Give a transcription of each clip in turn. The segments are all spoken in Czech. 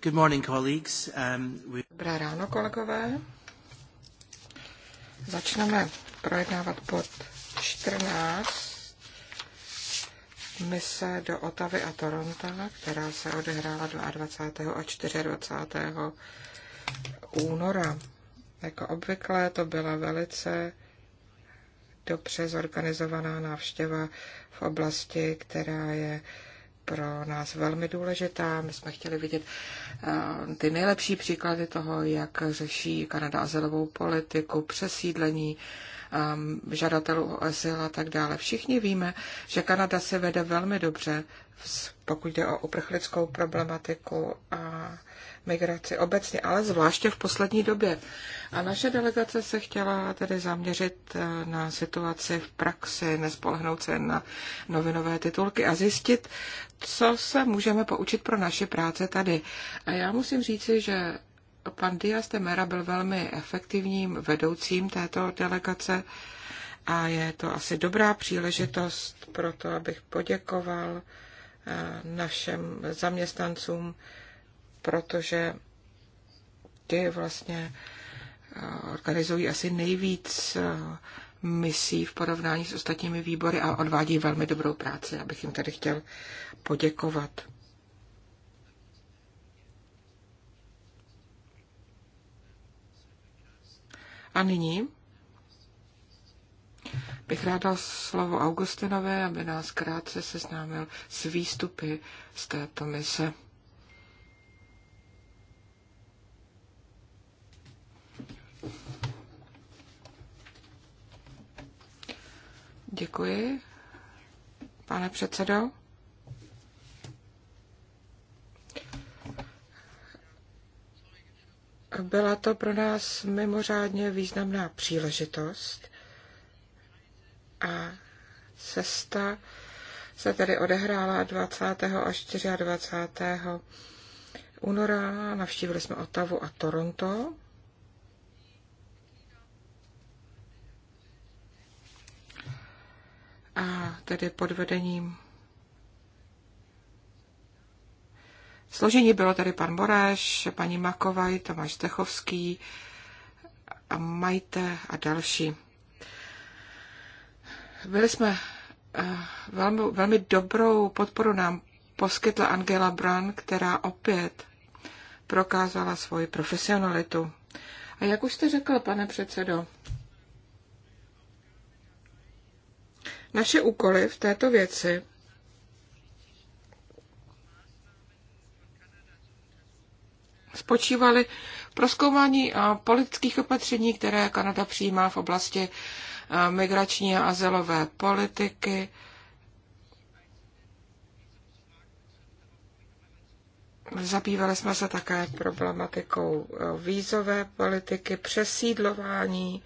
Good morning, colleagues. Um, we... Dobré ráno, kolegové. Začneme projednávat bod 14 mise do Otavy a Toronta, která se odehrála 22. a 24. února. Jako obvykle to byla velice dobře zorganizovaná návštěva v oblasti, která je pro nás velmi důležitá. My jsme chtěli vidět eh, ty nejlepší příklady toho, jak řeší Kanada azylovou politiku, přesídlení ehm, žadatelů o azyl a tak dále. Všichni víme, že Kanada se vede velmi dobře, pokud jde o uprchlickou problematiku a migraci obecně, ale zvláště v poslední době. A naše delegace se chtěla tedy zaměřit eh, na situaci v praxi, nespolehnout se na novinové titulky a zjistit, co se můžeme poučit pro naše práce tady. A já musím říci, že pan Diaz de Mera byl velmi efektivním vedoucím této delegace a je to asi dobrá příležitost pro to, abych poděkoval eh, našem zaměstnancům protože ty vlastně eh, organizují asi nejvíc eh, misí v porovnání s ostatními výbory a odvádí velmi dobrou práci, abych jim tady chtěl poděkovat. A nyní bych ráda slovo Augustinové, aby nás krátce seznámil s výstupy z této mise. Děkuji, pane předsedo. Byla to pro nás mimořádně významná příležitost a cesta se tedy odehrála 20. až 24. února. Navštívili jsme Otavu a Toronto. a tedy pod vedením Složení bylo tedy pan Boráš, paní Makovaj, Tomáš Stechovský, a Majte a další. Byli jsme eh, velmi, velmi dobrou podporu nám poskytla Angela Bran, která opět prokázala svoji profesionalitu. A jak už jste řekl, pane předsedo, Naše úkoly v této věci spočívaly v proskoumání eh, politických opatření, které Kanada přijímá v oblasti eh, migrační a azylové politiky, Zabývali jsme se také problematikou eh, vízové politiky, přesídlování,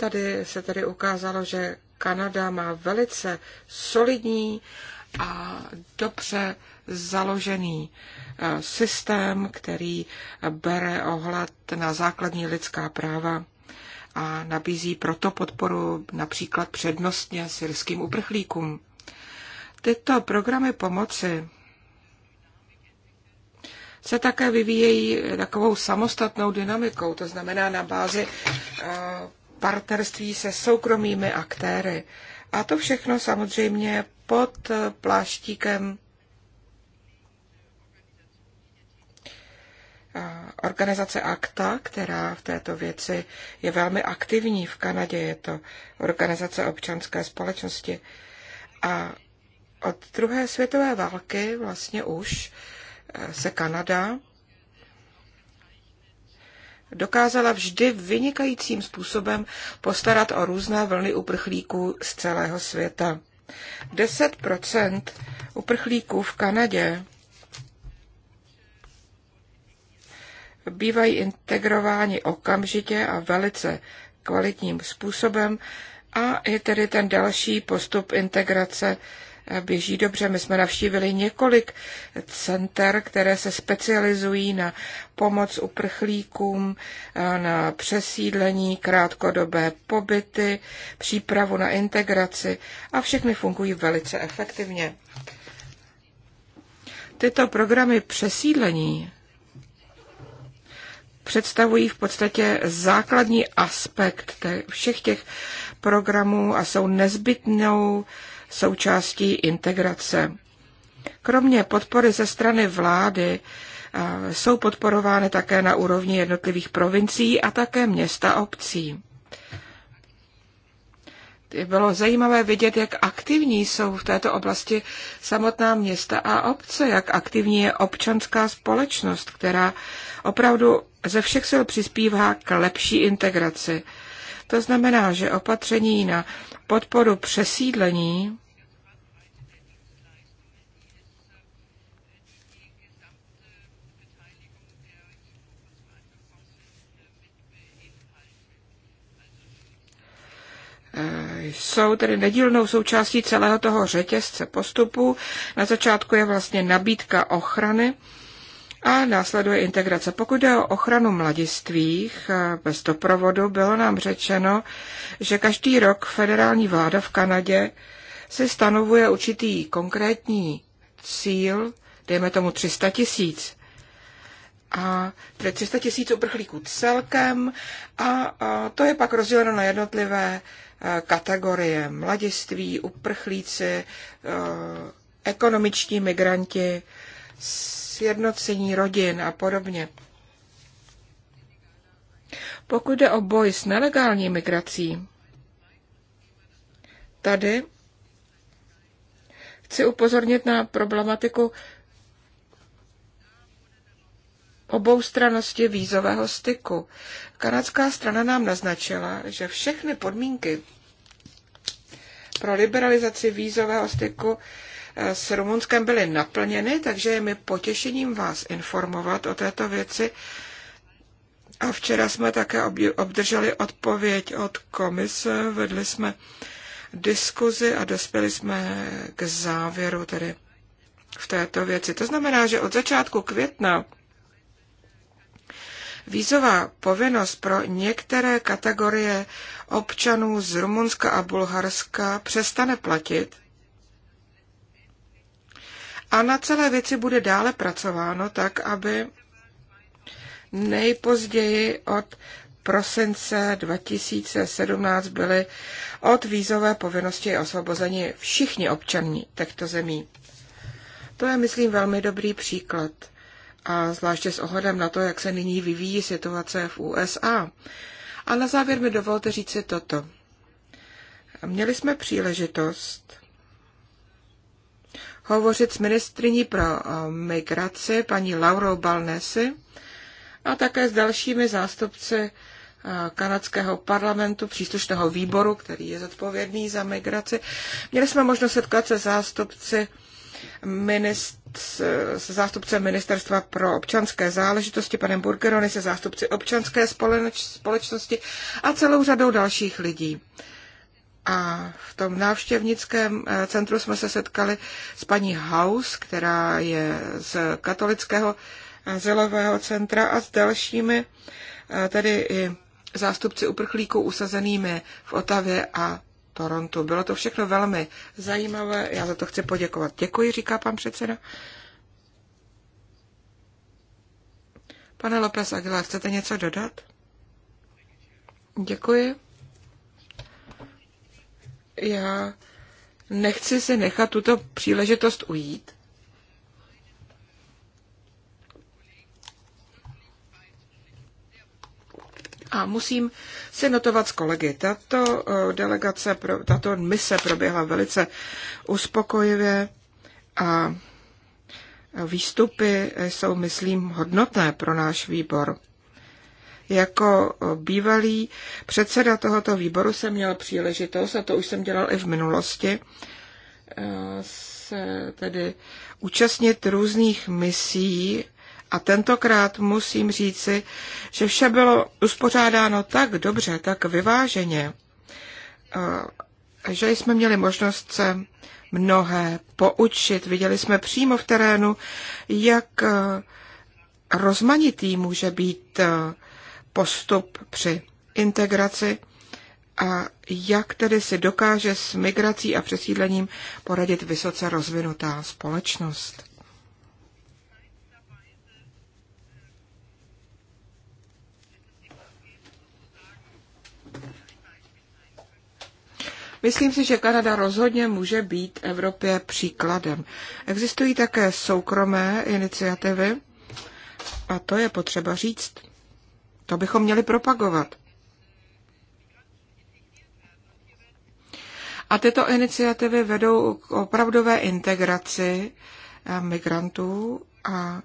Tady se tedy ukázalo, že Kanada má velice solidní a dobře založený eh, systém, který bere ohled na základní lidská práva a nabízí proto podporu například přednostně syrským uprchlíkům. Tyto programy pomoci se také vyvíjejí takovou samostatnou dynamikou, to znamená na bázi eh, partnerství se soukromými aktéry. A to všechno samozřejmě pod pláštíkem organizace ACTA, která v této věci je velmi aktivní v Kanadě, je to organizace občanské společnosti. A od druhé světové války vlastně už e, se Kanada dokázala vždy vynikajícím způsobem postarat o různé vlny uprchlíků z celého světa. 10 uprchlíků v Kanadě bývají integrováni okamžitě a velice kvalitním způsobem a je tedy ten další postup integrace běží dobře. My jsme navštívili několik center, které se specializují na pomoc uprchlíkům, eh, na přesídlení, krátkodobé pobyty, přípravu na integraci a všechny fungují velice efektivně. Tyto programy přesídlení představují v podstatě základní aspekt všech těch programů a jsou nezbytnou součástí integrace. Kromě podpory ze strany vlády eh, jsou podporovány také na úrovni jednotlivých provincií a také města obcí. Bylo zajímavé vidět, jak aktivní jsou v této oblasti samotná města a obce, jak aktivní je občanská společnost, která opravdu ze všech sil přispívá k lepší integraci. To znamená, že opatření na podporu přesídlení jsou tedy nedílnou součástí celého toho řetězce postupu. Na začátku je vlastně nabídka ochrany, a následuje integrace. Pokud jde o ochranu mladistvých eh, bez doprovodu, bylo nám řečeno, že každý rok federální vláda v Kanadě si stanovuje určitý konkrétní cíl, dejme tomu 300 tisíc a tedy 300 tisíc uprchlíků celkem a, a to je pak rozděleno na jednotlivé eh, kategorie mladiství, uprchlíci, eh, ekonomičtí migranti, sjednocení rodin a podobně. Pokud jde o boj s nelegální migrací, tady chci upozornit na problematiku stranosti vízového styku. Kanadská strana nám naznačila, že všechny podmínky pro liberalizaci vízového styku s Rumunskem byly naplněny, takže je mi potěšením vás informovat o této věci. A včera jsme také obdrželi odpověď od komise, vedli jsme diskuzi a dospěli jsme k závěru tedy v této věci. To znamená, že od začátku května vízová povinnost pro některé kategorie občanů z Rumunska a Bulharska přestane platit a na celé věci bude dále pracováno tak, aby nejpozději od prosince 2017 byly od vízové povinnosti osvobozeni všichni občaní těchto zemí. To je, myslím, velmi dobrý příklad, a zvláště s ohledem na to, jak se nyní vyvíjí situace v USA. A na závěr mi dovolte říci toto. Měli jsme příležitost hovořit s ministriní pro eh, migraci, paní Laurou Balnesi, a také s dalšími zástupci eh, kanadského parlamentu, příslušného výboru, který je zodpovědný za migraci. Měli jsme možnost setkat se zástupci se zástupcem Ministerstva pro občanské záležitosti, panem Burgerony, se zástupci občanské společnosti a celou řadou dalších lidí. A v tom návštěvnickém eh, centru jsme se setkali s paní House, která je z katolického azylového eh, centra a s dalšími eh, tedy i zástupci uprchlíků usazenými v Otavě a Torontu. Bylo to všechno velmi zajímavé, já za to chci poděkovat. Děkuji, říká pan předseda. Pane López Aguilar, chcete něco dodat? Děkuji já nechci si nechat tuto příležitost ujít. A musím si notovat s kolegy. Tato eh, delegace, tato mise proběhla velice uspokojivě a výstupy jsou, myslím, hodnotné pro náš výbor. Jako bývalý předseda tohoto výboru jsem měl příležitost, a to už jsem dělal i v minulosti, eh, se tedy účastnit různých misí a tentokrát musím říci, že vše bylo uspořádáno tak dobře, tak vyváženě, eh, že jsme měli možnost se mnohé poučit. Viděli jsme přímo v terénu, jak eh, rozmanitý může být postup při integraci a jak tedy si dokáže s migrací a přesídlením poradit vysoce rozvinutá společnost. Myslím si, že Kanada rozhodně může být Evropě příkladem. Existují také soukromé iniciativy a to je potřeba říct. To bychom měli propagovat. A tyto iniciativy vedou k opravdové integraci eh, migrantů a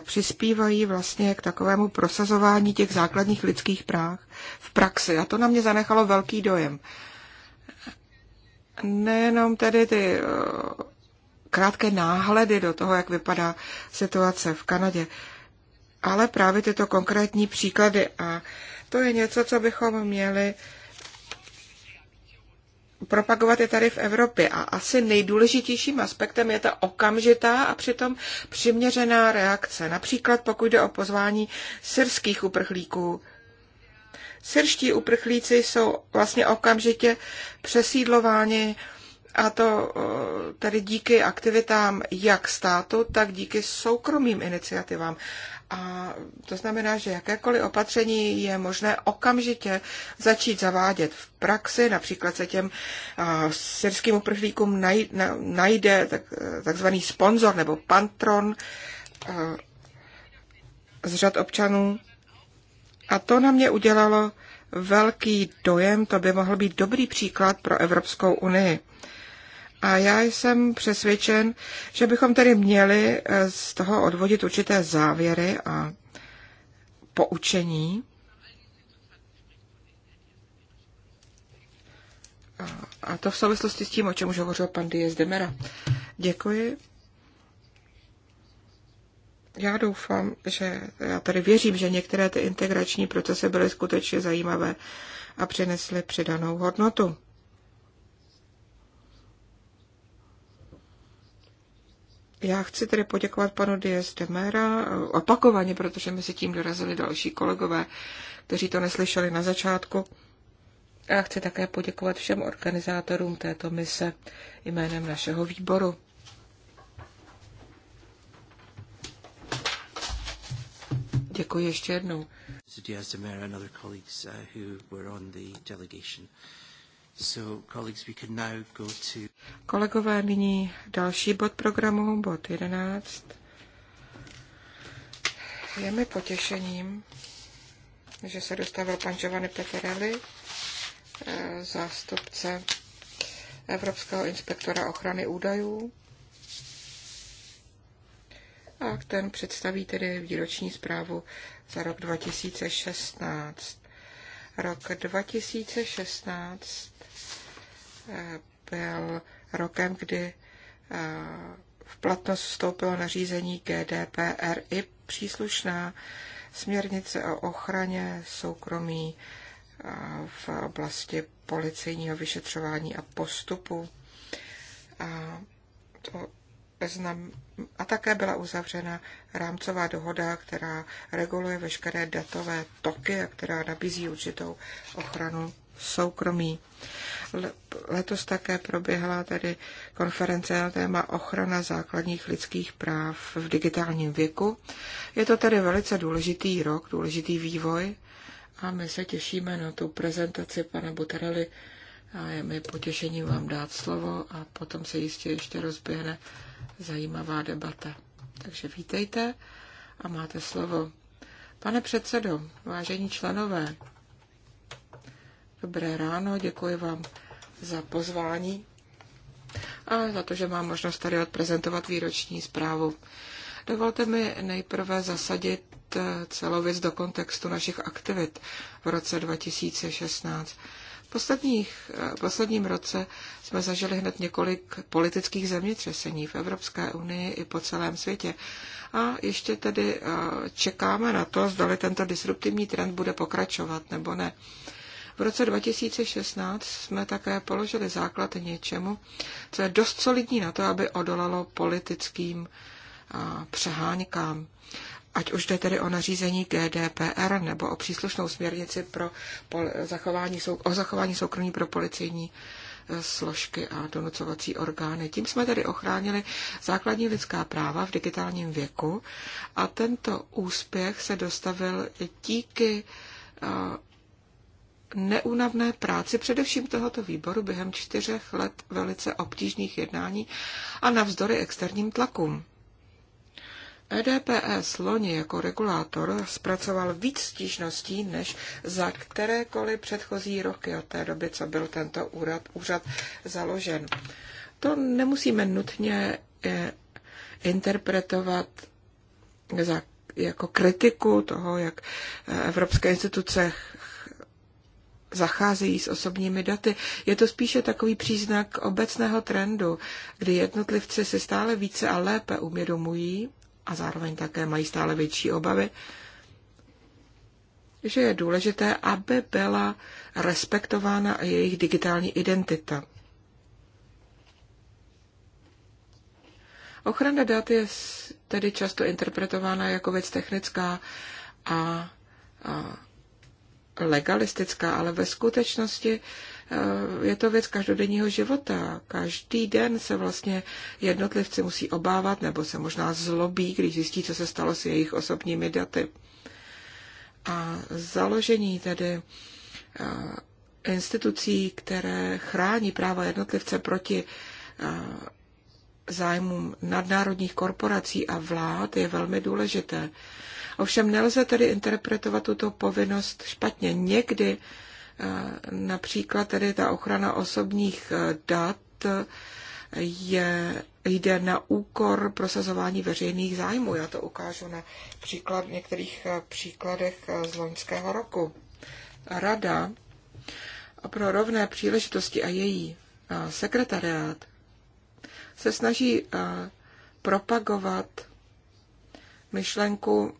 přispívají vlastně k takovému prosazování těch základních lidských práv v praxi. A to na mě zanechalo velký dojem. Nejenom tedy ty eh, krátké náhledy do toho, jak vypadá situace v Kanadě, ale právě tyto konkrétní příklady. A to je něco, co bychom měli propagovat je tady v Evropě. A asi nejdůležitějším aspektem je ta okamžitá a přitom přiměřená reakce. Například pokud jde o pozvání syrských uprchlíků. Syrští uprchlíci jsou vlastně okamžitě přesídlováni a to tedy díky aktivitám jak státu, tak díky soukromým iniciativám. A to znamená, že jakékoliv opatření je možné okamžitě začít zavádět v praxi. Například se těm syrským uprchlíkům najde tak, takzvaný sponzor nebo pantron z řad občanů. A to na mě udělalo velký dojem, to by mohl být dobrý příklad pro Evropskou unii. A já jsem přesvědčen, že bychom tedy měli eh, z toho odvodit určité závěry a poučení. A to v souvislosti s tím, o čem už hovořil pan Diaz Demera. Děkuji. Já doufám, že já tady věřím, že některé ty integrační procesy byly skutečně zajímavé a přinesly přidanou hodnotu. Já chci tedy poděkovat panu Dias de Mera eh, opakovaně, protože mezi tím dorazili další kolegové, kteří to neslyšeli na začátku. A chci také poděkovat všem organizátorům této mise jménem našeho výboru. Děkuji ještě jednou. Diaz de Mera and other colleagues uh, who were on the delegation. Kolegové, nyní další bod programu, bod 11. Je mi potěšením, že se dostavil pan Giovanni Peterelli, eh, zástupce Evropského inspektora ochrany údajů. A ten představí tedy výroční zprávu za rok 2016. Rok 2016 byl rokem, kdy eh, v platnost vstoupilo nařízení GDPR i příslušná směrnice o ochraně soukromí eh, v oblasti policejního vyšetřování a postupu. A, to znam, a také byla uzavřena rámcová dohoda, která reguluje veškeré datové toky a která nabízí určitou ochranu soukromí. Letos také proběhla tedy konference na téma ochrana základních lidských práv v digitálním věku. Je to tedy velice důležitý rok, důležitý vývoj a my se těšíme na tu prezentaci pana Buterely a je mi potěšením vám dát slovo a potom se jistě ještě rozběhne zajímavá debata. Takže vítejte a máte slovo. Pane předsedo, vážení členové, Dobré ráno, děkuji vám za pozvání a za to, že mám možnost tady odprezentovat výroční zprávu. Dovolte mi nejprve zasadit eh, celou věc do kontextu našich aktivit v roce 2016. V posledních, eh, posledním roce jsme zažili hned několik politických zemětřesení v Evropské unii i po celém světě. A ještě tedy eh, čekáme na to, zda tento disruptivní trend bude pokračovat nebo ne. V roce 2016 jsme také položili základ něčemu, co je dost solidní na to, aby odolalo politickým přeháňkám. Ať už jde tedy o nařízení GDPR nebo o příslušnou směrnici pro zachování, o zachování soukromí pro policejní e, složky a donucovací orgány. Tím jsme tedy ochránili základní lidská práva v digitálním věku a tento úspěch se dostavil díky e, neúnavné práci především tohoto výboru během čtyřech let velice obtížných jednání a navzdory externím tlakům. EDPS loni jako regulátor zpracoval víc stížností než za kterékoliv předchozí roky od té doby, co byl tento úrad, úřad založen. To nemusíme nutně e, interpretovat za, jako kritiku toho, jak e, evropské instituce zacházejí s osobními daty. Je to spíše takový příznak obecného trendu, kdy jednotlivci si stále více a lépe uvědomují a zároveň také mají stále větší obavy, že je důležité, aby byla respektována jejich digitální identita. Ochrana dat je tedy často interpretována jako věc technická a, a legalistická, ale ve skutečnosti eh, je to věc každodenního života. Každý den se vlastně jednotlivci musí obávat nebo se možná zlobí, když zjistí, co se stalo s jejich osobními daty. A založení tedy eh, institucí, které chrání práva jednotlivce proti eh, zájmům nadnárodních korporací a vlád je velmi důležité. Ovšem nelze tedy interpretovat tuto povinnost špatně. Někdy eh, například tedy ta ochrana osobních eh, dat eh, je, jde na úkor prosazování veřejných zájmů. Já to ukážu na příklad, některých příkladech z loňského roku. Rada pro rovné příležitosti a její sekretariát se snaží propagovat myšlenku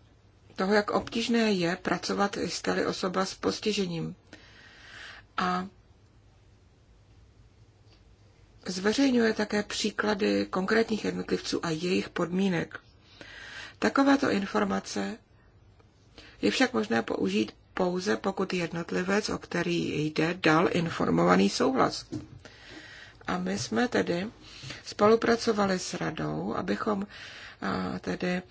toho, jak obtížné je pracovat, jste-li osoba s postižením. A zveřejňuje také příklady konkrétních jednotlivců a jejich podmínek. Takováto informace je však možné použít pouze, pokud jednotlivec, o který jde, dal informovaný souhlas. A my jsme tedy spolupracovali s radou, abychom tedy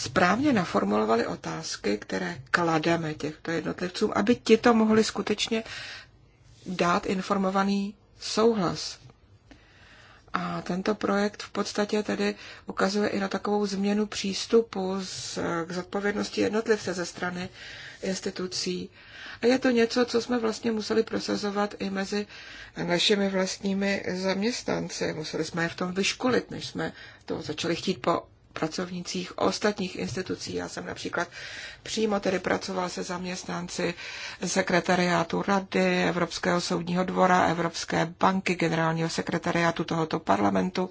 správně naformulovali otázky, které klademe těchto jednotlivcům, aby ti to mohli skutečně dát informovaný souhlas. A tento projekt v podstatě tedy ukazuje i na takovou změnu přístupu z, k zodpovědnosti jednotlivce ze strany institucí. A je to něco, co jsme vlastně museli prosazovat i mezi našimi vlastními zaměstnanci. Museli jsme je v tom vyškolit, než jsme to začali chtít po pracovnících ostatních institucí. Já jsem například přímo tedy pracoval se zaměstnanci sekretariátu Rady, Evropského soudního dvora, Evropské banky, generálního sekretariátu tohoto parlamentu.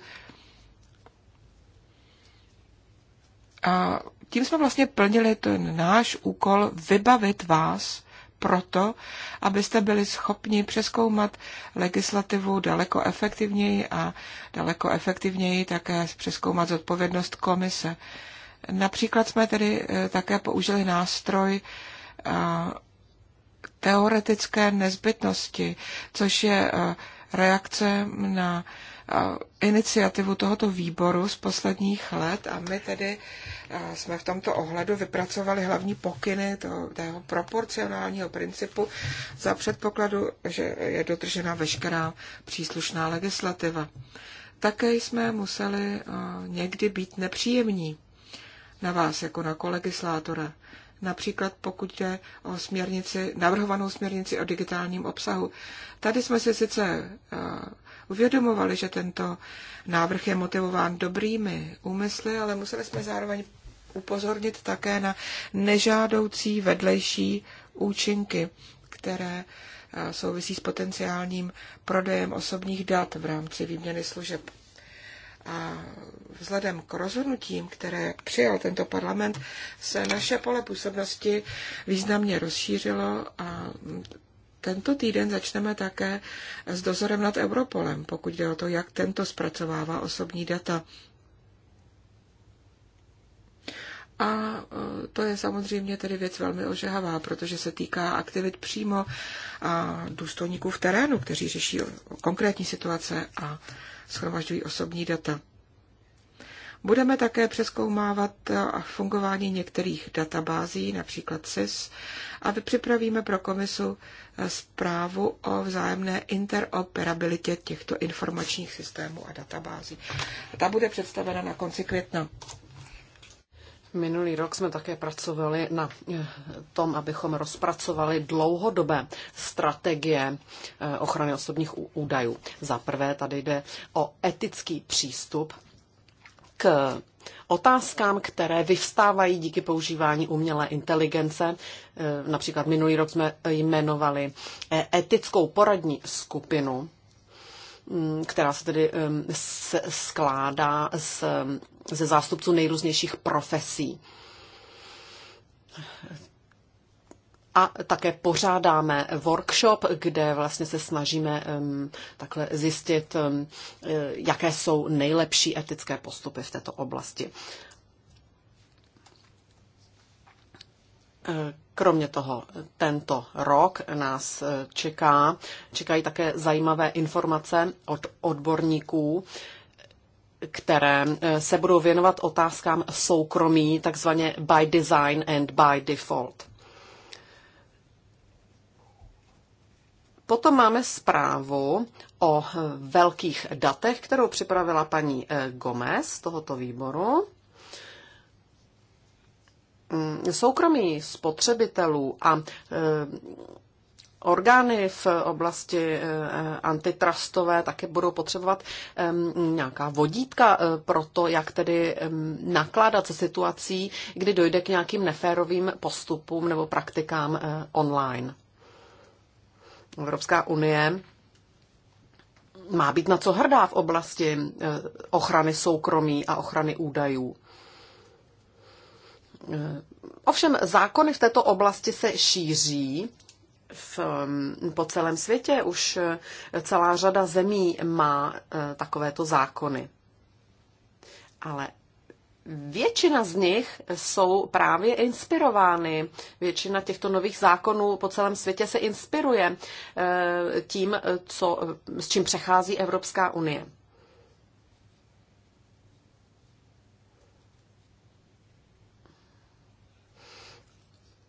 A tím jsme vlastně plnili ten náš úkol vybavit vás proto, abyste byli schopni přeskoumat legislativu daleko efektivněji a daleko efektivněji také přeskoumat zodpovědnost komise. Například jsme tedy eh, také použili nástroj eh, teoretické nezbytnosti, což je eh, reakce na Eh, iniciativu tohoto výboru z posledních let a my tedy eh, jsme v tomto ohledu vypracovali hlavní pokyny toho proporcionálního principu za předpokladu, že je dotržena veškerá příslušná legislativa. Také jsme museli eh, někdy být nepříjemní na vás jako na kolegislátora. Například pokud jde o směrnici, navrhovanou směrnici o digitálním obsahu. Tady jsme si sice uvědomovali, že tento návrh je motivován dobrými úmysly, ale museli jsme zároveň upozornit také na nežádoucí vedlejší účinky, které eh, souvisí s potenciálním prodejem osobních dat v rámci výměny služeb. A vzhledem k rozhodnutím, které přijal tento parlament, se naše pole působnosti významně rozšířilo a tento týden začneme také s dozorem nad Europolem, pokud jde o to, jak tento zpracovává osobní data. A e, to je samozřejmě tedy věc velmi ožehavá, protože se týká aktivit přímo a důstojníků v terénu, kteří řeší konkrétní situace a schromažďují osobní data. Budeme také přeskoumávat fungování některých databází, například SIS, a připravíme pro komisu zprávu o vzájemné interoperabilitě těchto informačních systémů a databází. Ta bude představena na konci května. Minulý rok jsme také pracovali na eh, tom, abychom rozpracovali dlouhodobé strategie eh, ochrany osobních údajů. Za prvé tady jde o etický přístup k otázkám, které vyvstávají díky používání umělé inteligence. E, například minulý rok jsme jmenovali e, etickou poradní skupinu, která se tedy skládá z, ze zástupců nejrůznějších profesí. A také pořádáme workshop, kde vlastně se snažíme um, takhle zjistit, um, jaké jsou nejlepší etické postupy v této oblasti. E, kromě toho, tento rok nás e, čeká, čekají také zajímavé informace od odborníků, které se budou věnovat otázkám soukromí, takzvaně by design and by default. Potom máme zprávu o velkých datech, kterou připravila paní eh, Gomez z tohoto výboru. Mm, soukromí spotřebitelů a eh, orgány v oblasti eh, antitrustové také budou potřebovat nějaká vodítka pro to, jak tedy nakládat se situací, kdy dojde k nějakým neférovým postupům nebo praktikám online. Evropská unie má být na co hrdá v oblasti eh, ochrany soukromí a ochrany údajů. Eh, ovšem zákony v této oblasti se šíří v, mm, po celém světě. Už eh, celá řada zemí má takovéto zákony. Ale Většina z nich jsou právě inspirovány. Většina těchto nových zákonů po celém světě se inspiruje eh, tím, co, s čím přechází Evropská unie.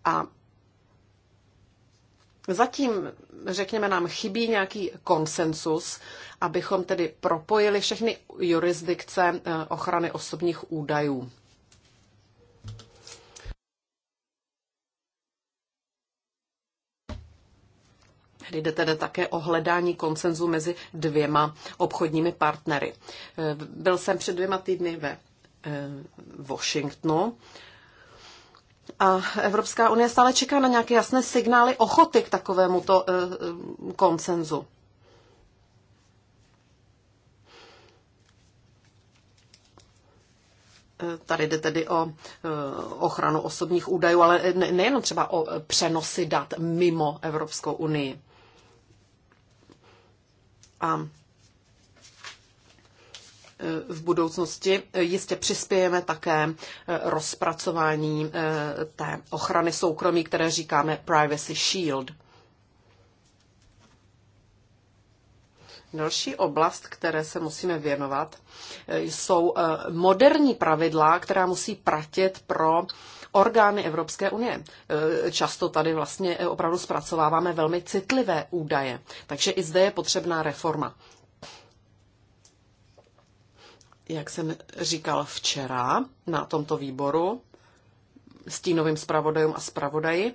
A zatím, řekněme, nám chybí nějaký konsensus abychom tedy propojili všechny jurisdikce eh, ochrany osobních údajů. Jde tedy také o hledání konsenzu mezi dvěma obchodními partnery. Eh, byl jsem před dvěma týdny ve eh, Washingtonu a Evropská unie stále čeká na nějaké jasné signály ochoty k takovémuto konsenzu. Tady jde tedy o eh, ochranu osobních údajů, ale nejenom třeba o přenosy dat mimo Evropskou unii. A eh, v budoucnosti jistě přispějeme také eh, rozpracování té ochrany soukromí, které říkáme Privacy Shield. Další oblast, které se musíme věnovat, eh, jsou eh, moderní pravidla, která musí pratit pro orgány Evropské unie. Eh, často tady vlastně opravdu zpracováváme velmi citlivé údaje, takže i zde je potřebná reforma. Jak jsem říkal včera na tomto výboru, stínovým zpravodajům a zpravodaji,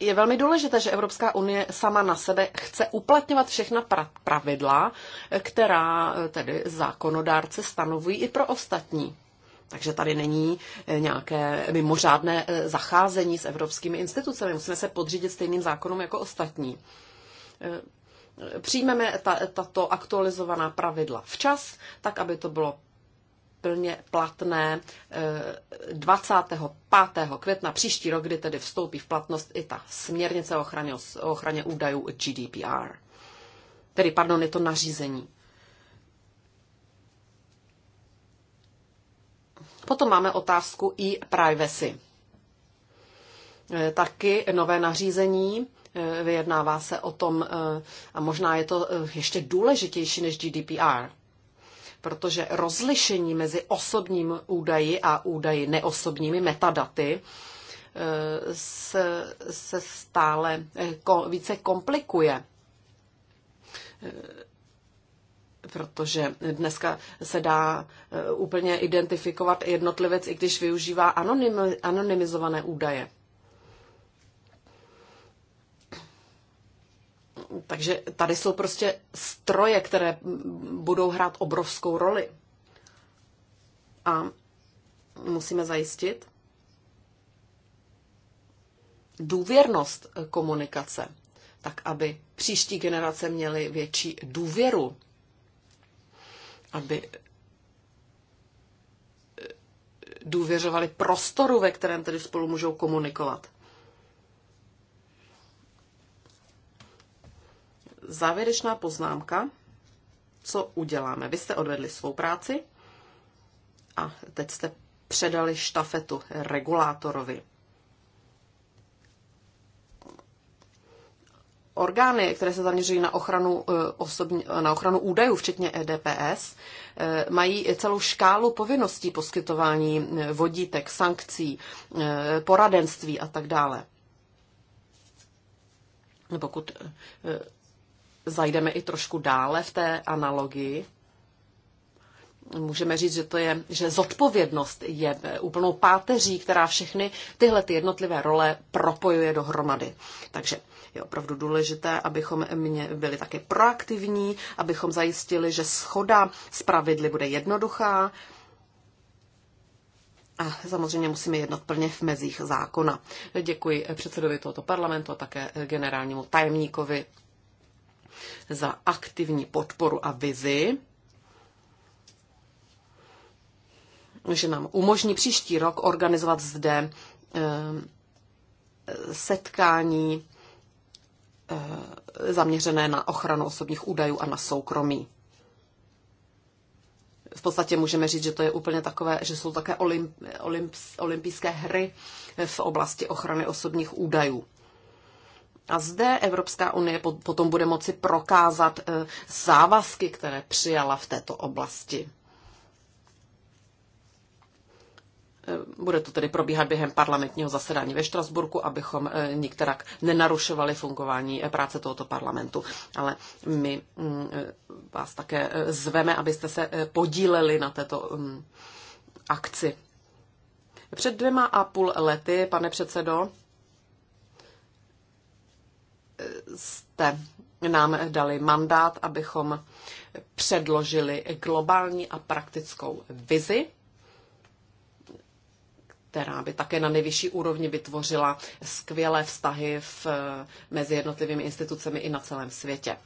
je velmi důležité, že Evropská unie sama na sebe chce uplatňovat všechna pra- pravidla, která eh, tedy zákonodárce stanovují i pro ostatní. Takže tady není eh, nějaké mimořádné eh, zacházení s evropskými institucemi. Musíme se podřídit stejným zákonům jako ostatní. Přijmeme ta, tato aktualizovaná pravidla včas, tak aby to bylo plně platné 25. Eh, května příští rok, kdy tedy vstoupí v platnost i ta směrnice o ochraně, o ochraně údajů GDPR. Tedy, pardon, je to nařízení. Potom máme otázku i privacy. Eh, taky nové nařízení, eh, vyjednává se o tom, a možná je to ještě důležitější než GDPR protože rozlišení mezi osobními údaji a údaji neosobními metadaty eh, se, se stále eh, více komplikuje. Eh, protože dneska se dá úplně identifikovat jednotlivec, i když využívá anonymizované údaje. Takže tady jsou prostě stroje, které budou hrát obrovskou roli. A musíme zajistit důvěrnost komunikace, tak aby příští generace měly větší důvěru, aby důvěřovali prostoru, ve kterém tedy spolu můžou komunikovat. závěrečná poznámka, co uděláme. Vy jste odvedli svou práci a teď jste předali štafetu regulátorovi. Orgány, které se zaměřují na ochranu, eh, osobní, na ochranu údajů, včetně EDPS, eh, mají celou škálu povinností poskytování eh, vodítek, sankcí, poradenství a tak dále. Pokud zajdeme i trošku dále v té analogii, můžeme říct, že to je, že zodpovědnost je úplnou páteří, která všechny tyhle ty jednotlivé role propojuje dohromady. Takže je opravdu důležité, abychom mě byli také proaktivní, abychom zajistili, že schoda z pravidly bude jednoduchá, a samozřejmě musíme jednat plně v mezích zákona. Děkuji předsedovi tohoto parlamentu a také generálnímu tajemníkovi za aktivní podporu a vizi, že nám umožní příští rok organizovat zde eh, setkání eh, zaměřené na ochranu osobních údajů a na soukromí. V podstatě můžeme říct, že to je úplně takové, že jsou také olympijské hry v oblasti ochrany osobních údajů. A zde Evropská unie potom bude moci prokázat eh, závazky, které přijala v této oblasti. Eh, bude to tedy probíhat během parlamentního zasedání ve Štrasburku, abychom eh, nikterak nenarušovali fungování práce tohoto parlamentu. Ale my mm, vás také zveme, abyste se podíleli na této mm, akci. Před dvěma a půl lety, pane předsedo, jste nám dali mandát, abychom předložili globální a praktickou vizi, která by také na nejvyšší úrovni vytvořila skvělé vztahy v, mezi jednotlivými institucemi i na celém světě.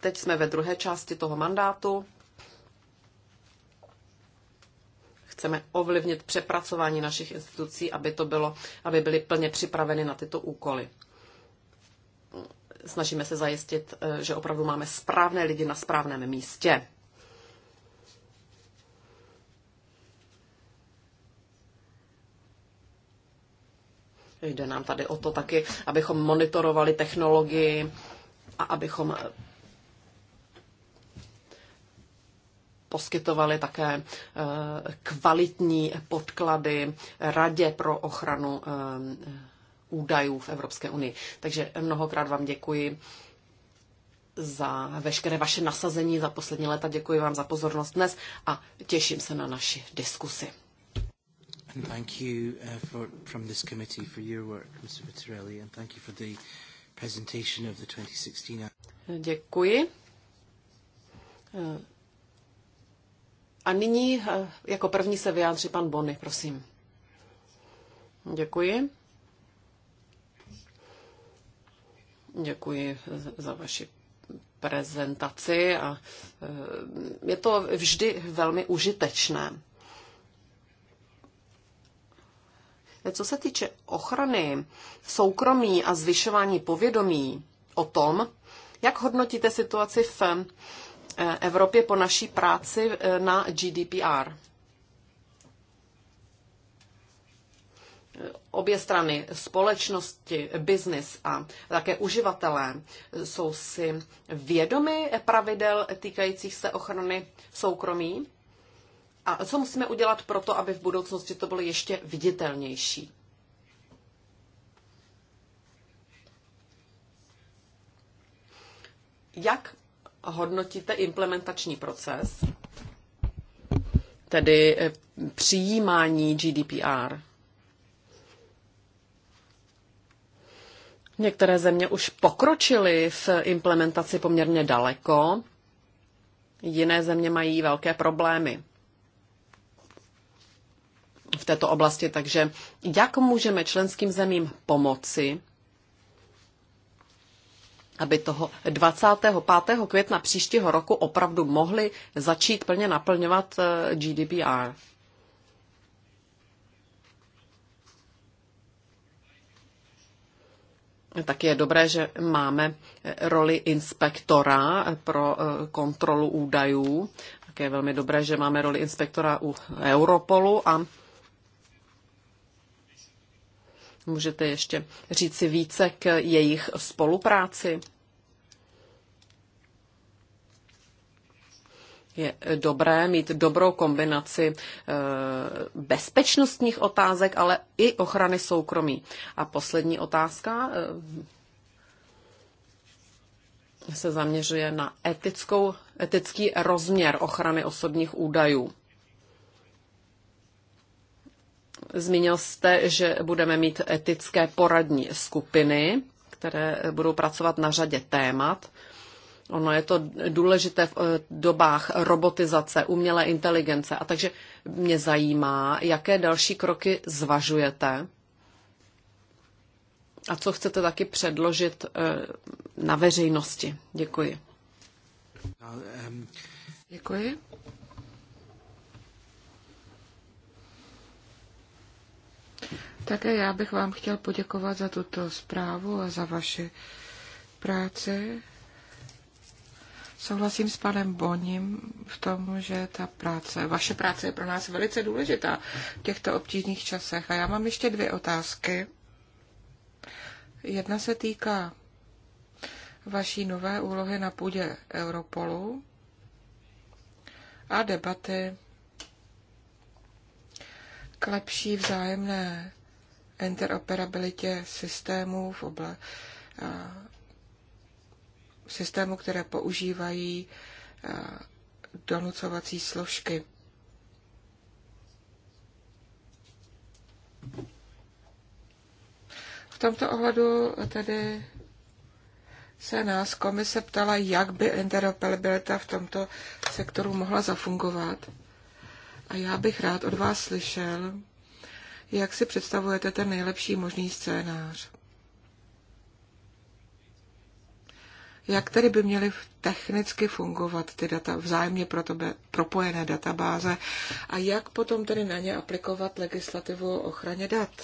Teď jsme ve druhé části toho mandátu. Chceme ovlivnit přepracování našich institucí, aby, to bylo, aby byly plně připraveny na tyto úkoly snažíme se zajistit, eh, že opravdu máme správné lidi na správném místě. Jde nám tady o to taky, abychom monitorovali technologii a abychom eh, poskytovali také eh, kvalitní podklady Radě pro ochranu údajů v Evropské unii. Takže mnohokrát vám děkuji za veškeré vaše nasazení za poslední léta. Děkuji vám za pozornost dnes a těším se na naši diskusi. And thank you uh, for, from this committee for your work, Mr. Vitarelli, and thank you for the presentation of the 2016. Děkuji. Uh, a nyní uh, jako první se vyjádří pan Bony, prosím. Děkuji. Děkuji za vaši prezentaci a eh, je to vždy velmi užitečné. Eh, co se týče ochrany soukromí a zvyšování povědomí o tom, jak hodnotíte situaci v eh, Evropě po naší práci na GDPR? obě strany, společnosti, biznis a také uživatelé, jsou si vědomi pravidel týkajících se ochrany soukromí? A co musíme udělat pro to, aby v budoucnosti to bylo ještě viditelnější? Jak hodnotíte implementační proces, tedy eh, přijímání GDPR? Některé země už pokročily v implementaci poměrně daleko, jiné země mají velké problémy v této oblasti. Takže jak můžeme členským zemím pomoci, aby toho 25. května příštího roku opravdu mohli začít plně naplňovat eh, GDPR? tak je dobré, že máme eh, roli inspektora eh, pro eh, kontrolu údajů. Tak je velmi dobré, že máme roli inspektora u Europolu a můžete ještě říci více k jejich spolupráci. je dobré mít dobrou kombinaci eh, bezpečnostních otázek, ale i ochrany soukromí. A poslední otázka eh, se zaměřuje na etickou, etický rozměr ochrany osobních údajů. Zmínil jste, že budeme mít etické poradní skupiny, které budou pracovat na řadě témat. Ono je to důležité v eh, dobách robotizace, umělé inteligence. A takže mě zajímá, jaké další kroky zvažujete a co chcete taky předložit eh, na veřejnosti. Děkuji. Děkuji. Také já bych vám chtěl poděkovat za tuto zprávu a za vaši práci. Souhlasím s panem Boním v tom, že ta práce, vaše práce je pro nás velice důležitá v těchto obtížných časech. A já mám ještě dvě otázky. Jedna se týká vaší nové úlohy na půdě Europolu a debaty k lepší vzájemné interoperabilitě systémů v oblasti systému, které používají eh, donucovací složky. V tomto ohledu tedy se nás komise ptala, jak by interoperabilita v tomto sektoru mohla zafungovat. A já bych rád od vás slyšel, jak si představujete ten nejlepší možný scénář. jak tedy by měly technicky fungovat ty data, vzájemně pro tebe propojené databáze a jak potom tedy na ně aplikovat legislativu o ochraně dat.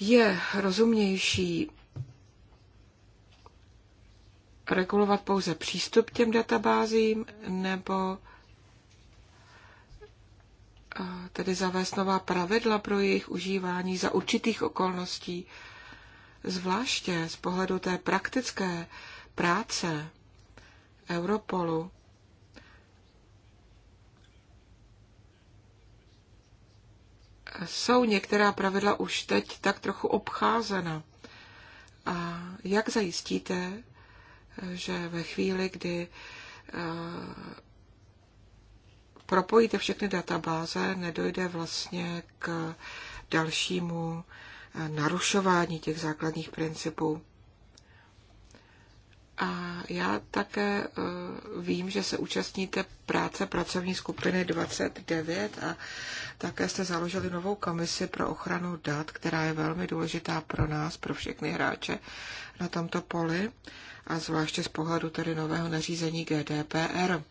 Je rozumnější regulovat pouze přístup k těm databázím nebo eh, tedy zavést nová pravidla pro jejich užívání za určitých okolností zvláště z pohledu té praktické práce Europolu, jsou některá pravidla už teď tak trochu obcházena. A jak zajistíte, že ve chvíli, kdy eh, propojíte všechny databáze, nedojde vlastně k dalšímu narušování těch základních principů. A já také e, vím, že se účastníte práce pracovní skupiny 29 a také jste založili novou komisi pro ochranu dat, která je velmi důležitá pro nás, pro všechny hráče na tomto poli a zvláště z pohledu tedy nového nařízení GDPR.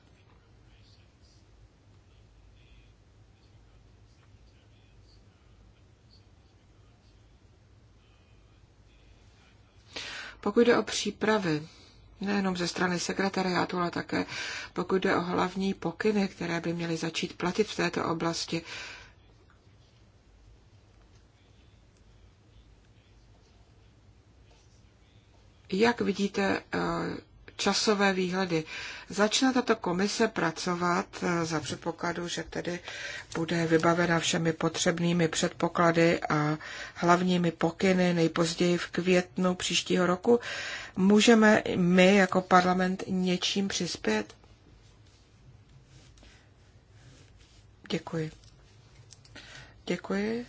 Pokud jde o přípravy, nejenom ze strany sekretariátu, ale také pokud jde o hlavní pokyny, které by měly začít platit v této oblasti, jak vidíte eh, časové výhledy. Začne tato komise pracovat eh, za předpokladu, že tedy bude vybavena všemi potřebnými předpoklady a hlavními pokyny nejpozději v květnu příštího roku. Můžeme my jako parlament něčím přispět? Děkuji. Děkuji.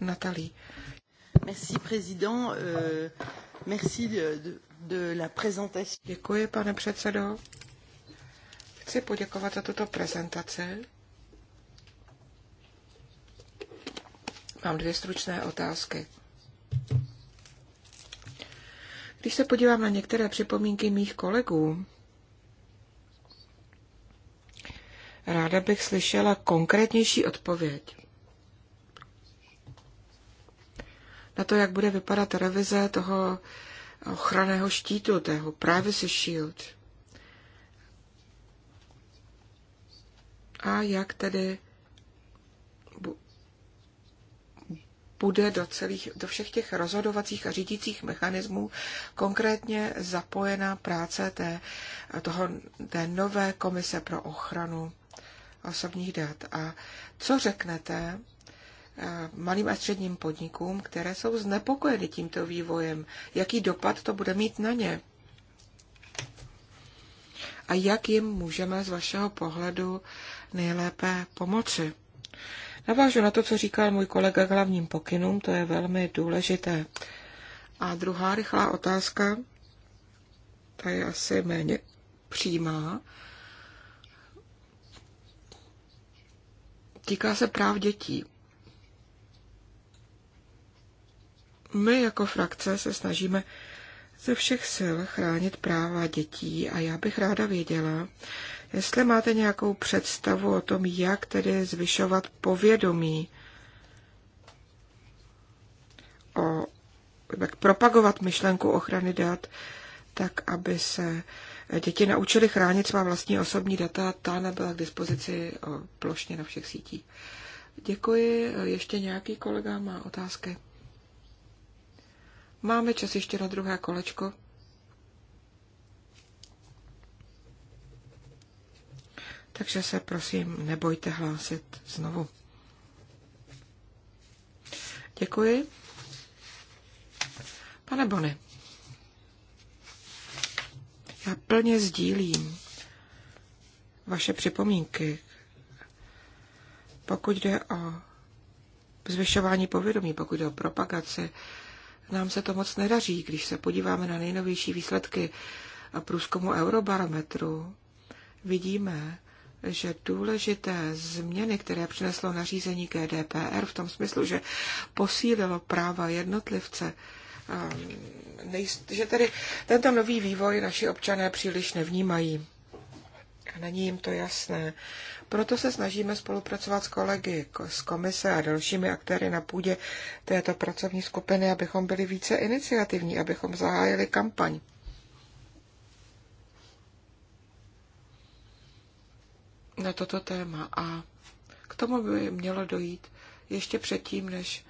Nathalie. Merci, président. Euh, merci de, de, de la présentation. Děkuji, pane předsedo. Chci poděkovat za tuto prezentaci. Mám dvě stručné otázky. Když se podívám na některé připomínky mých kolegů, ráda bych slyšela konkrétnější odpověď na to, jak bude vypadat revize toho ochranného štítu, tého Privacy Shield. A jak tedy bude do, celých, do všech těch rozhodovacích a řídících mechanismů konkrétně zapojena práce té, toho, té nové komise pro ochranu osobních dat. A co řeknete Eh, malým a středním podnikům, které jsou znepokojeny tímto vývojem. Jaký dopad to bude mít na ně? A jak jim můžeme z vašeho pohledu nejlépe pomoci? Navážu na to, co říkal můj kolega hlavním pokynům, to je velmi důležité. A druhá rychlá otázka, ta je asi méně přímá, týká se práv dětí. My jako frakce se snažíme ze všech sil chránit práva dětí a já bych ráda věděla, jestli máte nějakou představu o tom, jak tedy zvyšovat povědomí o, jak propagovat myšlenku ochrany dat, tak aby se děti naučily chránit svá vlastní osobní data, ta nebyla k dispozici plošně na všech sítích. Děkuji. Ještě nějaký kolega má otázky? Máme čas ještě na druhé kolečko. Takže se prosím nebojte hlásit znovu. Děkuji. Pane Bony, já plně sdílím vaše připomínky, pokud jde o zvyšování povědomí, pokud jde o propagaci nám se to moc nedaří. Když se podíváme na nejnovější výsledky průzkumu Eurobarometru, vidíme, že důležité změny, které přineslo nařízení GDPR v tom smyslu, že posílilo práva jednotlivce, že tedy tento nový vývoj naši občané příliš nevnímají a není jim to jasné. Proto se snažíme spolupracovat s kolegy z komise a dalšími aktéry na půdě této pracovní skupiny, abychom byli více iniciativní, abychom zahájili kampaň. na toto téma a k tomu by mělo dojít ještě předtím, než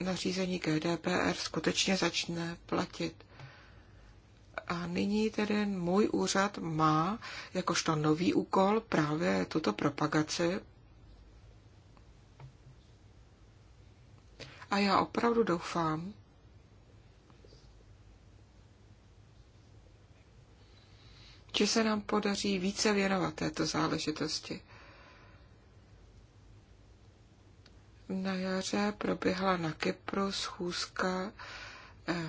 nařízení GDPR skutečně začne platit. A nyní tedy můj úřad má jakožto nový úkol právě tuto propagaci. A já opravdu doufám, že se nám podaří více věnovat této záležitosti. Na jaře proběhla na Kypru schůzka eh,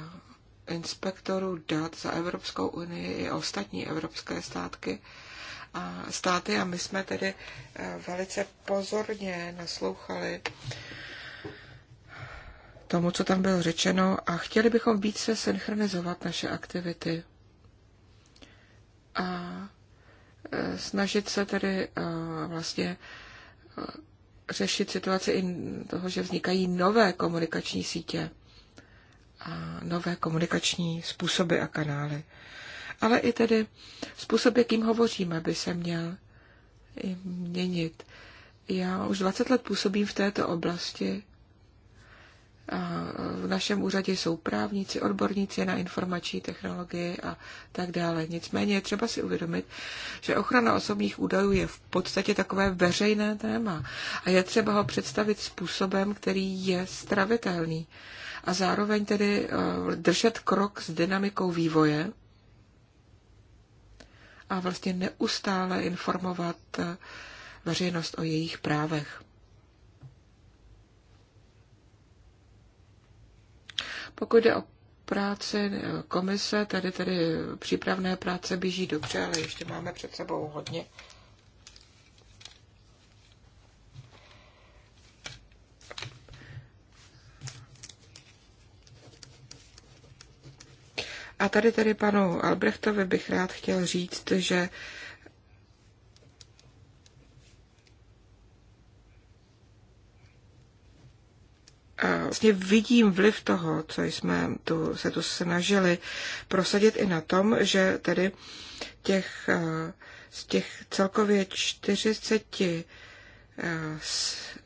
inspektorů dat za Evropskou unii i ostatní evropské státky, a státy a my jsme tedy eh, velice pozorně naslouchali tomu, co tam bylo řečeno a chtěli bychom více synchronizovat naše aktivity a eh, snažit se tedy eh, vlastně řešit situaci i toho, že vznikají nové komunikační sítě a nové komunikační způsoby a kanály. Ale i tedy způsob, jakým hovoříme, by se měl měnit. Já už 20 let působím v této oblasti v našem úřadě jsou právníci, odborníci na informační technologie a tak dále. Nicméně je třeba si uvědomit, že ochrana osobních údajů je v podstatě takové veřejné téma a je třeba ho představit způsobem, který je stravitelný a zároveň tedy e, držet krok s dynamikou vývoje a vlastně neustále informovat e, veřejnost o jejich právech. Pokud jde o práci komise, tady tedy přípravné práce běží dobře, ale ještě máme před sebou hodně. A tady tedy panu Albrechtovi bych rád chtěl říct, že vlastně vidím vliv toho, co jsme tu, se tu snažili prosadit i na tom, že tedy těch, eh, z těch celkově 40 eh,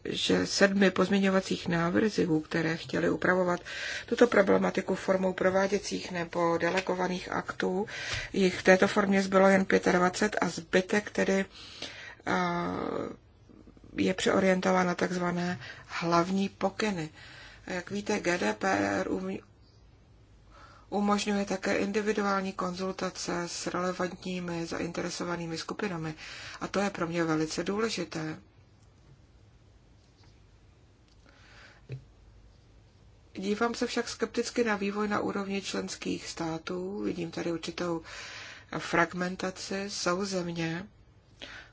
že sedmi pozměňovacích návrzů, které chtěly upravovat tuto problematiku formou prováděcích nebo delegovaných aktů, jich v této formě zbylo jen 25 a zbytek tedy eh, je přeorientována na takzvané hlavní pokyny. Jak víte, GDPR um- umožňuje také individuální konzultace s relevantními zainteresovanými skupinami a to je pro mě velice důležité. Dívám se však skepticky na vývoj na úrovni členských států. Vidím tady určitou fragmentaci. Jsou země,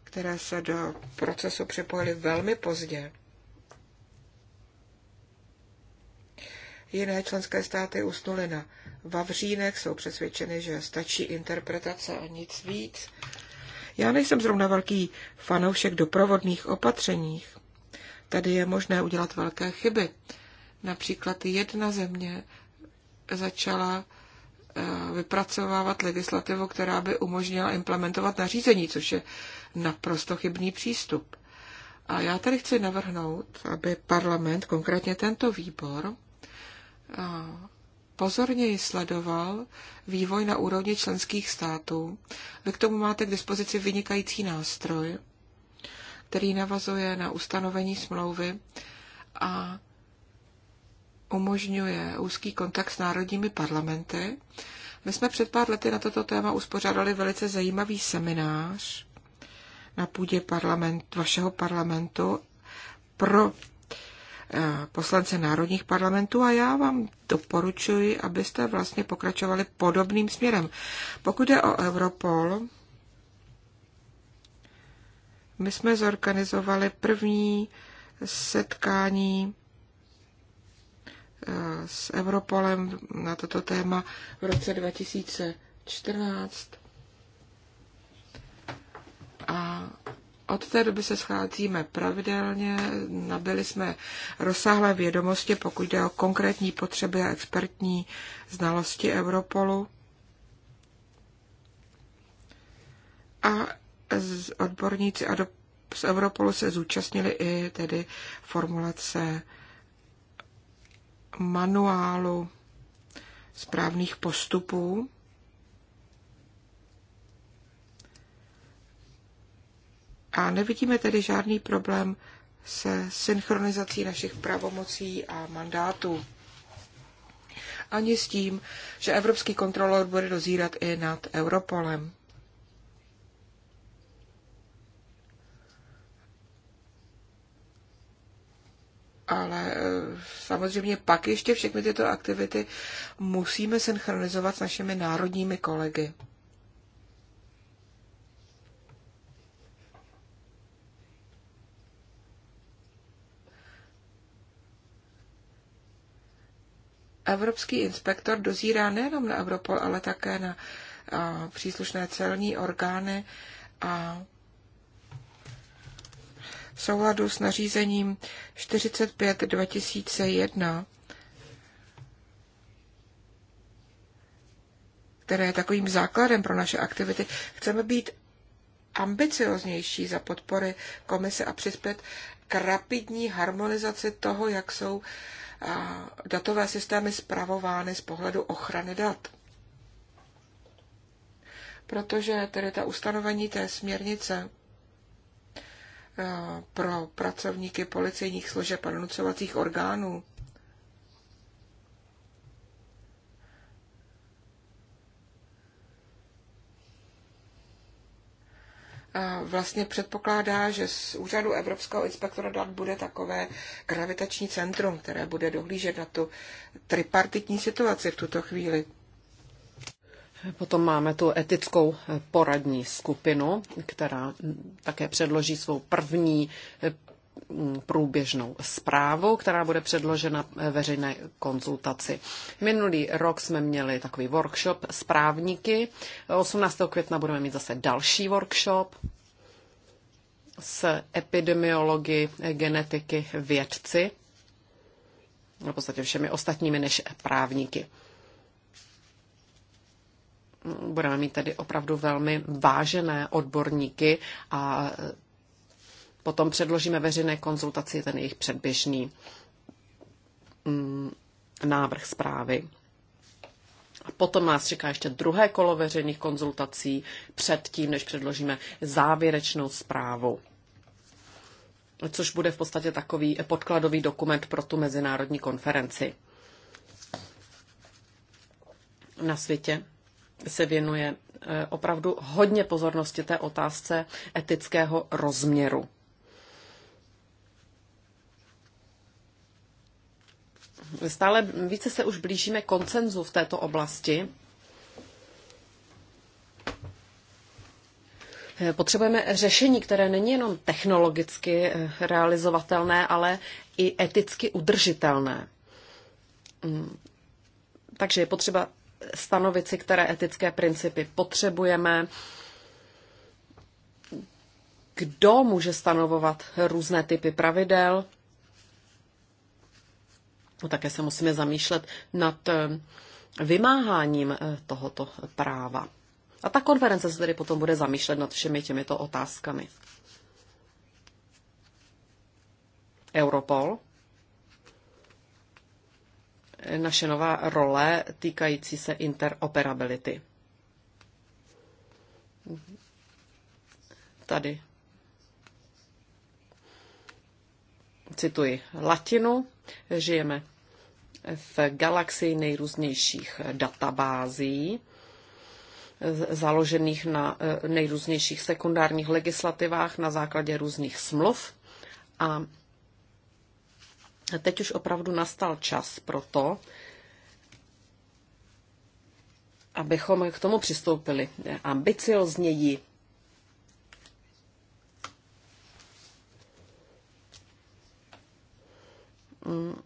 které se do procesu připojily velmi pozdě. Jiné členské státy usnuly na Vavřínek, jsou přesvědčeny, že stačí interpretace a nic víc. Já nejsem zrovna velký fanoušek doprovodných opatřeních. Tady je možné udělat velké chyby. Například jedna země začala Eh, vypracovávat legislativu, která by umožnila implementovat nařízení, což je naprosto chybný přístup. A já tady chci navrhnout, aby parlament, konkrétně tento výbor, eh, pozorněji sledoval vývoj na úrovni členských států. Vy k tomu máte k dispozici vynikající nástroj, který navazuje na ustanovení smlouvy a umožňuje úzký kontakt s národními parlamenty. My jsme před pár lety na toto téma uspořádali velice zajímavý seminář na půdě parlament, vašeho parlamentu pro eh, poslance národních parlamentů a já vám doporučuji, abyste vlastně pokračovali podobným směrem. Pokud je o Europol, my jsme zorganizovali první setkání Eh, s Europolem na toto téma v roce 2014. A od té doby se scházíme pravidelně, nabili jsme rozsáhlé vědomosti, pokud jde o konkrétní potřeby a expertní znalosti Europolu. A odborníci a do, z Europolu se zúčastnili i tedy formulace manuálu správných postupů. A nevidíme tedy žádný problém se synchronizací našich pravomocí a mandátů. Ani s tím, že Evropský kontrolor bude dozírat i nad Europolem. ale eh, samozřejmě pak ještě všechny tyto aktivity musíme synchronizovat s našimi národními kolegy. Evropský inspektor dozírá nejenom na Europol, ale také na a, eh, příslušné celní orgány a souladu s nařízením 45 2001, které je takovým základem pro naše aktivity, chceme být ambicioznější za podpory komise a přispět k rapidní harmonizaci toho, jak jsou datové systémy zpravovány z pohledu ochrany dat. Protože tedy ta ustanovení té směrnice Eh, pro pracovníky policejních služeb a donucovacích orgánů. Eh, vlastně předpokládá, že z úřadu Evropského inspektora dat bude takové gravitační centrum, které bude dohlížet na tu tripartitní situaci v tuto chvíli. Potom máme tu etickou eh, poradní skupinu, která hm, také předloží svou první eh, hm, průběžnou zprávu, která bude předložena eh, veřejné konzultaci. Minulý rok jsme měli takový workshop s právníky. 18. května budeme mít zase další workshop s epidemiologi, genetiky, vědci, v podstatě všemi ostatními než právníky budeme mít tedy opravdu velmi vážené odborníky a potom předložíme veřejné konzultaci ten jejich předběžný mm, návrh zprávy. A potom nás čeká ještě druhé kolo veřejných konzultací předtím, než předložíme závěrečnou zprávu což bude v podstatě takový podkladový dokument pro tu mezinárodní konferenci na světě se věnuje eh, opravdu hodně pozornosti té otázce etického rozměru. Stále více se už blížíme koncenzu v této oblasti. Eh, potřebujeme řešení, které není jenom technologicky eh, realizovatelné, ale i eticky udržitelné. Mm. Takže je potřeba stanovit si, které etické principy potřebujeme, kdo může stanovovat různé typy pravidel. No Také se musíme zamýšlet nad eh, vymáháním eh, tohoto práva. A ta konference se tedy potom bude zamýšlet nad všemi těmito otázkami. Europol naše nová role týkající se interoperability. Tady cituji latinu, žijeme v galaxii nejrůznějších databází, založených na eh, nejrůznějších sekundárních legislativách na základě různých smluv. A Teď už opravdu nastal čas pro to, abychom k tomu přistoupili ambiciozněji. Mm,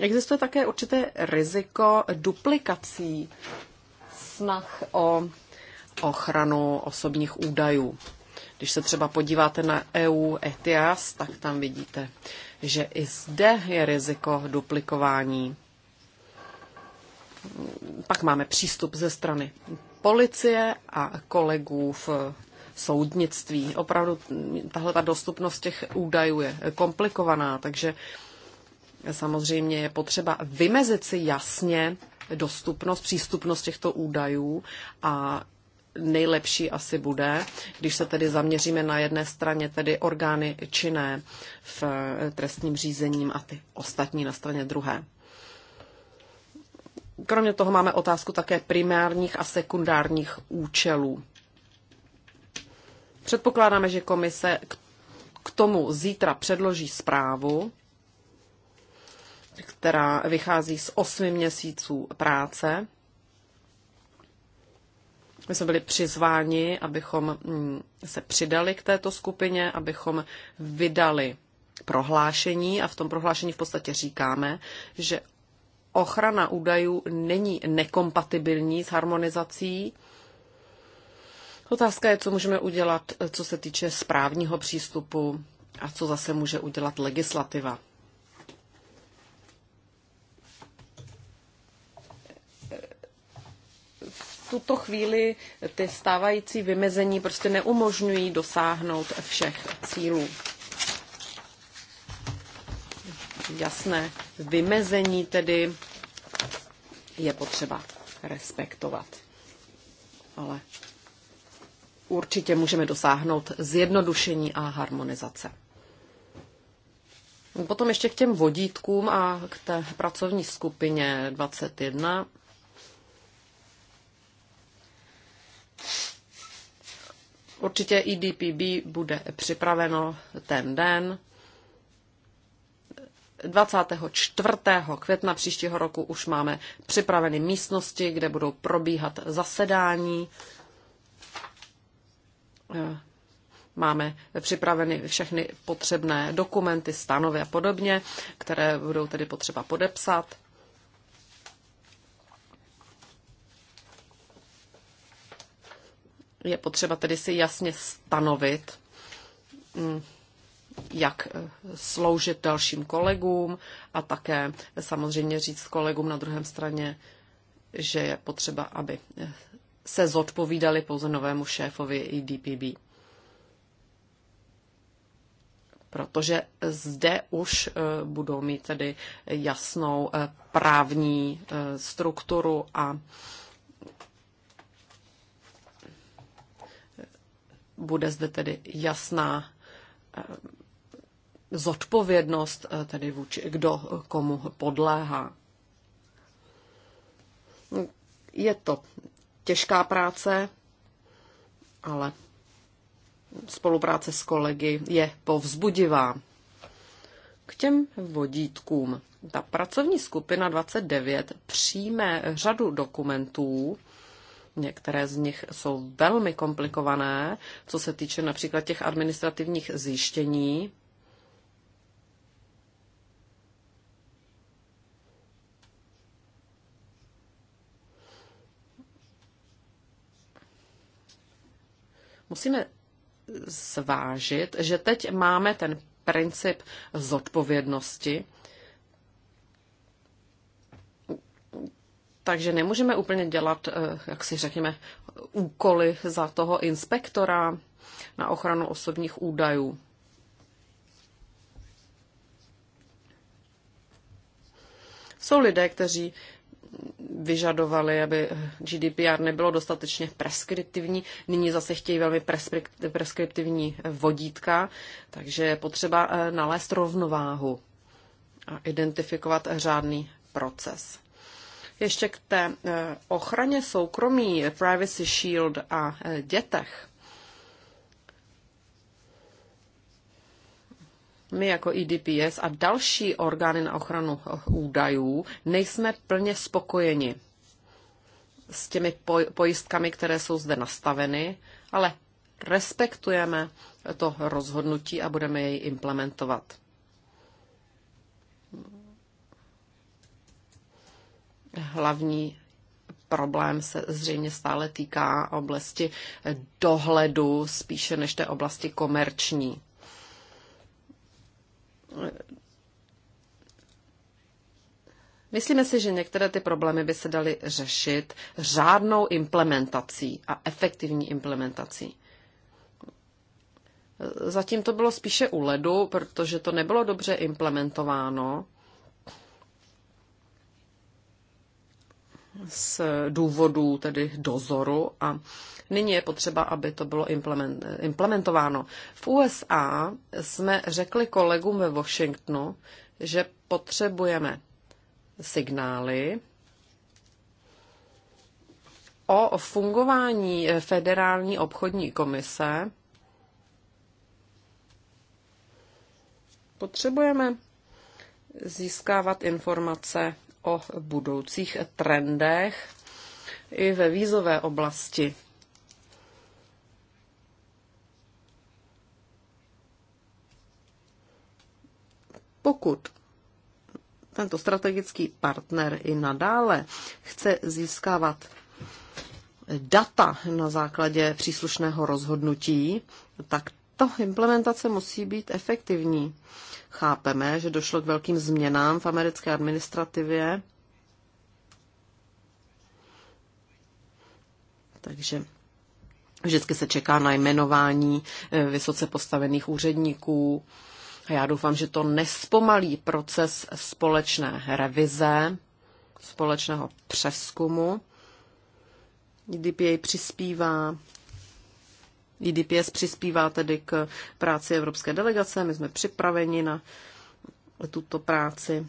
existuje také určité riziko duplikací snah o ochranu osobních údajů. Když se třeba podíváte na EU ETIAS, tak tam vidíte, že i zde je riziko duplikování. Pak máme přístup ze strany policie a kolegů v soudnictví. Opravdu tahle ta dostupnost těch údajů je komplikovaná, takže samozřejmě je potřeba vymezit si jasně dostupnost, přístupnost těchto údajů a nejlepší asi bude, když se tedy zaměříme na jedné straně tedy orgány činné v eh, trestním řízením a ty ostatní na straně druhé. Kromě toho máme otázku také primárních a sekundárních účelů. Předpokládáme, že komise k tomu zítra předloží zprávu, která vychází z osmi měsíců práce my jsme byli přizváni, abychom mm, se přidali k této skupině, abychom vydali prohlášení a v tom prohlášení v podstatě říkáme, že ochrana údajů není nekompatibilní s harmonizací. Otázka je, co můžeme udělat, co se týče správního přístupu a co zase může udělat legislativa. tuto chvíli ty stávající vymezení prostě neumožňují dosáhnout všech cílů. Jasné vymezení tedy je potřeba respektovat. Ale určitě můžeme dosáhnout zjednodušení a harmonizace. Potom ještě k těm vodítkům a k té pracovní skupině 21. Určitě IDPB e bude připraveno ten den. 24. května příštího roku už máme připraveny místnosti, kde budou probíhat zasedání. Eh, máme připraveny všechny potřebné dokumenty, stanovy a podobně, které budou tedy potřeba podepsat. Je potřeba tedy si jasně stanovit, mm, jak eh, sloužit dalším kolegům a také samozřejmě říct kolegům na druhém straně, že je potřeba, aby eh, se zodpovídali pouze novému šéfovi e DPB. Protože zde už eh, budou mít tedy jasnou právní strukturu a bude zde tedy jasná eh, zodpovědnost, eh, tedy vůči, kdo eh, komu podléhá. Je to těžká práce, ale spolupráce s kolegy je povzbudivá. K těm vodítkům. Ta pracovní skupina 29 přijme řadu dokumentů, Některé z nich jsou velmi komplikované, co se týče například těch administrativních zjištění. Musíme zvážit, že teď máme ten princip zodpovědnosti Takže nemůžeme úplně dělat, eh, jak si řekněme, úkoly za toho inspektora na ochranu osobních údajů. Jsou lidé, kteří vyžadovali, aby GDPR nebylo dostatečně preskriptivní. Nyní zase chtějí velmi preskriptivní vodítka, takže je potřeba eh, nalézt rovnováhu a identifikovat řádný proces. Ještě k té eh, ochraně soukromí, Privacy Shield a eh, dětech. my jako IDPS e a další orgány na ochranu eh, údajů nejsme plně spokojeni s těmi pojistkami, které jsou zde nastaveny, ale respektujeme to rozhodnutí a budeme jej implementovat. Hlavní problém se zřejmě stále týká oblasti dohledu spíše než té oblasti komerční. Myslíme si, že některé ty problémy by se daly řešit řádnou implementací a efektivní implementací. Zatím to bylo spíše u ledu, protože to nebylo dobře implementováno. z důvodů tedy dozoru a nyní je potřeba, aby to bylo implementováno. V USA jsme řekli kolegům ve Washingtonu, že potřebujeme signály o fungování Federální obchodní komise. Potřebujeme získávat informace o budoucích trendech i ve vízové oblasti. Pokud tento strategický partner i nadále chce získávat data na základě příslušného rozhodnutí, tak ta implementace musí být efektivní. Chápeme, že došlo k velkým změnám v americké administrativě, takže vždycky se čeká na jmenování eh, vysoce postavených úředníků. A já doufám, že to nespomalí proces společné revize, společného přeskumu. DPA přispívá EDPS přispívá tedy k práci Evropské delegace, my jsme připraveni na tuto práci.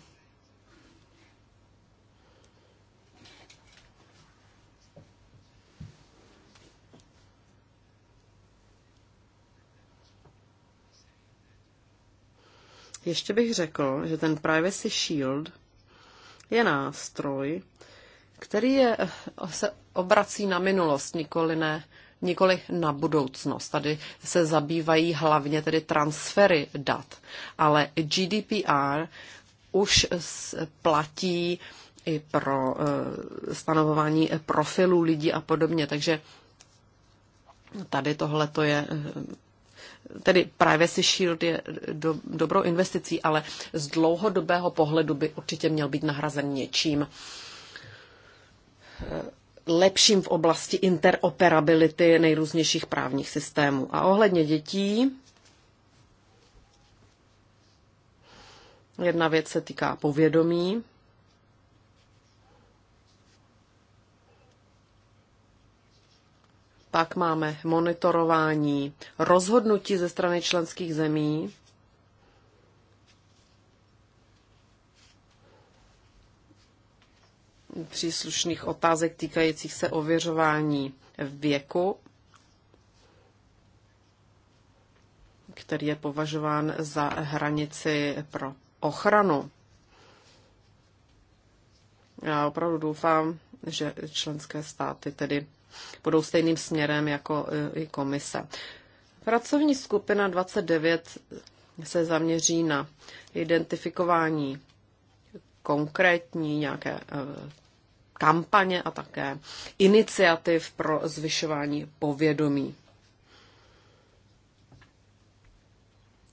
Ještě bych řekl, že ten Privacy Shield je nástroj, který je, se obrací na minulost, nikoli ne nikoli na budoucnost. Tady se zabývají hlavně tedy transfery dat, ale GDPR už platí i pro eh, stanovování profilů lidí a podobně, takže tady tohle to je eh, tedy Privacy Shield je do, dobrou investicí, ale z dlouhodobého pohledu by určitě měl být nahrazen něčím, eh, lepším v oblasti interoperability nejrůznějších právních systémů. A ohledně dětí, jedna věc se týká povědomí. Pak máme monitorování rozhodnutí ze strany členských zemí příslušných otázek týkajících se ověřování věku, který je považován za hranici pro ochranu. Já opravdu doufám, že členské státy tedy budou stejným směrem jako eh, i komise. Pracovní skupina 29 se zaměří na identifikování konkrétní nějaké eh, kampaně a také iniciativ pro zvyšování povědomí.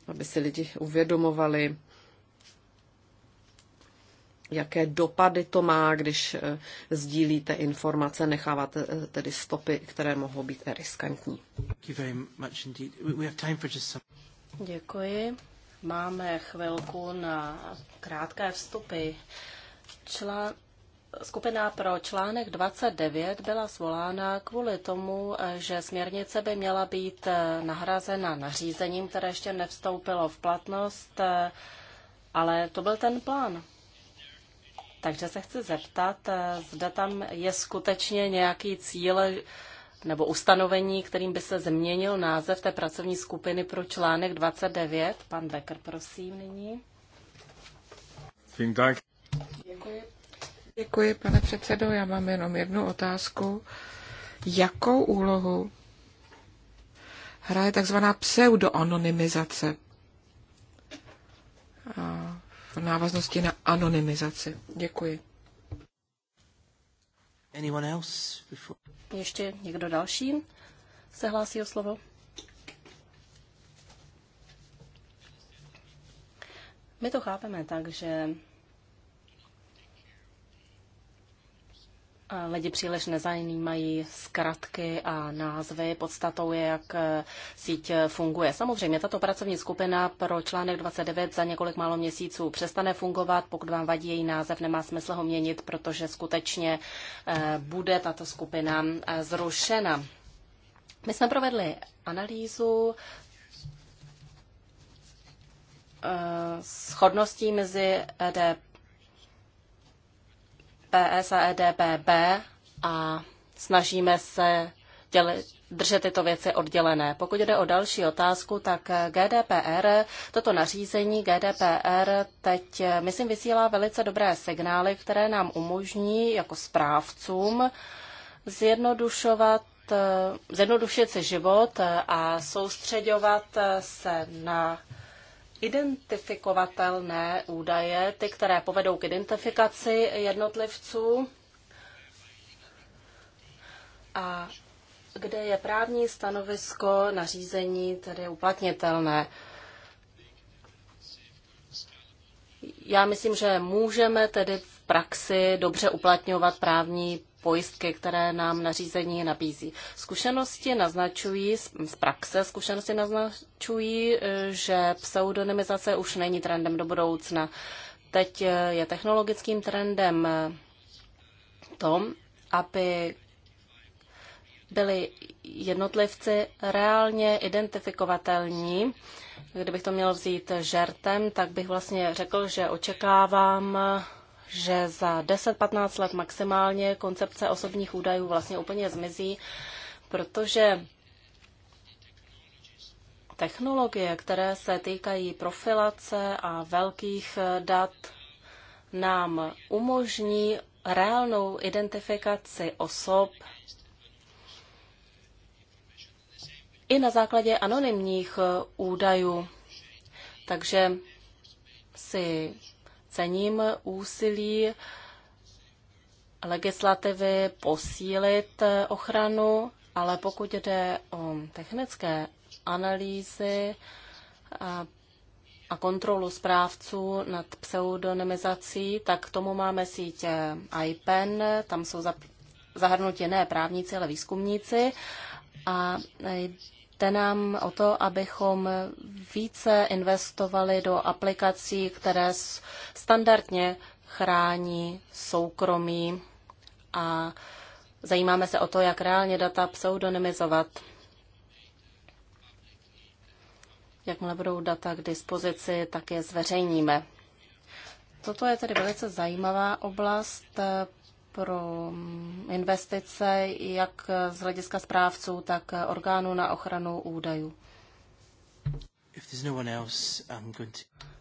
Aby si lidi uvědomovali, jaké dopady to má, když eh, sdílíte informace, necháváte eh, tedy stopy, které mohou být riskantní. Děkuji. Máme chvilku na krátké vstupy. Člán, Skupina pro článek 29 byla svolána kvůli tomu, že směrnice by měla být nahrazena nařízením, které ještě nevstoupilo v platnost, ale to byl ten plán. Takže se chci zeptat, zda tam je skutečně nějaký cíl nebo ustanovení, kterým by se změnil název té pracovní skupiny pro článek 29. Pan Becker, prosím, nyní. Děkuji. Děkuji, pane předsedo. Já mám jenom jednu otázku. Jakou úlohu hraje takzvaná pseudoanonymizace v návaznosti na anonymizaci? Děkuji. Anyone else before? Ještě někdo další se hlásí o slovo? My to chápeme tak, že Lidi příliš nezajímají zkratky a názvy. Podstatou je, jak eh, síť eh, funguje. Samozřejmě tato pracovní skupina pro článek 29 za několik málo měsíců přestane fungovat. Pokud vám vadí její název, nemá smysl ho měnit, protože skutečně eh, bude tato skupina zrušena. My jsme provedli analýzu shodností mezi EDP PS e, e, a e, EDPB a snažíme se děli, držet tyto věci oddělené. Pokud jde o další otázku, tak GDPR, toto nařízení GDPR teď, myslím, vysílá velice dobré signály, které nám umožní jako správcům zjednodušovat zjednodušit si život a soustředovat se na identifikovatelné údaje, ty, které povedou k identifikaci jednotlivců a kde je právní stanovisko nařízení tedy uplatnitelné. Já myslím, že můžeme tedy v praxi dobře uplatňovat právní pojistky, které nám nařízení nabízí. Zkušenosti naznačují, z praxe zkušenosti naznačují, eh, že pseudonymizace už není trendem do budoucna. Teď eh, je technologickým trendem eh, to, aby byli jednotlivci reálně identifikovatelní. Kdybych to měl vzít žertem, tak bych vlastně řekl, že očekávám že za 10-15 let maximálně koncepce osobních údajů vlastně úplně zmizí, protože technologie, které se týkají profilace a velkých eh, dat, nám umožní reálnou identifikaci osob i na základě anonymních eh, údajů. Takže si cením úsilí legislativy posílit ochranu, ale pokud jde o technické analýzy a kontrolu zprávců nad pseudonymizací, tak k tomu máme síť IPEN, tam jsou zahrnuti ne právníci, ale výzkumníci. A jde nám o to, abychom více investovali do aplikací, které standardně chrání soukromí a zajímáme se o to, jak reálně data pseudonymizovat. Jakmile budou data k dispozici, tak je zveřejníme. Toto je tedy velice zajímavá oblast, pro investice jak z hlediska správců, tak orgánů na ochranu údajů. No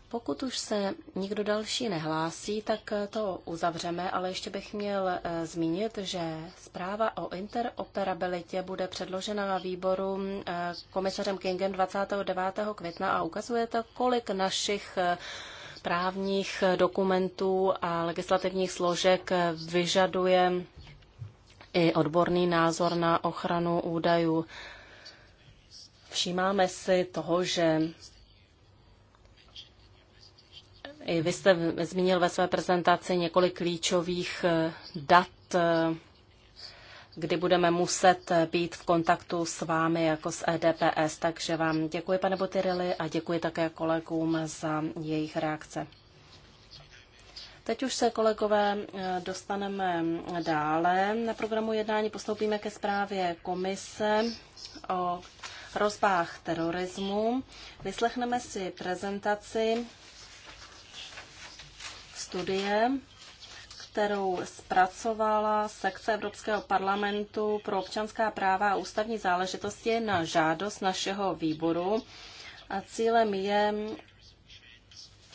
Pokud už se nikdo další nehlásí, tak to uzavřeme, ale ještě bych měl eh, zmínit, že zpráva o interoperabilitě bude předložena výboru eh, komisařem Kingem 29. května a ukazuje to, kolik našich eh, právních dokumentů a legislativních složek vyžaduje i odborný názor na ochranu údajů. Všímáme si toho, že i vy jste zmínil ve své prezentaci několik klíčových dat kdy budeme muset být v kontaktu s vámi jako s EDPS. Takže vám děkuji, pane Botyrili, a děkuji také kolegům za jejich reakce. Teď už se, kolegové, dostaneme dále. Na programu jednání postoupíme ke zprávě komise o hrozbách terorismu. Vyslechneme si prezentaci studie kterou zpracovala sekce Evropského parlamentu pro občanská práva a ústavní záležitosti na žádost našeho výboru. A cílem je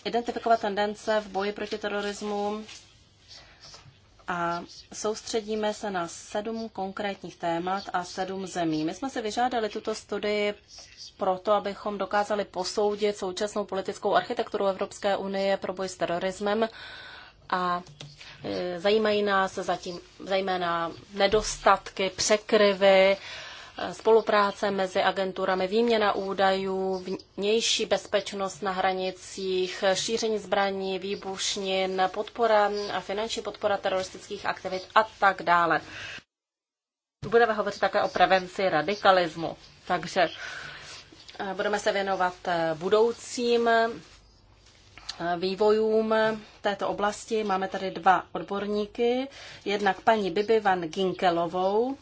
identifikovat tendence v boji proti terorismu a soustředíme se na sedm konkrétních témat a sedm zemí. My jsme si vyžádali tuto studii proto, abychom dokázali posoudit současnou politickou architekturu Evropské unie pro boj s terorismem a e, zajímají nás zatím zejména nedostatky, překryvy, e, spolupráce mezi agenturami, výměna údajů, vnější bezpečnost na hranicích, šíření zbraní, výbušnin, podpora a finanční podpora teroristických aktivit a tak dále. Budeme hovořit také o prevenci radikalismu, takže e, budeme se věnovat budoucím vývojům této oblasti. Máme tady dva odborníky, jednak paní Bibi van Ginkelovou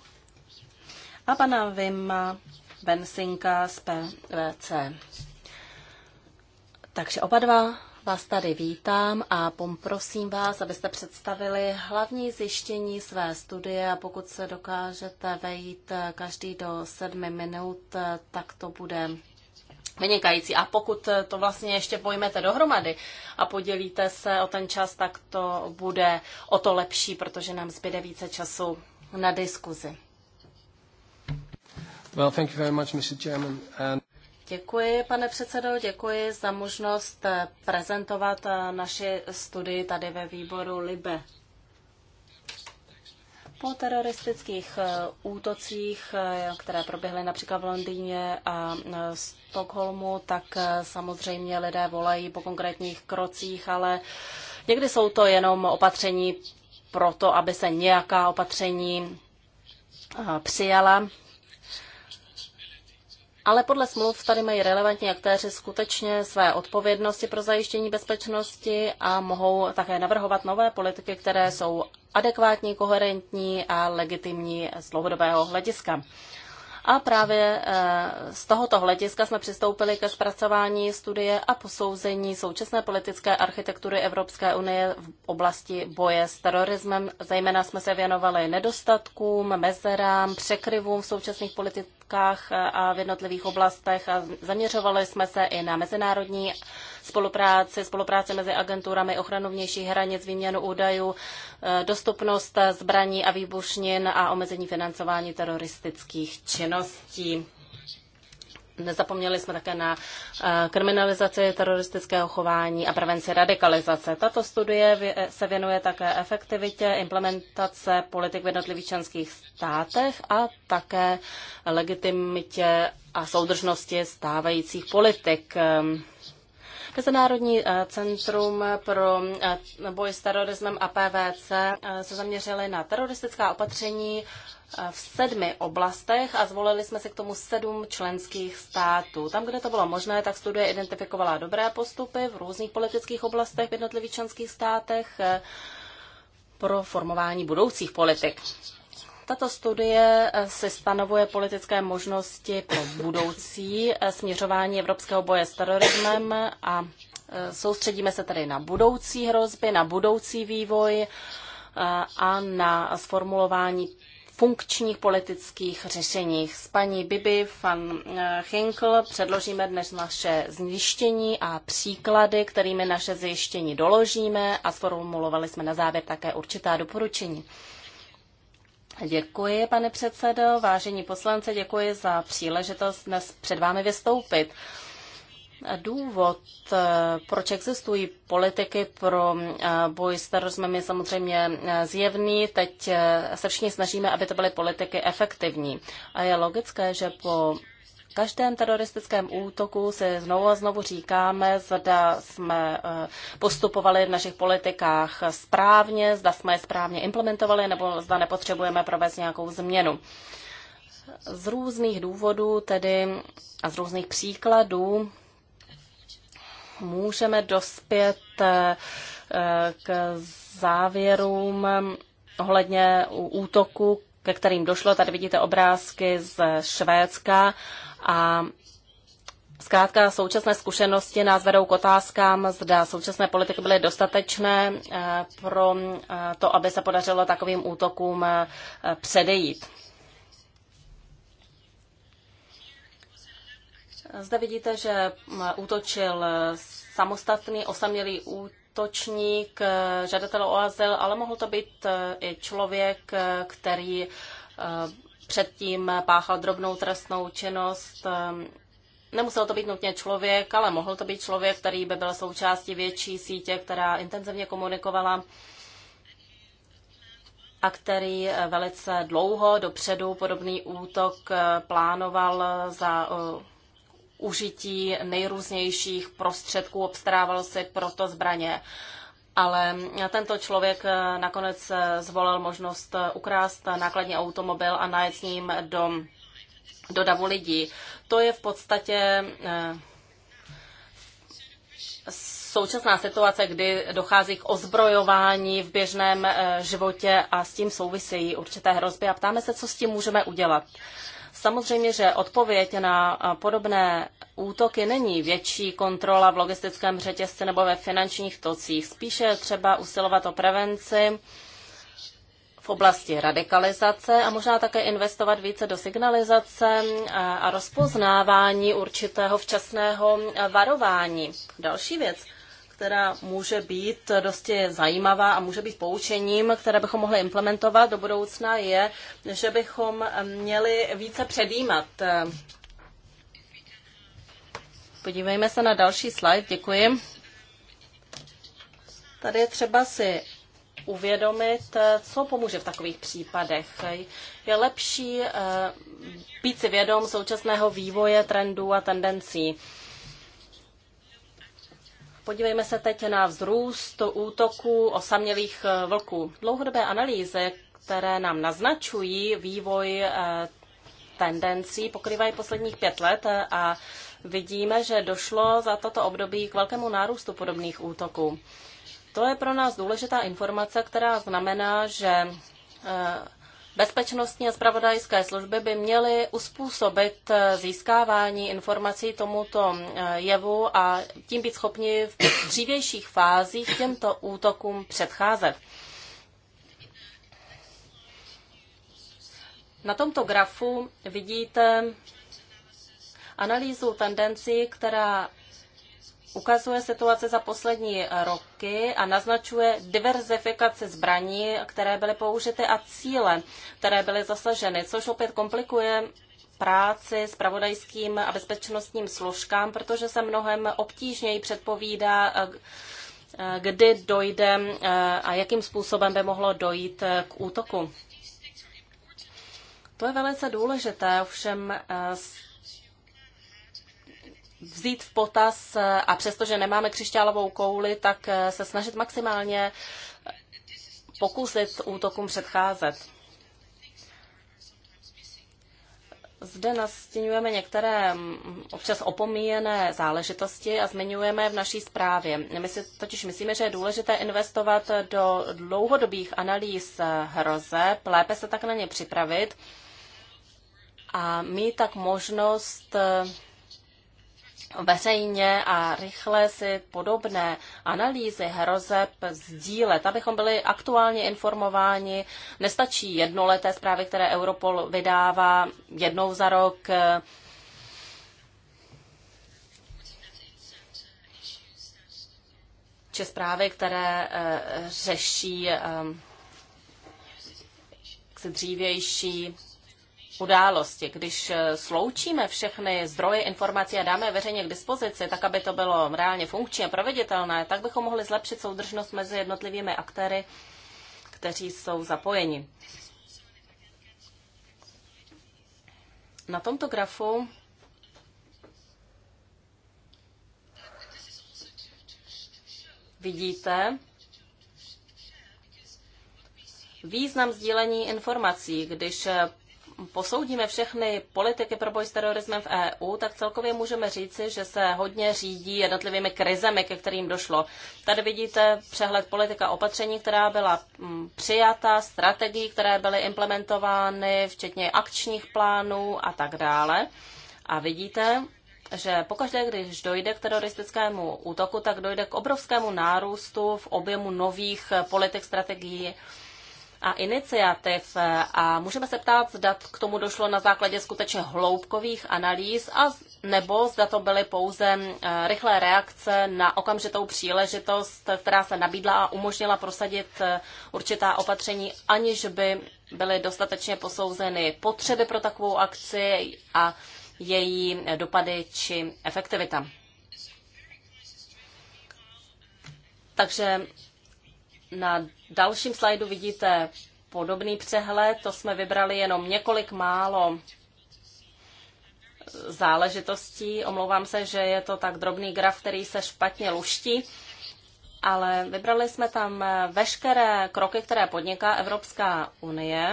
a pana Vima Bensinka z PVC. Takže oba dva vás tady vítám a poprosím vás, abyste představili hlavní zjištění své studie a pokud se dokážete vejít každý do sedmi minut, tak to bude vynikající. A pokud to vlastně ještě pojmete dohromady a podělíte se o ten čas, tak to bude o to lepší, protože nám zbyde více času na diskuzi. Well, thank you very much, Mr. Chairman. And... Děkuji, pane předsedo, děkuji za možnost prezentovat naši studii tady ve výboru LIBE. Po teroristických eh, útocích, eh, které proběhly například v Londýně a eh, Stockholmu, tak samozřejmě lidé volají po konkrétních krocích, ale někdy jsou to jenom opatření pro to, aby se nějaká opatření přijala ale podle smluv tady mají relevantní aktéři skutečně své odpovědnosti pro zajištění bezpečnosti a mohou také navrhovat nové politiky, které jsou adekvátní, koherentní a legitimní z dlouhodobého hlediska. A právě eh, z tohoto hlediska jsme přistoupili ke zpracování studie a posouzení současné politické architektury Evropské unie v oblasti boje s terorismem. Zejména jsme se věnovali nedostatkům, mezerám, překryvům v současných politických jednotkách a v jednotlivých oblastech a zaměřovali jsme se i na mezinárodní spolupráci, spolupráci mezi agenturami, ochranu vnějších hranic, výměnu údajů, e, dostupnost zbraní a výbušnin a omezení financování teroristických činností. Nezapomněli jsme také na eh, kriminalizaci teroristického chování a prevenci radikalizace. Tato studie se věnuje také efektivitě implementace politik v jednotlivých členských státech a také legitimitě a soudržnosti stávajících politik. Ehm, Mezinárodní eh, centrum pro eh, boj s terorismem a PVC eh, se zaměřili na teroristická opatření v sedmi oblastech a zvolili jsme si k tomu sedm členských států. Tam, kde to bylo možné, tak studie identifikovala dobré postupy v různých politických oblastech v jednotlivých členských státech pro formování budoucích politik. Tato studie eh, se stanovuje politické možnosti pro budoucí eh, směřování evropského boje s terorismem a eh, soustředíme se tedy na budoucí hrozby, na budoucí vývoj a na sformulování funkčních politických řešeních. S paní Bibi van Hinkl předložíme dnes naše zjištění a příklady, kterými naše zjištění doložíme a sformulovali jsme na závěr také určitá doporučení. Děkuji, pane předsedo. Vážení poslanci, děkuji za příležitost dnes před vámi vystoupit. Důvod, proč existují politiky pro eh, boj s terorismem, je samozřejmě eh, zjevný. Teď eh, se všichni snažíme, aby to byly politiky efektivní. A je logické, že po každém teroristickém útoku se znovu a znovu říkáme, zda jsme eh, postupovali v našich politikách správně, zda jsme je správně implementovali, nebo zda nepotřebujeme provést nějakou změnu. Z různých důvodů tedy a z různých příkladů můžeme dospět eh, k závěrům ohledně útoku, ke kterým došlo. Tady vidíte obrázky z Švédska a Zkrátka současné zkušenosti nás vedou k otázkám, zda současné politiky byly dostatečné eh, pro eh, to, aby se podařilo takovým útokům eh, předejít. Zde vidíte, že mm, útočil samostatný osamělý útočník, žadatel o azyl, ale mohl to být i člověk, který předtím páchal drobnou trestnou činnost. Ehm, nemusel to být nutně člověk, ale mohl to být člověk, který by byl součástí větší sítě, která intenzivně komunikovala a který eh, velice dlouho dopředu podobný útok eh, plánoval za eh, užití nejrůznějších prostředků, obstarával si proto zbraně ale tento člověk eh, nakonec eh, zvolil možnost eh, ukrást nákladní automobil a najet s ním do, do davu lidí. To je v podstatě současná situace, kdy dochází k ozbrojování v běžném životě a s tím souvisejí určité hrozby a ptáme se, co s tím můžeme udělat. Samozřejmě, že odpověď na podobné útoky není větší kontrola v logistickém řetězci nebo ve finančních tocích. Spíše třeba usilovat o prevenci v oblasti radikalizace a možná také investovat více do signalizace a rozpoznávání určitého včasného varování. Další věc která může být dosti zajímavá a může být poučením, které bychom mohli implementovat do budoucna, je, že bychom měli více předjímat. Podívejme se na další slide, děkuji. Tady je třeba si uvědomit, co pomůže v takových případech. Je lepší eh, být si vědom současného vývoje, trendů a tendencí. Podívejme se teď na vzrůst útoků osamělých eh, vlků. Dlouhodobé analýzy, které nám naznačují vývoj eh, tendencí, pokrývají posledních pět let eh, a vidíme, že došlo za toto období k velkému nárůstu podobných útoků. To je pro nás důležitá informace, která znamená, že Bezpečnostní a spravodajské služby by měly uspůsobit eh, získávání informací tomuto eh, jevu a tím být schopni v dřívějších fázích těmto útokům předcházet. Na tomto grafu vidíte analýzu tendencí, která ukazuje situace za poslední roky a naznačuje diverzifikaci zbraní, které byly použity a cíle, které byly zasaženy, což opět komplikuje práci s pravodajským a bezpečnostním složkám, protože se mnohem obtížněji předpovídá, kdy dojde eh, a jakým způsobem by mohlo dojít eh, k útoku. To je velice důležité, ovšem eh, vzít v potaz eh, a přestože nemáme křišťálovou kouli, tak eh, se snažit maximálně pokusit útokům předcházet. Zde nastínujeme některé mm, občas opomíjené záležitosti a zmiňujeme v naší zprávě. My si totiž myslíme, že je důležité investovat do dlouhodobých analýz hroze, lépe se tak na ně připravit a mít tak možnost eh, veřejně a rychle si podobné analýzy hrozeb sdílet, abychom byli aktuálně informováni. Nestačí jednoleté zprávy, které Europol vydává jednou za rok. Či zprávy, které eh, řeší eh, dřívější události. Když eh, sloučíme všechny zdroje informací a dáme veřejně k dispozici, tak aby to bylo reálně funkční a proveditelné, tak bychom mohli zlepšit soudržnost mezi jednotlivými aktéry, kteří jsou zapojeni. Na tomto grafu vidíte, význam sdílení informací, když eh, posoudíme všechny politiky pro boj s terorismem v EU, tak celkově můžeme říci, že se hodně řídí jednotlivými krizemi, ke kterým došlo. Tady vidíte přehled politika opatření, která byla mm, přijata, strategií, které byly implementovány, včetně akčních plánů a tak dále. A vidíte, že pokaždé, když dojde k teroristickému útoku, tak dojde k obrovskému nárůstu v objemu nových politik, strategií a iniciativ e, a můžeme se ptát, zda k tomu došlo na základě skutečně hloubkových analýz a nebo zda to byly pouze e, rychlé reakce na okamžitou příležitost, která se nabídla a umožnila prosadit e, určitá opatření, aniž by byly dostatečně posouzeny potřeby pro takovou akci a její dopady či efektivita. Takže na dalším slajdu vidíte podobný přehled, to jsme vybrali jenom několik málo záležitostí. Omlouvám se, že je to tak drobný graf, který se špatně luští, ale vybrali jsme tam veškeré kroky, které podniká Evropská unie.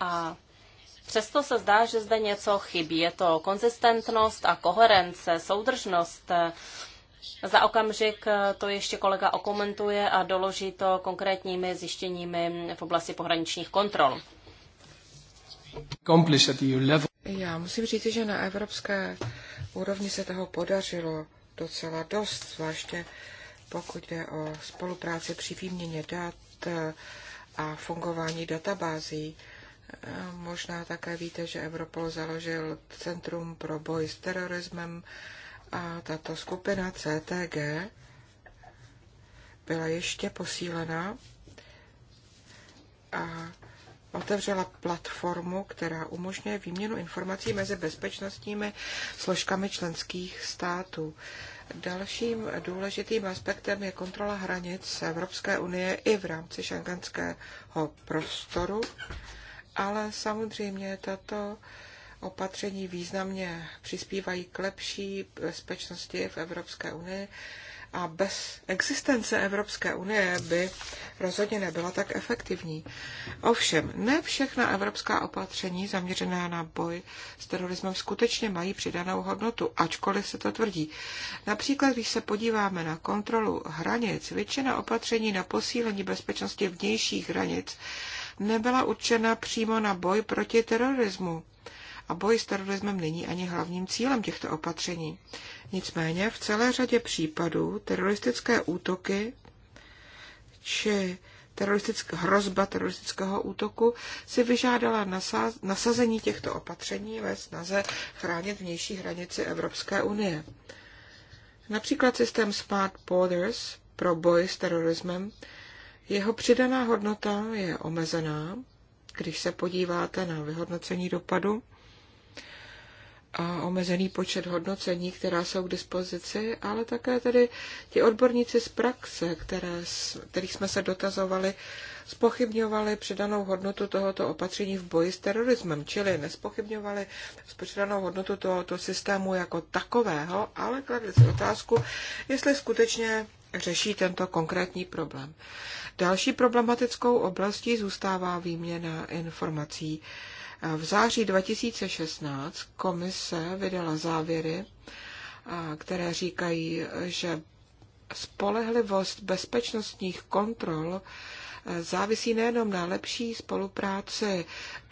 A Přesto se zdá, že zde něco chybí. Je to konzistentnost a koherence, soudržnost. Za okamžik to ještě kolega okomentuje a doloží to konkrétními zjištěními v oblasti pohraničních kontrol. Já musím říct, že na evropské úrovni se toho podařilo docela dost, zvláště pokud jde o spolupráci při výměně dat a fungování databází. Možná také víte, že Europol založil Centrum pro boj s terorismem a tato skupina CTG byla ještě posílena a otevřela platformu, která umožňuje výměnu informací mezi bezpečnostními složkami členských států. Dalším důležitým aspektem je kontrola hranic Evropské unie i v rámci šengenského prostoru ale samozřejmě tato opatření významně přispívají k lepší bezpečnosti v Evropské unii a bez existence Evropské unie by rozhodně nebyla tak efektivní. Ovšem, ne všechna evropská opatření zaměřená na boj s terorismem skutečně mají přidanou hodnotu, ačkoliv se to tvrdí. Například, když se podíváme na kontrolu hranic, většina opatření na posílení bezpečnosti vnějších hranic nebyla určena přímo na boj proti terorismu. A boj s terorismem není ani hlavním cílem těchto opatření. Nicméně v celé řadě případů teroristické útoky či teroristick, hrozba teroristického útoku si vyžádala nasaz, nasazení těchto opatření ve snaze chránit vnější hranici Evropské unie. Například systém Smart Borders pro boj s terorismem jeho přidaná hodnota je omezená, když se podíváte na vyhodnocení dopadu a omezený počet hodnocení, která jsou k dispozici, ale také tedy ti odborníci z praxe, které, kterých jsme se dotazovali, spochybňovali přidanou hodnotu tohoto opatření v boji s terorismem, čili nespochybňovali přidanou hodnotu tohoto systému jako takového, ale kladli si otázku, jestli skutečně řeší tento konkrétní problém. Další problematickou oblastí zůstává výměna informací. V září 2016 komise vydala závěry, které říkají, že spolehlivost bezpečnostních kontrol e, závisí nejenom na lepší spolupráci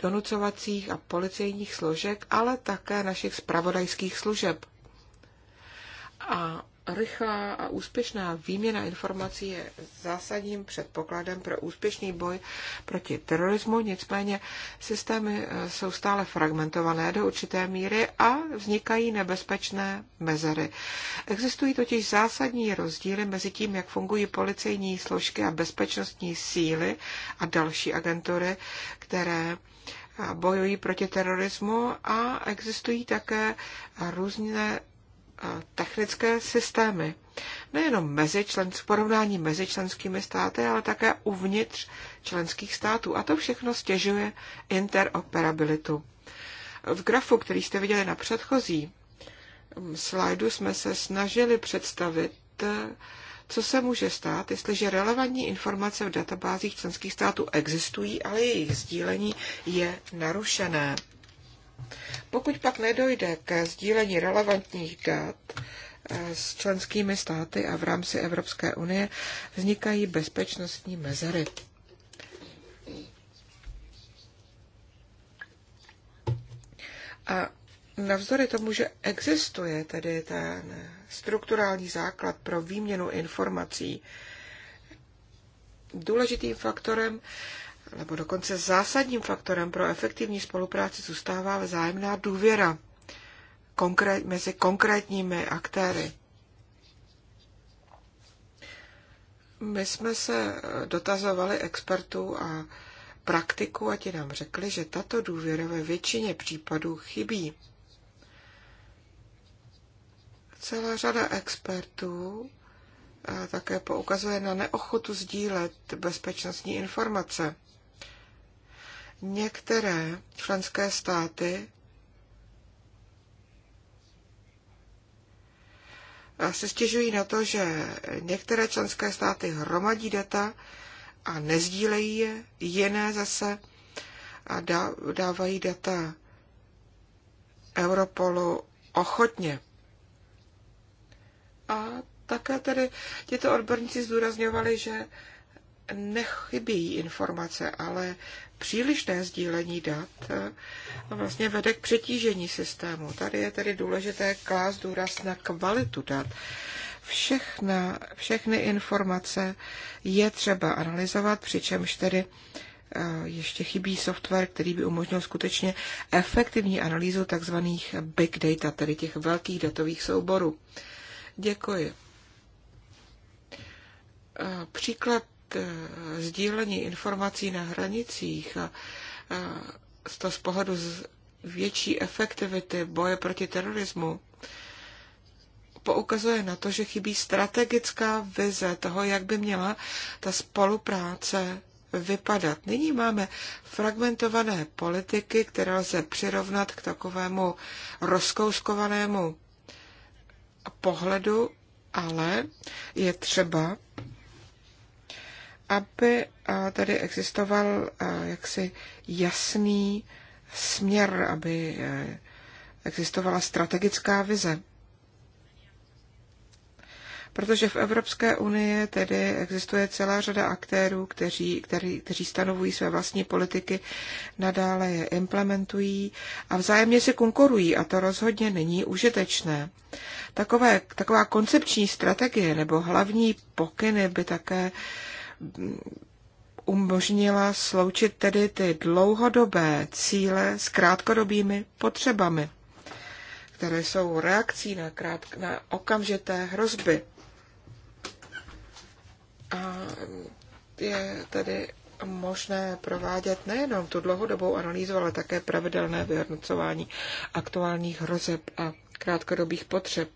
donucovacích a policejních složek, ale také našich spravodajských služeb. A rychlá a úspěšná výměna informací je zásadním předpokladem pro úspěšný boj proti terorismu, nicméně systémy eh, jsou stále fragmentované do určité míry a vznikají nebezpečné mezery. Existují totiž zásadní rozdíly mezi tím, jak fungují policejní složky a bezpečnostní síly a další agentury, které eh, bojují proti terorismu a existují také různé technické systémy. Nejenom mezi člens, porovnání mezi členskými státy, ale také uvnitř členských států. A to všechno stěžuje interoperabilitu. V grafu, který jste viděli na předchozí slajdu, jsme se snažili představit, co se může stát, jestliže relevantní informace v databázích členských států existují, ale jejich sdílení je narušené. Pokud pak nedojde ke sdílení relevantních dat eh, s členskými státy a v rámci Evropské unie, vznikají bezpečnostní mezery. A navzdory tomu, že existuje tedy ten strukturální základ pro výměnu informací, důležitým faktorem nebo dokonce zásadním faktorem pro efektivní spolupráci zůstává vzájemná důvěra konkrét, mezi konkrétními aktéry. My jsme se dotazovali expertů a praktiků a ti nám řekli, že tato důvěra ve většině případů chybí. Celá řada expertů eh, také poukazuje na neochotu sdílet bezpečnostní informace některé členské státy eh, se stěžují na to, že některé členské státy hromadí data a nezdílejí je, jiné zase a dávají data Europolu ochotně. A také tedy tito odborníci zdůrazňovali, že nechybí informace, ale přílišné sdílení dat eh, vlastně vede k přetížení systému. Tady je tedy důležité klást důraz na kvalitu dat. Všechna, všechny informace je třeba analyzovat, přičemž tedy eh, ještě chybí software, který by umožnil skutečně efektivní analýzu tzv. big data, tedy těch velkých datových souborů. Děkuji. Eh, příklad Eh, sdílení informací na hranicích a, eh, to z pohledu z větší efektivity boje proti terorismu poukazuje na to, že chybí strategická vize toho, jak by měla ta spolupráce vypadat. Nyní máme fragmentované politiky, které lze přirovnat k takovému rozkouskovanému pohledu, ale je třeba aby tady existoval jaksi jasný směr, aby e, existovala strategická vize. Protože v Evropské unii tedy existuje celá řada aktérů, kteří, který, kteří stanovují své vlastní politiky, nadále je implementují a vzájemně si konkurují a to rozhodně není užitečné. Takové, taková koncepční strategie nebo hlavní pokyny by také uh, umožnila sloučit tedy ty dlouhodobé cíle s krátkodobými potřebami, které jsou reakcí na, krátk na okamžité hrozby. A je tedy možné provádět nejenom tu dlouhodobou analýzu, ale také pravidelné vyhodnocování aktuálních hrozeb a krátkodobých potřeb.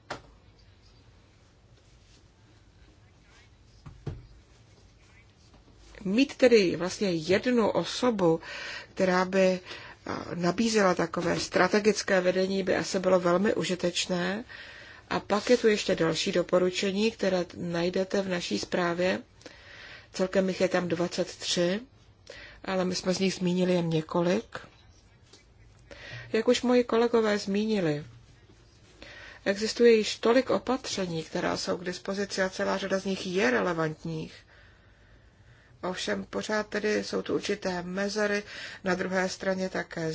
Mít tedy vlastně jednu osobu, která by eh, nabízela takové strategické vedení, by asi bylo velmi užitečné. A pak je tu ještě další doporučení, které najdete v naší zprávě. Celkem jich je tam 23, ale my jsme z nich zmínili jen několik. Jak už moji kolegové zmínili, existuje již tolik opatření, která jsou k dispozici a celá řada z nich je relevantních. Ovšem pořád tedy jsou tu určité mezery, na druhé straně také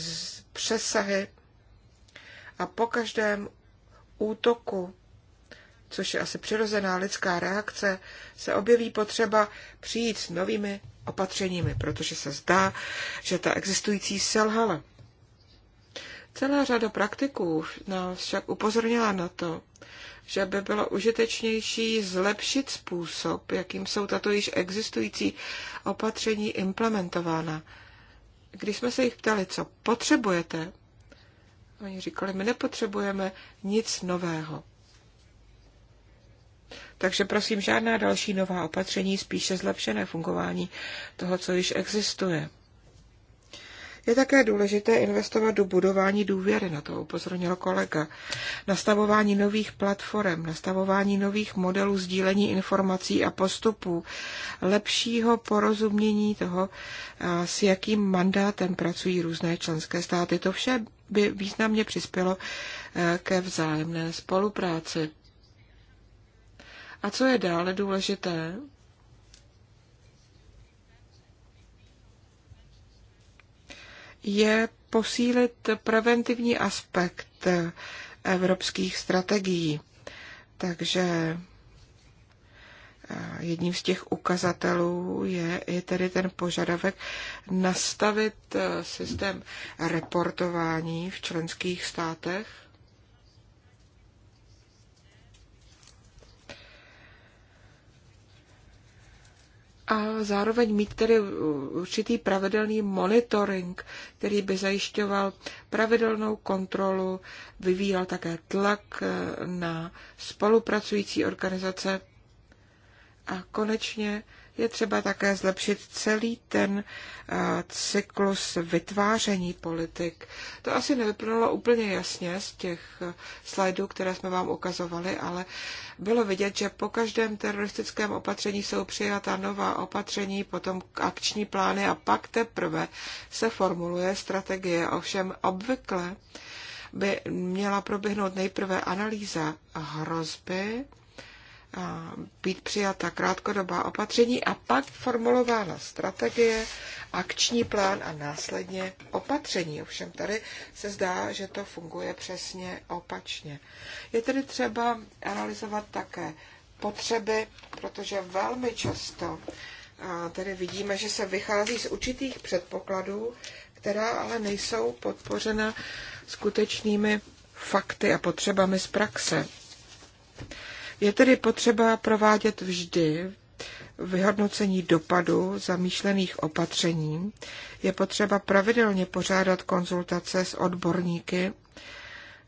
přesahy. A po každém útoku, což je asi přirozená lidská reakce, se objeví potřeba přijít s novými opatřeními, protože se zdá, že ta existující selhala. Celá řada praktiků nás však upozornila na to, že by bylo užitečnější zlepšit způsob, jakým jsou tato již existující opatření implementována. Když jsme se jich ptali, co potřebujete, oni říkali, my nepotřebujeme nic nového. Takže prosím, žádná další nová opatření, spíše zlepšené fungování toho, co již existuje. Je také důležité investovat do budování důvěry, na to upozornil kolega, nastavování nových platform, nastavování nových modelů sdílení informací a postupů, lepšího porozumění toho, eh, s jakým mandátem pracují různé členské státy. To vše by významně přispělo eh, ke vzájemné spolupráci. A co je dále důležité? je posílit preventivní aspekt evropských strategií. Takže eh, jedním z těch ukazatelů je i tedy ten požadavek nastavit eh, systém reportování v členských státech a zároveň mít tedy určitý pravidelný monitoring, který by zajišťoval pravidelnou kontrolu, vyvíjel také tlak eh, na spolupracující organizace a konečně je třeba také zlepšit celý ten eh, cyklus vytváření politik. To asi nevyplnulo úplně jasně z těch eh, slajdů, které jsme vám ukazovali, ale bylo vidět, že po každém teroristickém opatření jsou přijata nová opatření, potom akční plány a pak teprve se formuluje strategie. Ovšem obvykle by měla proběhnout nejprve analýza hrozby, být přijata krátkodobá opatření a pak formulována strategie, akční plán a následně opatření. Ovšem tady se zdá, že to funguje přesně opačně. Je tedy třeba analyzovat také potřeby, protože velmi často tedy vidíme, že se vychází z určitých předpokladů, která ale nejsou podpořena skutečnými fakty a potřebami z praxe. Je tedy potřeba provádět vždy vyhodnocení dopadu zamýšlených opatření. Je potřeba pravidelně pořádat konzultace s odborníky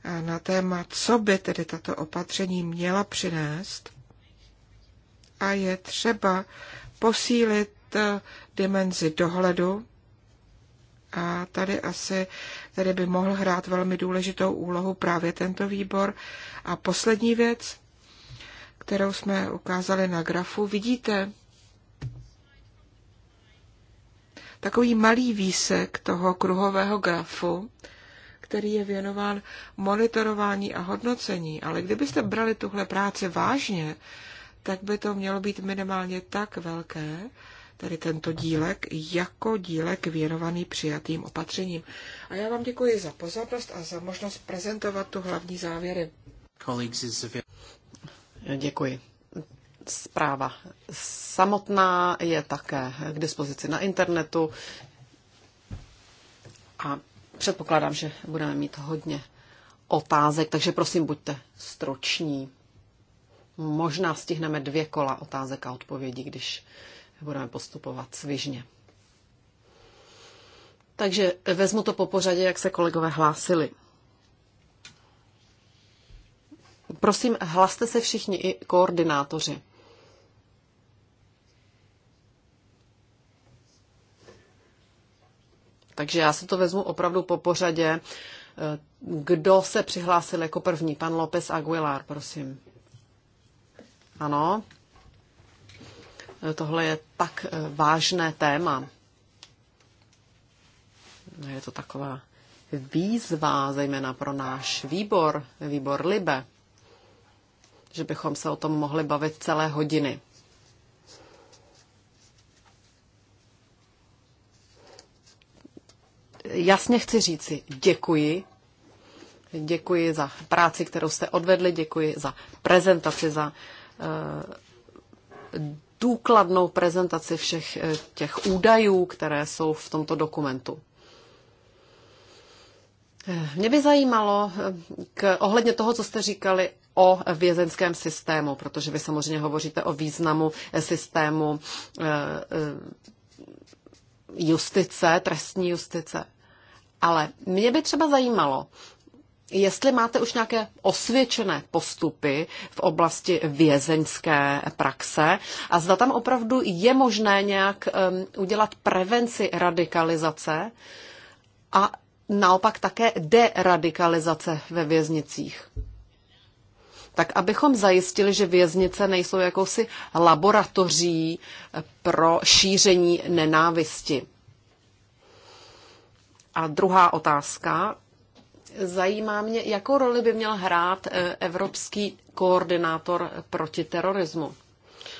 eh, na téma, co by tedy tato opatření měla přinést. A je třeba posílit eh, dimenzi dohledu. A tady asi tady by mohl hrát velmi důležitou úlohu právě tento výbor. A poslední věc, kterou jsme ukázali na grafu, vidíte takový malý výsek toho kruhového grafu, který je věnován monitorování a hodnocení. Ale kdybyste brali tuhle práci vážně, tak by to mělo být minimálně tak velké, tedy tento dílek, jako dílek věnovaný přijatým opatřením. A já vám děkuji za pozornost a za možnost prezentovat tu hlavní závěry. Děkuji. Zpráva samotná je také k dispozici na internetu a předpokládám, že budeme mít hodně otázek, takže prosím, buďte stroční. Možná stihneme dvě kola otázek a odpovědí, když budeme postupovat svižně. Takže vezmu to po pořadě, jak se kolegové hlásili. Prosím, hlaste se všichni i koordinátoři. Takže já si to vezmu opravdu po pořadě. Eh, kdo se přihlásil jako první? Pan López Aguilar, prosím. Ano. Eh, tohle je tak eh, vážné téma. Je to taková výzva, zejména pro náš výbor, výbor Libe že bychom se o tom mohli bavit celé hodiny. Jasně chci říci děkuji. Děkuji za práci, kterou jste odvedli, děkuji za prezentaci, za eh, důkladnou prezentaci všech eh, těch údajů, které jsou v tomto dokumentu. Mě by zajímalo eh, k, ohledně toho, co jste říkali o vězenském systému, protože vy samozřejmě hovoříte o významu eh, systému eh, justice, trestní justice. Ale mě by třeba zajímalo, jestli máte už nějaké osvědčené postupy v oblasti vězeňské praxe a zda tam opravdu je možné nějak um, udělat prevenci radikalizace a naopak také deradikalizace ve věznicích. Tak abychom zajistili, že věznice nejsou jakousi laboratoří pro šíření nenávisti. A druhá otázka. Zajímá mě, jakou roli by měl hrát eh, evropský koordinátor proti terorismu.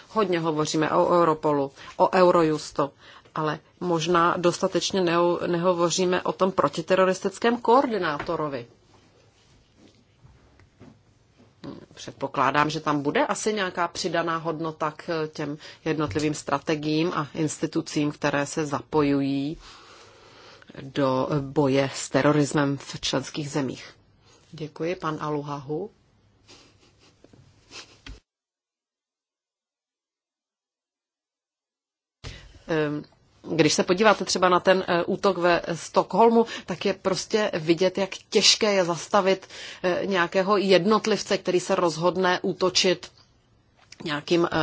Hodně hovoříme o Europolu, o Eurojusto, ale možná dostatečně neho, nehovoříme o tom protiteroristickém koordinátorovi. Předpokládám, že tam bude asi nějaká přidaná hodnota k těm jednotlivým strategiím a institucím, které se zapojují do boje s terorismem v členských zemích. Děkuji, pan Aluhahu. Um, když se podíváte třeba na ten eh, útok ve Stockholmu, tak je prostě vidět, jak těžké je zastavit eh, nějakého jednotlivce, který se rozhodne útočit nějakým eh,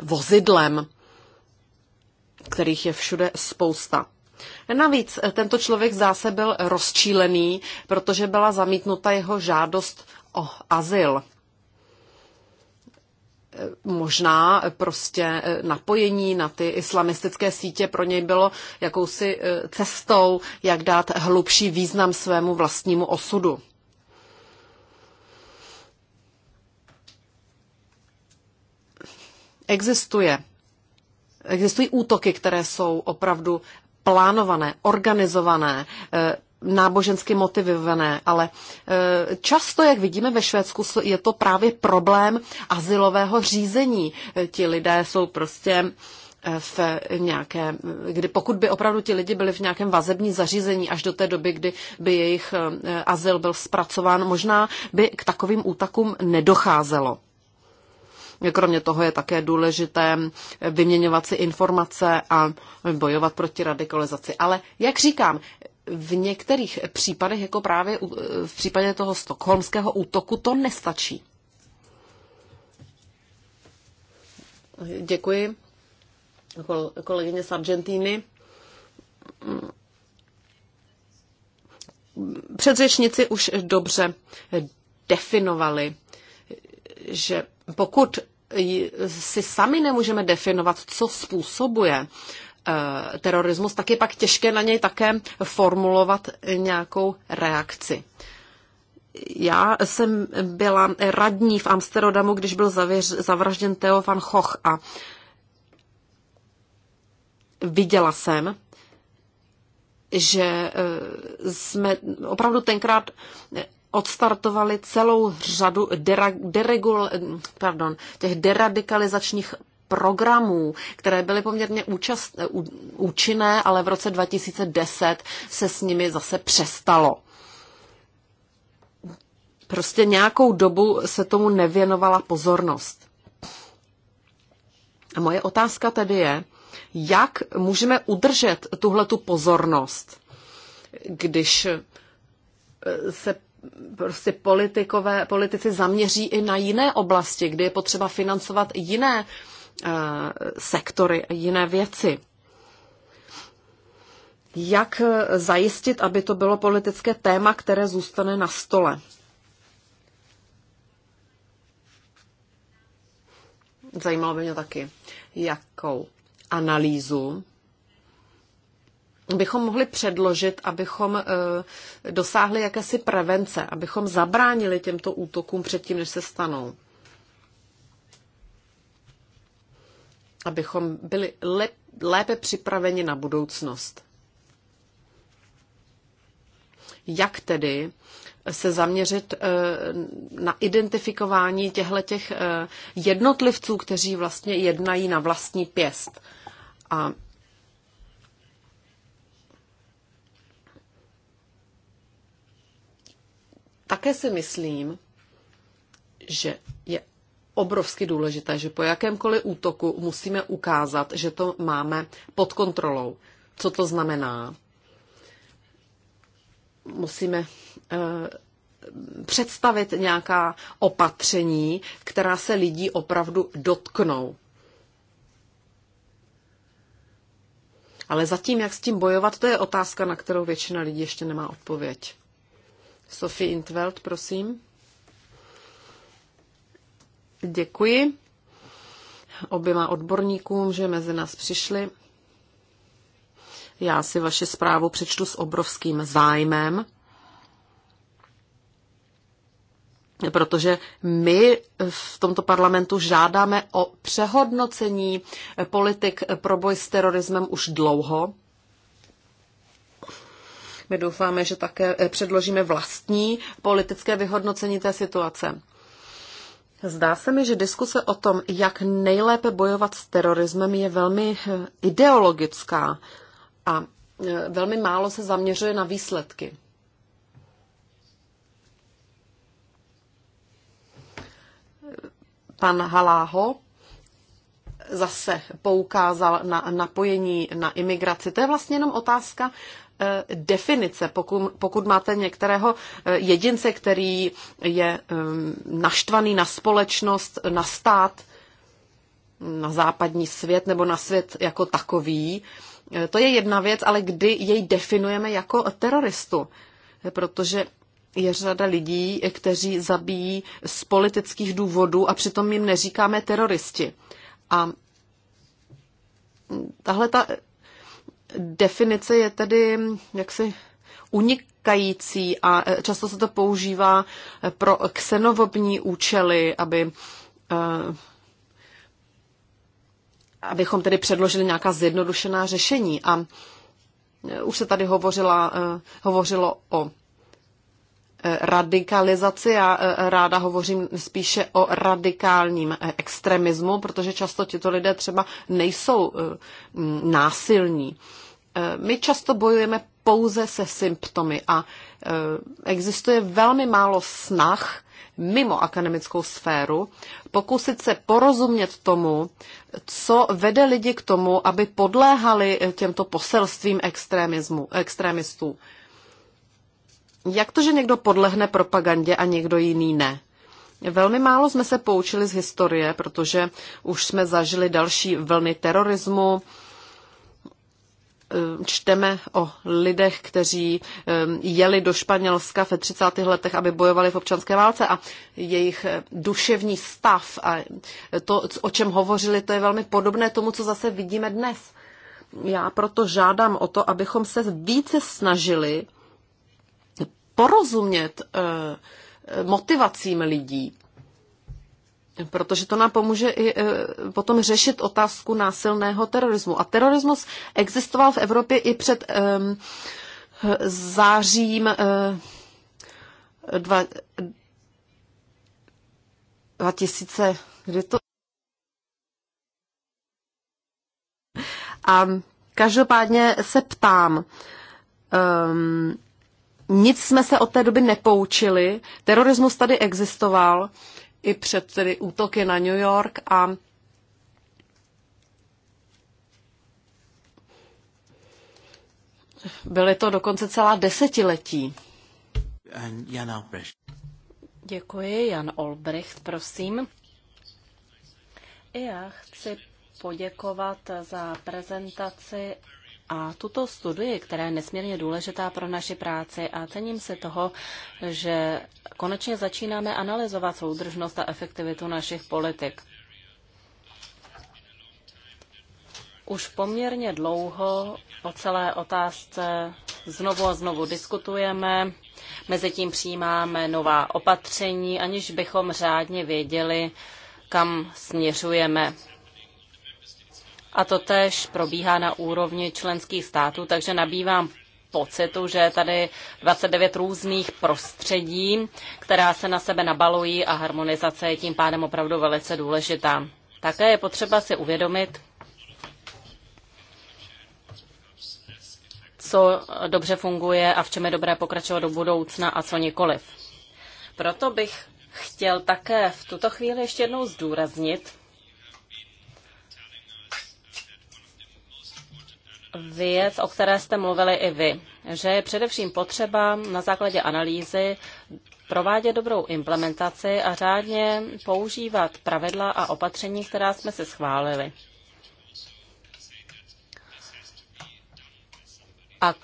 vozidlem, kterých je všude spousta. Navíc tento člověk zase byl rozčílený, protože byla zamítnuta jeho žádost o azyl možná prostě eh, napojení na ty islamistické sítě pro něj bylo jakousi eh, cestou, jak dát hlubší význam svému vlastnímu osudu. Existuje. Existují útoky, které jsou opravdu plánované, organizované, eh, nábožensky motivované, ale e, často, jak vidíme ve Švédsku, je to právě problém asilového řízení. E, ti lidé jsou prostě e, v nějaké, kdy pokud by opravdu ti lidi byli v nějakém vazební zařízení až do té doby, kdy by jejich azyl byl zpracován, možná by k takovým útakům nedocházelo. Kromě toho je také důležité vyměňovat si informace a bojovat proti radikalizaci. Ale jak říkám, v některých případech, jako právě v případě toho stokholmského útoku, to nestačí. Děkuji kolegyně z Argentíny. Předřečnici už dobře definovali, že pokud si sami nemůžeme definovat, co způsobuje Eh, terorismus, tak je pak těžké na něj také formulovat nějakou reakci. Já jsem byla radní v Amsterdamu, když byl zavěř, zavražděn Theo van Gogh a viděla jsem, že eh, jsme opravdu tenkrát odstartovali celou řadu deregul, pardon, těch deradikalizačních programů, které byly poměrně účast, eh, účinné, ale v roce 2010 se s nimi zase přestalo. Prostě nějakou dobu se tomu nevěnovala pozornost. A moje otázka tedy je, jak můžeme udržet tuhle tu pozornost, když eh, se prostě politikové, politici zaměří i na jiné oblasti, kdy je potřeba financovat jiné Eh, sektory a jiné věci. Jak eh, zajistit, aby to bylo politické téma, které zůstane na stole? Zajímalo by mě taky, jakou analýzu bychom mohli předložit, abychom eh, dosáhli jakési prevence, abychom zabránili těmto útokům předtím, než se stanou. abychom byli lep, lépe připraveni na budoucnost. Jak tedy se zaměřit eh, na identifikování těchto eh, jednotlivců, kteří vlastně jednají na vlastní pěst. A také si myslím, že je obrovsky důležité, že po jakémkoliv útoku musíme ukázat, že to máme pod kontrolou. Co to znamená? Musíme eh, představit nějaká opatření, která se lidí opravdu dotknou. Ale zatím, jak s tím bojovat, to je otázka, na kterou většina lidí ještě nemá odpověď. Sophie Intveld, prosím. Děkuji oběma odborníkům, že mezi nás přišli. Já si vaši zprávu přečtu s obrovským zájmem, protože my v tomto parlamentu žádáme o přehodnocení politik pro boj s terorismem už dlouho. My doufáme, že také předložíme vlastní politické vyhodnocení té situace. Zdá se mi, že diskuse o tom, jak nejlépe bojovat s terorismem, je velmi eh, ideologická a eh, velmi málo se zaměřuje na výsledky. Pan Haláho zase poukázal na napojení na imigraci. To je vlastně jenom otázka Eh, definice. Pokud, pokud máte některého eh, jedince, který je eh, naštvaný na společnost, na stát, na západní svět nebo na svět jako takový, to je jedna věc, ale kdy jej definujeme jako teroristu. Protože je řada lidí, kteří zabíjí z politických důvodů a přitom jim neříkáme teroristi. A mm, tahle ta definice je tedy jaksi unikající a e, často se to používá e, pro ksenovobní účely, aby e, abychom tedy předložili nějaká zjednodušená řešení. A už se tady hovořila, hovořilo o radikalizaci. Já eh, ráda hovořím spíše o radikálním eh, extremismu, protože často tito lidé třeba nejsou eh, mm, násilní. My často bojujeme pouze se symptomy a existuje velmi málo snah mimo akademickou sféru pokusit se porozumět tomu, co vede lidi k tomu, aby podléhali těmto poselstvím extremismu, extremistů. Jak to, že někdo podlehne propagandě a někdo jiný ne? Velmi málo jsme se poučili z historie, protože už jsme zažili další vlny terorismu. Ehm, čteme o lidech, kteří ehm, jeli do Španělska ve 30. letech, aby bojovali v občanské válce a jejich eh, duševní stav a to, o čem hovořili, to je velmi podobné tomu, co zase vidíme dnes. Já proto žádám o to, abychom se více snažili porozumět eh, motivacím lidí, protože to nám pomůže i eh, potom řešit otázku násilného terorismu. A terorismus existoval v Evropě i před ehm, zářím 2000, eh, kdy to? A každopádně se ptám, um, nic jsme se od té doby nepoučili. Terorismus tady existoval i před tedy útoky na New York a byly to dokonce celá desetiletí. Jan Albrecht. Děkuji, Jan Olbricht, prosím. I já chci poděkovat za prezentaci a tuto studii, která je nesmírně důležitá pro naši práci a cením se toho, že konečně začínáme analyzovat soudržnost a efektivitu našich politik. Už poměrně dlouho o celé otázce znovu a znovu diskutujeme, mezitím přijímáme nová opatření, aniž bychom řádně věděli, kam směřujeme a to tež probíhá na úrovni členských států, takže nabývám pocitu, že je tady 29 různých prostředí, která se na sebe nabalují a harmonizace je tím pádem opravdu velice důležitá. Také je potřeba si uvědomit, co dobře funguje a v čem je dobré pokračovat do budoucna a co nikoliv. Proto bych chtěl také v tuto chvíli ještě jednou zdůraznit, věc, o které jste mluvili i vy, že je především potřeba na základě analýzy provádět dobrou implementaci a řádně používat pravidla a opatření, která jsme si schválili. A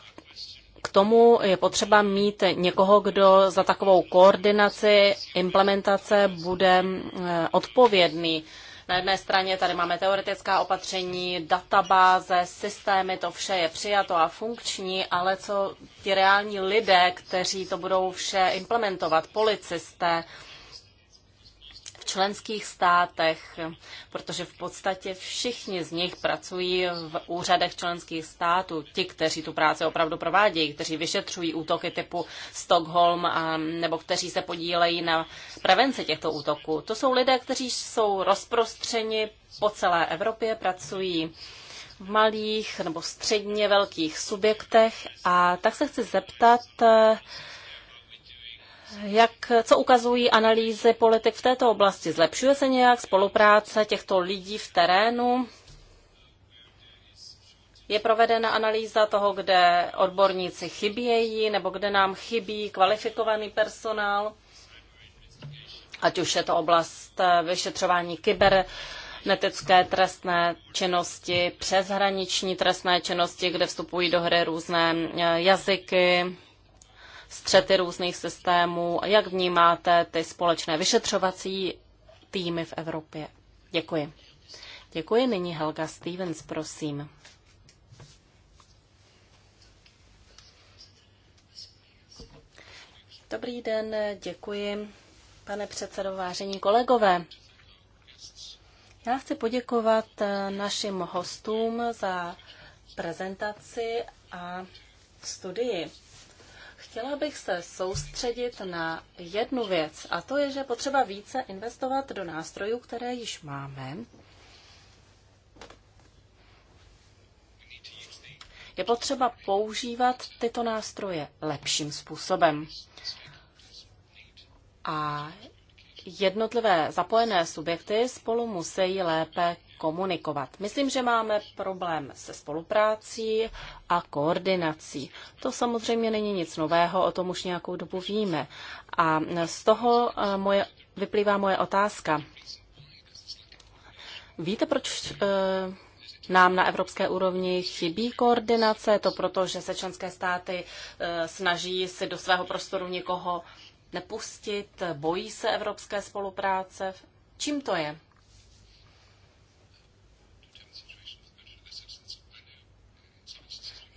k tomu je potřeba mít někoho, kdo za takovou koordinaci implementace bude eh, odpovědný. Na jedné straně tady máme teoretická opatření, databáze, systémy, to vše je přijato a funkční, ale co ti reální lidé, kteří to budou vše implementovat, policisté, členských státech, protože v podstatě všichni z nich pracují v úřadech členských států. Ti, kteří tu práci opravdu provádějí, kteří vyšetřují útoky typu Stockholm a, nebo kteří se podílejí na prevenci těchto útoků. To jsou lidé, kteří jsou rozprostřeni po celé Evropě, pracují v malých nebo středně velkých subjektech a tak se chci zeptat, jak, co ukazují analýzy politik v této oblasti? Zlepšuje se nějak spolupráce těchto lidí v terénu? Je provedena analýza toho, kde odborníci chybějí nebo kde nám chybí kvalifikovaný personál? Ať už je to oblast eh, vyšetřování kyber, netické trestné činnosti, přeshraniční trestné činnosti, kde vstupují do hry různé eh, jazyky, střety různých systémů. Jak vnímáte ty společné vyšetřovací týmy v Evropě? Děkuji. Děkuji. Nyní Helga Stevens, prosím. Dobrý den, děkuji, pane předsedo, vážení kolegové. Já chci poděkovat našim hostům za prezentaci a studii. Chtěla bych se soustředit na jednu věc, a to je, že potřeba více investovat do nástrojů, které již máme. Je potřeba používat tyto nástroje lepším způsobem. A jednotlivé zapojené subjekty spolu musí lépe komunikovat. Myslím, že máme problém se spoluprácí a koordinací. To samozřejmě není nic nového, o tom už nějakou dobu víme. A z toho eh, moje, vyplývá moje otázka. Víte, proč eh, nám na evropské úrovni chybí koordinace? Je to proto, že se členské státy eh, snaží si do svého prostoru někoho nepustit, bojí se evropské spolupráce? Čím to je?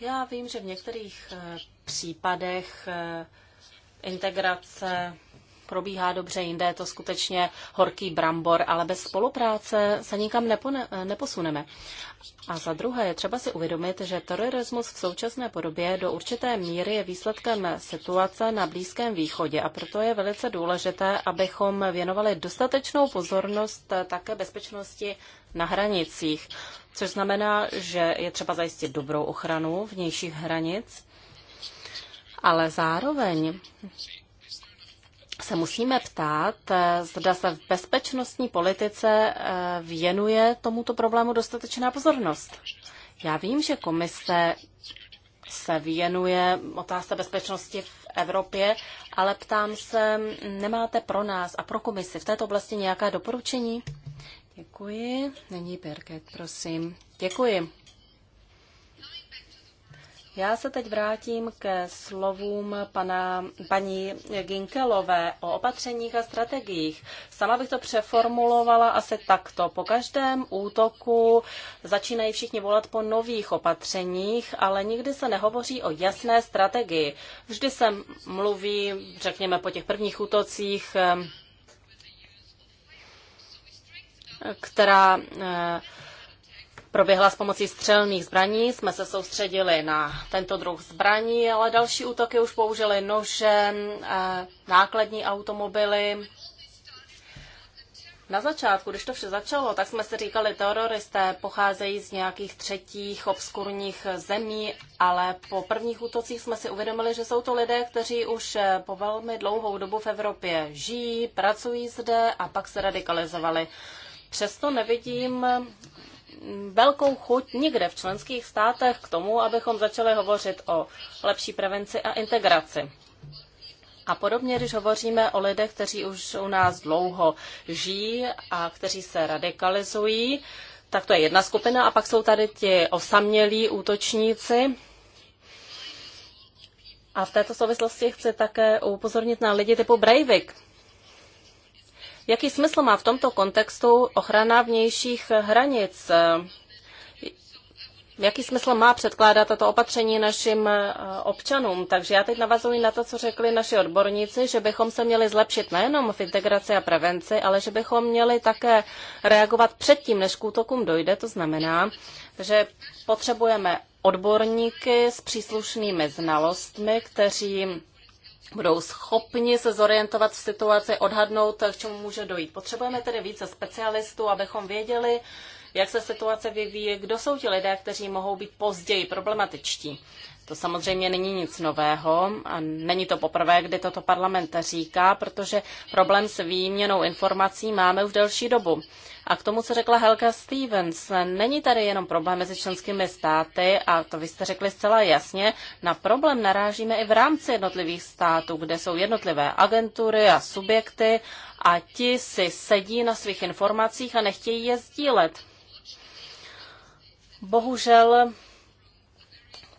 Já vím, že v některých eh, případech eh, integrace probíhá dobře, jinde je to skutečně horký brambor, ale bez spolupráce se nikam nepone, eh, neposuneme. A za druhé je třeba si uvědomit, že terorismus v současné podobě do určité míry je výsledkem situace na Blízkém východě a proto je velice důležité, abychom věnovali dostatečnou pozornost také bezpečnosti na hranicích, což znamená, že je třeba zajistit dobrou ochranu vnějších hranic, ale zároveň se musíme ptát, eh, zda se v bezpečnostní politice eh, věnuje tomuto problému dostatečná pozornost. Já vím, že komise se věnuje otázce bezpečnosti v Evropě, ale ptám se, nemáte pro nás a pro komisi v této oblasti nějaká doporučení? Děkuji. Není Birgit, prosím. Děkuji. Já se teď vrátím ke slovům pana, paní Ginkelové o opatřeních a strategiích. Sama bych to přeformulovala asi takto. Po každém útoku začínají všichni volat po nových opatřeních, ale nikdy se nehovoří o jasné strategii. Vždy se mluví, řekněme, po těch prvních útocích která eh, proběhla s pomocí střelných zbraní. Jsme se soustředili na tento druh zbraní, ale další útoky už použili nože, eh, nákladní automobily. Na začátku, když to vše začalo, tak jsme si říkali, teroristé pocházejí z nějakých třetích obskurních zemí, ale po prvních útocích jsme si uvědomili, že jsou to lidé, kteří už eh, po velmi dlouhou dobu v Evropě žijí, pracují zde a pak se radikalizovali. Přesto nevidím mm, velkou chuť nikde v členských státech k tomu, abychom začali hovořit o lepší prevenci a integraci. A podobně, když hovoříme o lidech, kteří už u nás dlouho žijí a kteří se radikalizují, tak to je jedna skupina. A pak jsou tady ti osamělí útočníci. A v této souvislosti chci také upozornit na lidi typu Breivik, Jaký smysl má v tomto kontextu ochrana vnějších hranic? Jaký smysl má předkládat toto opatření našim eh, občanům? Takže já teď navazuji na to, co řekli naši odborníci, že bychom se měli zlepšit nejenom v integraci a prevenci, ale že bychom měli také reagovat předtím, než k útokům dojde. To znamená, že potřebujeme odborníky s příslušnými znalostmi, kteří budou schopni se zorientovat v situaci, odhadnout, k čemu může dojít. Potřebujeme tedy více specialistů, abychom věděli, jak se situace vyvíjí, kdo jsou ti lidé, kteří mohou být později problematičtí. To samozřejmě není nic nového a není to poprvé, kdy toto parlament říká, protože problém s výměnou informací máme už delší dobu. A k tomu, co řekla Helga Stevens, není tady jenom problém mezi členskými státy, a to vy jste řekli zcela jasně, na problém narážíme i v rámci jednotlivých států, kde jsou jednotlivé agentury a subjekty a ti si sedí na svých informacích a nechtějí je sdílet. Bohužel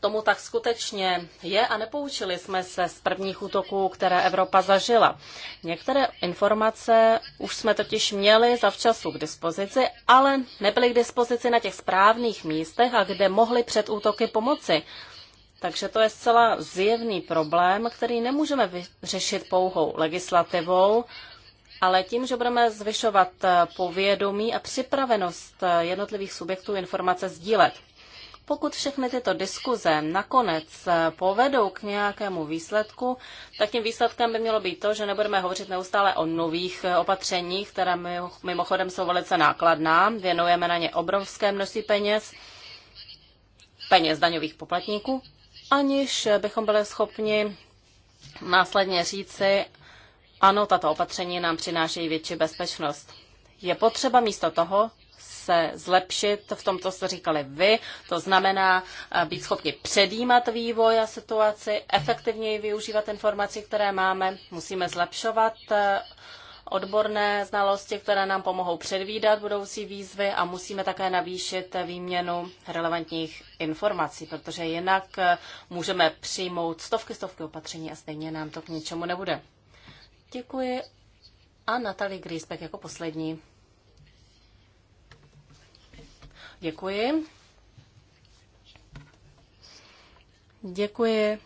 tomu tak skutečně je a nepoučili jsme se z prvních útoků, které Evropa zažila. Některé informace už jsme totiž měli zavčasu k dispozici, ale nebyly k dispozici na těch správných místech a kde mohly před útoky pomoci. Takže to je zcela zjevný problém, který nemůžeme vyřešit pouhou legislativou, ale tím, že budeme zvyšovat povědomí a připravenost jednotlivých subjektů informace sdílet. Pokud všechny tyto diskuze nakonec eh, povedou k nějakému výsledku, tak tím výsledkem by mělo být to, že nebudeme hovořit neustále o nových eh, opatřeních, které mimochodem jsou velice nákladná, věnujeme na ně obrovské množství peněz, peněz daňových poplatníků, aniž bychom byli schopni následně říci, ano, tato opatření nám přináší větší bezpečnost. Je potřeba místo toho se zlepšit, v tom, co jste říkali vy, to znamená eh, být schopni předjímat vývoj a situaci, efektivněji využívat informací, které máme, musíme zlepšovat eh, odborné znalosti, které nám pomohou předvídat budoucí výzvy a musíme také navýšit výměnu relevantních informací, protože jinak eh, můžeme přijmout stovky, stovky opatření a stejně nám to k ničemu nebude. Děkuji. A Natalie Griesbeck jako poslední. Děkuji. Děkuji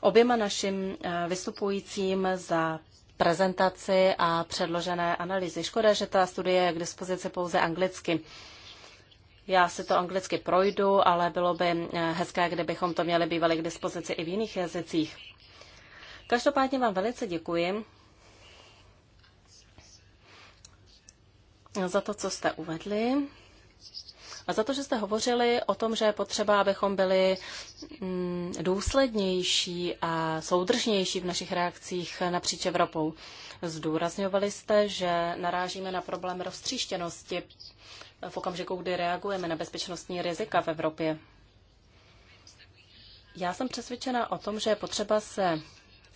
oběma našim eh, vystupujícím za prezentaci a předložené analýzy. Škoda, že ta studie je k dispozici pouze anglicky. Já si to anglicky projdu, ale bylo by eh, hezké, kdybychom to měli bývali k dispozici i v jiných jazycích. Každopádně vám velice děkuji za to, co jste uvedli. A za to, že jste hovořili o tom, že je potřeba, abychom byli mm, důslednější a soudržnější v našich reakcích napříč Evropou. Zdůrazňovali jste, že narážíme na problém roztříštěnosti v okamžiku, kdy reagujeme na bezpečnostní rizika v Evropě. Já jsem přesvědčena o tom, že je potřeba se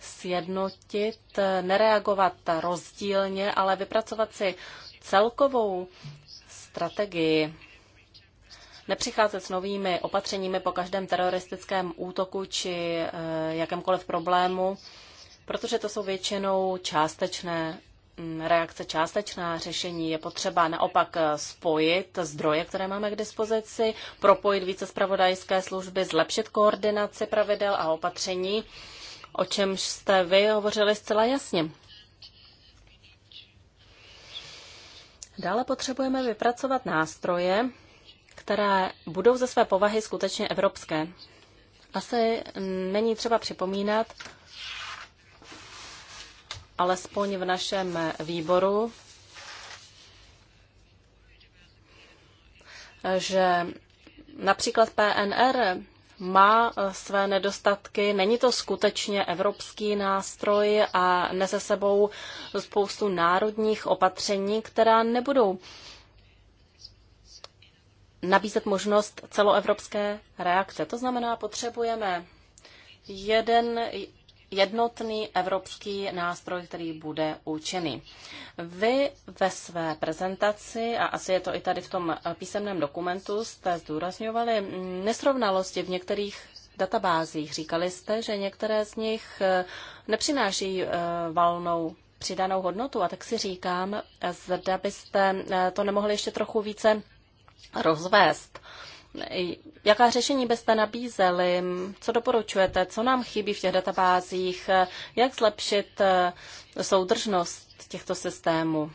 sjednotit, nereagovat rozdílně, ale vypracovat si celkovou strategii nepřicházet s novými opatřeními po každém teroristickém útoku či eh, jakémkoliv problému, protože to jsou většinou částečné mm, reakce, částečná řešení. Je potřeba naopak eh, spojit zdroje, které máme k dispozici, propojit více zpravodajské služby, zlepšit koordinaci pravidel a opatření, o čemž jste vy hovořili zcela jasně. Dále potřebujeme vypracovat nástroje, které budou ze své povahy skutečně evropské. Asi není třeba připomínat, alespoň v našem výboru, že například PNR má eh, své nedostatky, není to skutečně evropský nástroj a nese sebou spoustu národních opatření, která nebudou nabízet možnost celoevropské reakce. To znamená, potřebujeme jeden jednotný evropský nástroj, který bude účinný. Vy ve své prezentaci, a asi je to i tady v tom písemném dokumentu, jste zdůrazňovali nesrovnalosti v některých databázích. Říkali jste, že některé z nich eh, nepřináší eh, valnou přidanou hodnotu. A tak si říkám, zda byste eh, to nemohli ještě trochu více rozvést. Uh, jaká řešení byste nabízeli, co doporučujete, co nám chybí v těch databázích, jak zlepšit eh, soudržnost těchto systémů?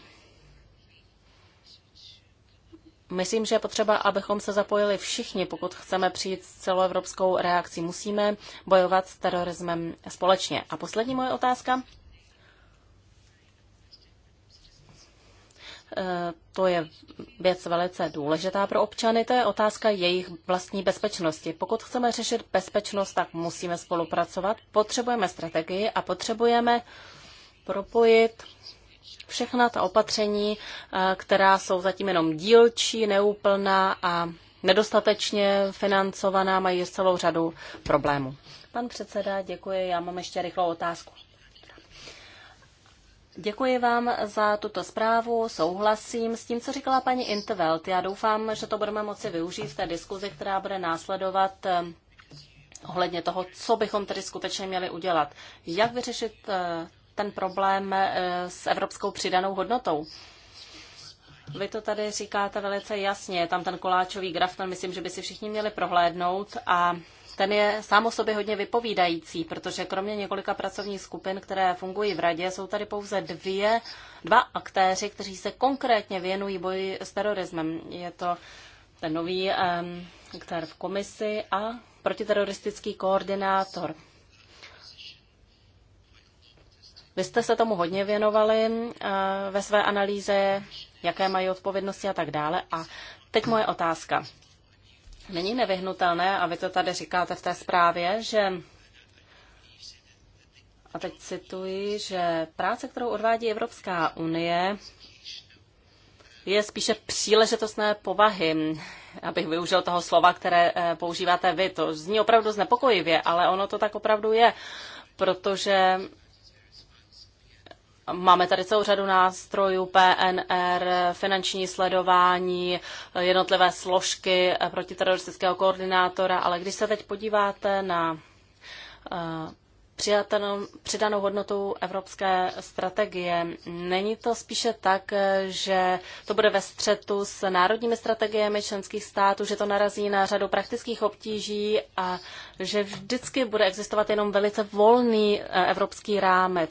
Myslím, že je potřeba, abychom se zapojili všichni, pokud chceme přijít s celoevropskou reakcí. Musíme bojovat s terorismem společně. A poslední moje otázka. Eh, to je věc velice důležitá pro občany, to je otázka jejich vlastní bezpečnosti. Pokud chceme řešit bezpečnost, tak musíme spolupracovat, potřebujeme strategii a potřebujeme propojit všechna ta opatření, eh, která jsou zatím jenom dílčí, neúplná a nedostatečně financovaná, mají celou řadu problémů. Pan předseda, děkuji, já mám ještě rychlou otázku. Děkuji vám za tuto zprávu, souhlasím s tím, co říkala paní Intveld. Já doufám, že to budeme moci využít v té diskuzi, která bude následovat eh, ohledně toho, co bychom tedy skutečně měli udělat. Jak vyřešit eh, ten problém eh, s evropskou přidanou hodnotou? Vy to tady říkáte velice jasně, tam ten koláčový graf, ten myslím, že by si všichni měli prohlédnout a ten je sám o sobě hodně vypovídající, protože kromě několika pracovních skupin, které fungují v radě, jsou tady pouze dvě, dva aktéři, kteří se konkrétně věnují boji s terorismem. Je to ten nový um, aktér v komisi a protiteroristický koordinátor. Vy jste se tomu hodně věnovali ve své analýze, jaké mají odpovědnosti a tak dále. A teď moje otázka. Není nevyhnutelné, a vy to tady říkáte v té zprávě, že a teď cituji, že práce, kterou odvádí Evropská unie, je spíše příležitostné povahy, abych využil toho slova, které eh, používáte vy. To zní opravdu znepokojivě, ale ono to tak opravdu je, protože Máme tady celou řadu nástrojů, PNR, finanční sledování, jednotlivé složky eh, protiteroristického koordinátora, ale když se teď podíváte na eh, přidanou hodnotu evropské strategie. Není to spíše tak, eh, že to bude ve střetu s národními strategiemi členských států, že to narazí na řadu praktických obtíží a že vždycky bude existovat jenom velice volný evropský rámec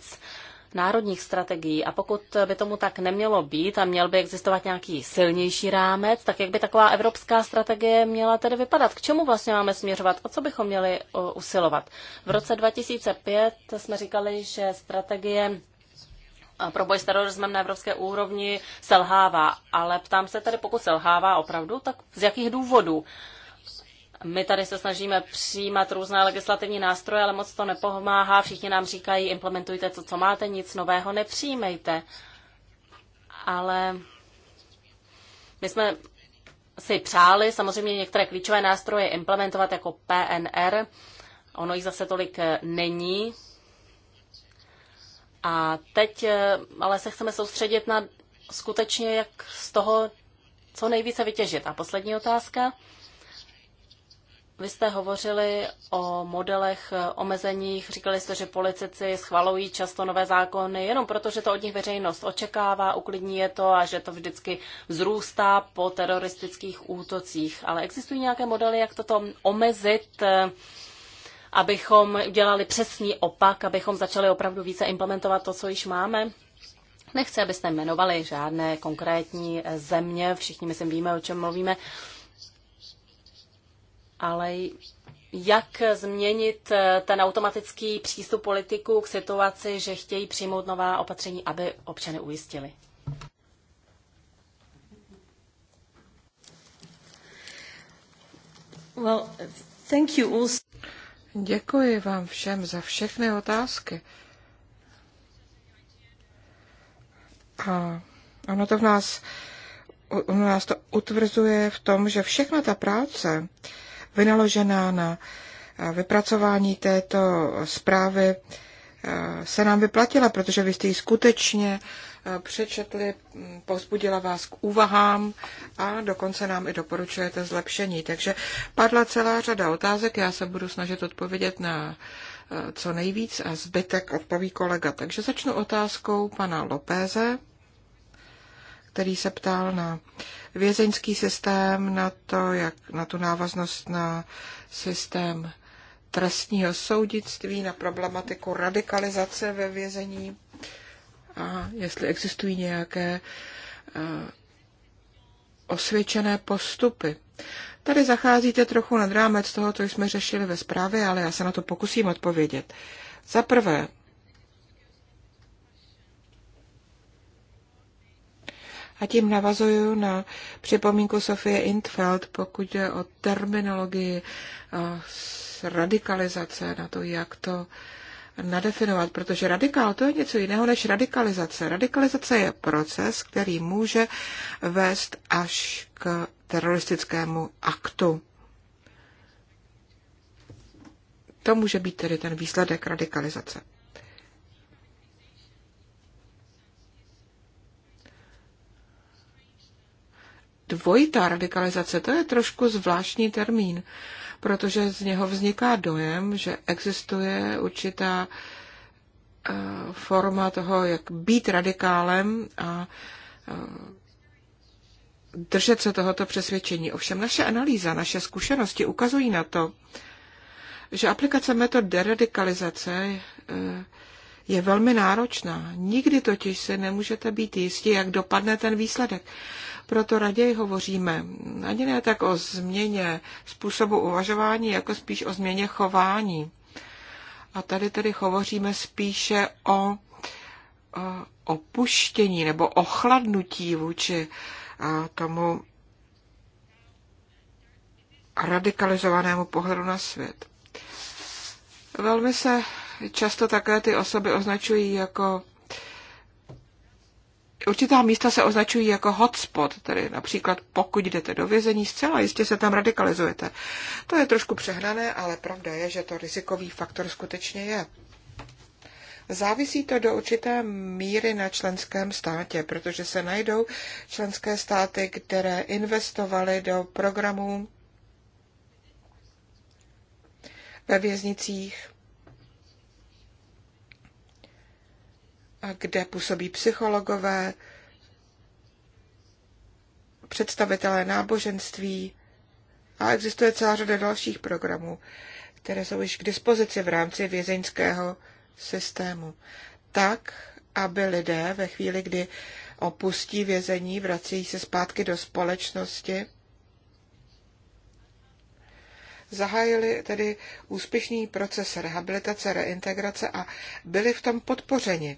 národních strategií. A pokud by tomu tak nemělo být a měl by existovat nějaký silnější rámec, tak jak by taková evropská strategie měla tedy vypadat? K čemu vlastně máme směřovat? O co bychom měli usilovat? V roce 2005 jsme říkali, že strategie pro boj s terorismem na evropské úrovni selhává, ale ptám se tedy, pokud selhává opravdu, tak z jakých důvodů? My tady se snažíme přijímat různé legislativní nástroje, ale moc to nepomáhá. Všichni nám říkají, implementujte to, co máte, nic nového nepřijímejte. Ale my jsme si přáli samozřejmě některé klíčové nástroje implementovat jako PNR. Ono jich zase tolik eh, není. A teď eh, ale se chceme soustředit na skutečně, jak z toho co nejvíce vytěžit. A poslední otázka. Vy jste hovořili o modelech eh, omezeních, říkali jste, že politici schvalují často nové zákony jenom proto, že to od nich veřejnost očekává, uklidní je to a že to vždycky vzrůstá po teroristických útocích. Ale existují nějaké modely, jak toto omezit, eh, abychom dělali přesný opak, abychom začali opravdu více implementovat to, co již máme? Nechci, abyste jmenovali žádné konkrétní eh, země, všichni myslím víme, o čem mluvíme, ale jak změnit eh, ten automatický přístup politiků k situaci, že chtějí přijmout nová opatření, aby občany ujistili? Well, thank you also. Děkuji vám všem za všechny otázky. A ono to v nás, ono nás to utvrzuje v tom, že všechna ta práce, uh, vynaložená na eh, vypracování této zprávy eh, se nám vyplatila, protože vy jste ji skutečně eh, přečetli, hm, povzbudila vás k úvahám a dokonce nám i doporučujete zlepšení. Takže padla celá řada otázek, já se budu snažit odpovědět na co nejvíc a zbytek odpoví kolega. Takže začnu otázkou pana Lopéze který se ptal na vězeňský systém, na to, jak na tu návaznost na systém trestního soudnictví, na problematiku radikalizace ve vězení a jestli existují nějaké eh, osvědčené postupy. Tady zacházíte trochu nad rámec toho, co jsme řešili ve zprávě, ale já se na to pokusím odpovědět. Za prvé, A tím navazuju na připomínku Sofie Intfeld, pokud jde o terminologii eh, radikalizace, na to, jak to nadefinovat, protože radikál to je něco jiného než radikalizace. Radikalizace je proces, který může vést až k teroristickému aktu. To může být tedy ten výsledek radikalizace. dvojitá radikalizace, to je trošku zvláštní termín, protože z něho vzniká dojem, že existuje určitá eh, forma toho, jak být radikálem a eh, držet se tohoto přesvědčení. Ovšem naše analýza, naše zkušenosti ukazují na to, že aplikace metod deradikalizace eh, je velmi náročná. Nikdy totiž se nemůžete být jistí, jak dopadne ten výsledek. Proto raději hovoříme ani ne tak o změně způsobu uvažování, jako spíš o změně chování. A tady tedy hovoříme spíše o eh, opuštění nebo ochladnutí vůči eh, tomu radikalizovanému pohledu na svět. Velmi se často také ty osoby označují jako určitá místa se označují jako hotspot, tedy například pokud jdete do vězení, zcela jistě se tam radikalizujete. To je trošku přehnané, ale pravda je, že to rizikový faktor skutečně je. Závisí to do určité míry na členském státě, protože se najdou členské státy, které investovaly do programů ve věznicích kde působí psychologové, představitelé náboženství a existuje celá řada dalších programů, které jsou již k dispozici v rámci vězeňského systému. Tak, aby lidé ve chvíli, kdy opustí vězení, vrací se zpátky do společnosti, zahájili tedy úspěšný proces rehabilitace, reintegrace a byli v tom podpořeni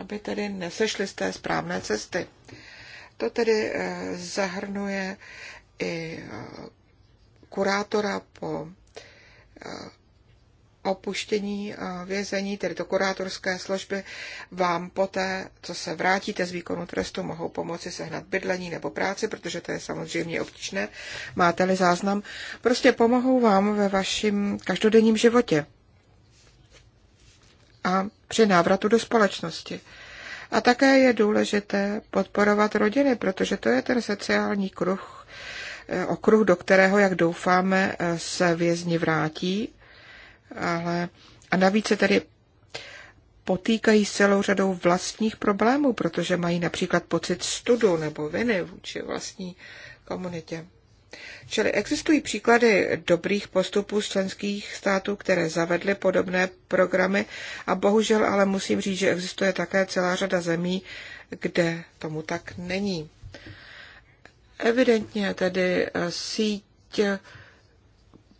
aby tedy nesešli z té správné cesty. To tedy eh, zahrnuje i eh, kurátora po eh, opuštění vězení, tedy do kurátorské služby, vám poté, co se vrátíte z výkonu trestu, mohou pomoci sehnat bydlení nebo práci, protože to je samozřejmě obtížné, máte-li záznam. Prostě pomohou vám ve vašem každodenním životě a při návratu do společnosti. A také je důležité podporovat rodiny, protože to je ten sociální kruh, eh, okruh, do kterého, jak doufáme, eh, se vězni vrátí. Ale, a navíc se tedy potýkají s celou řadou vlastních problémů, protože mají například pocit studu nebo viny vůči vlastní komunitě. Čili existují příklady dobrých postupů z členských států, které zavedly podobné programy a bohužel ale musím říct, že existuje také celá řada zemí, kde tomu tak není. Evidentně tedy eh, síť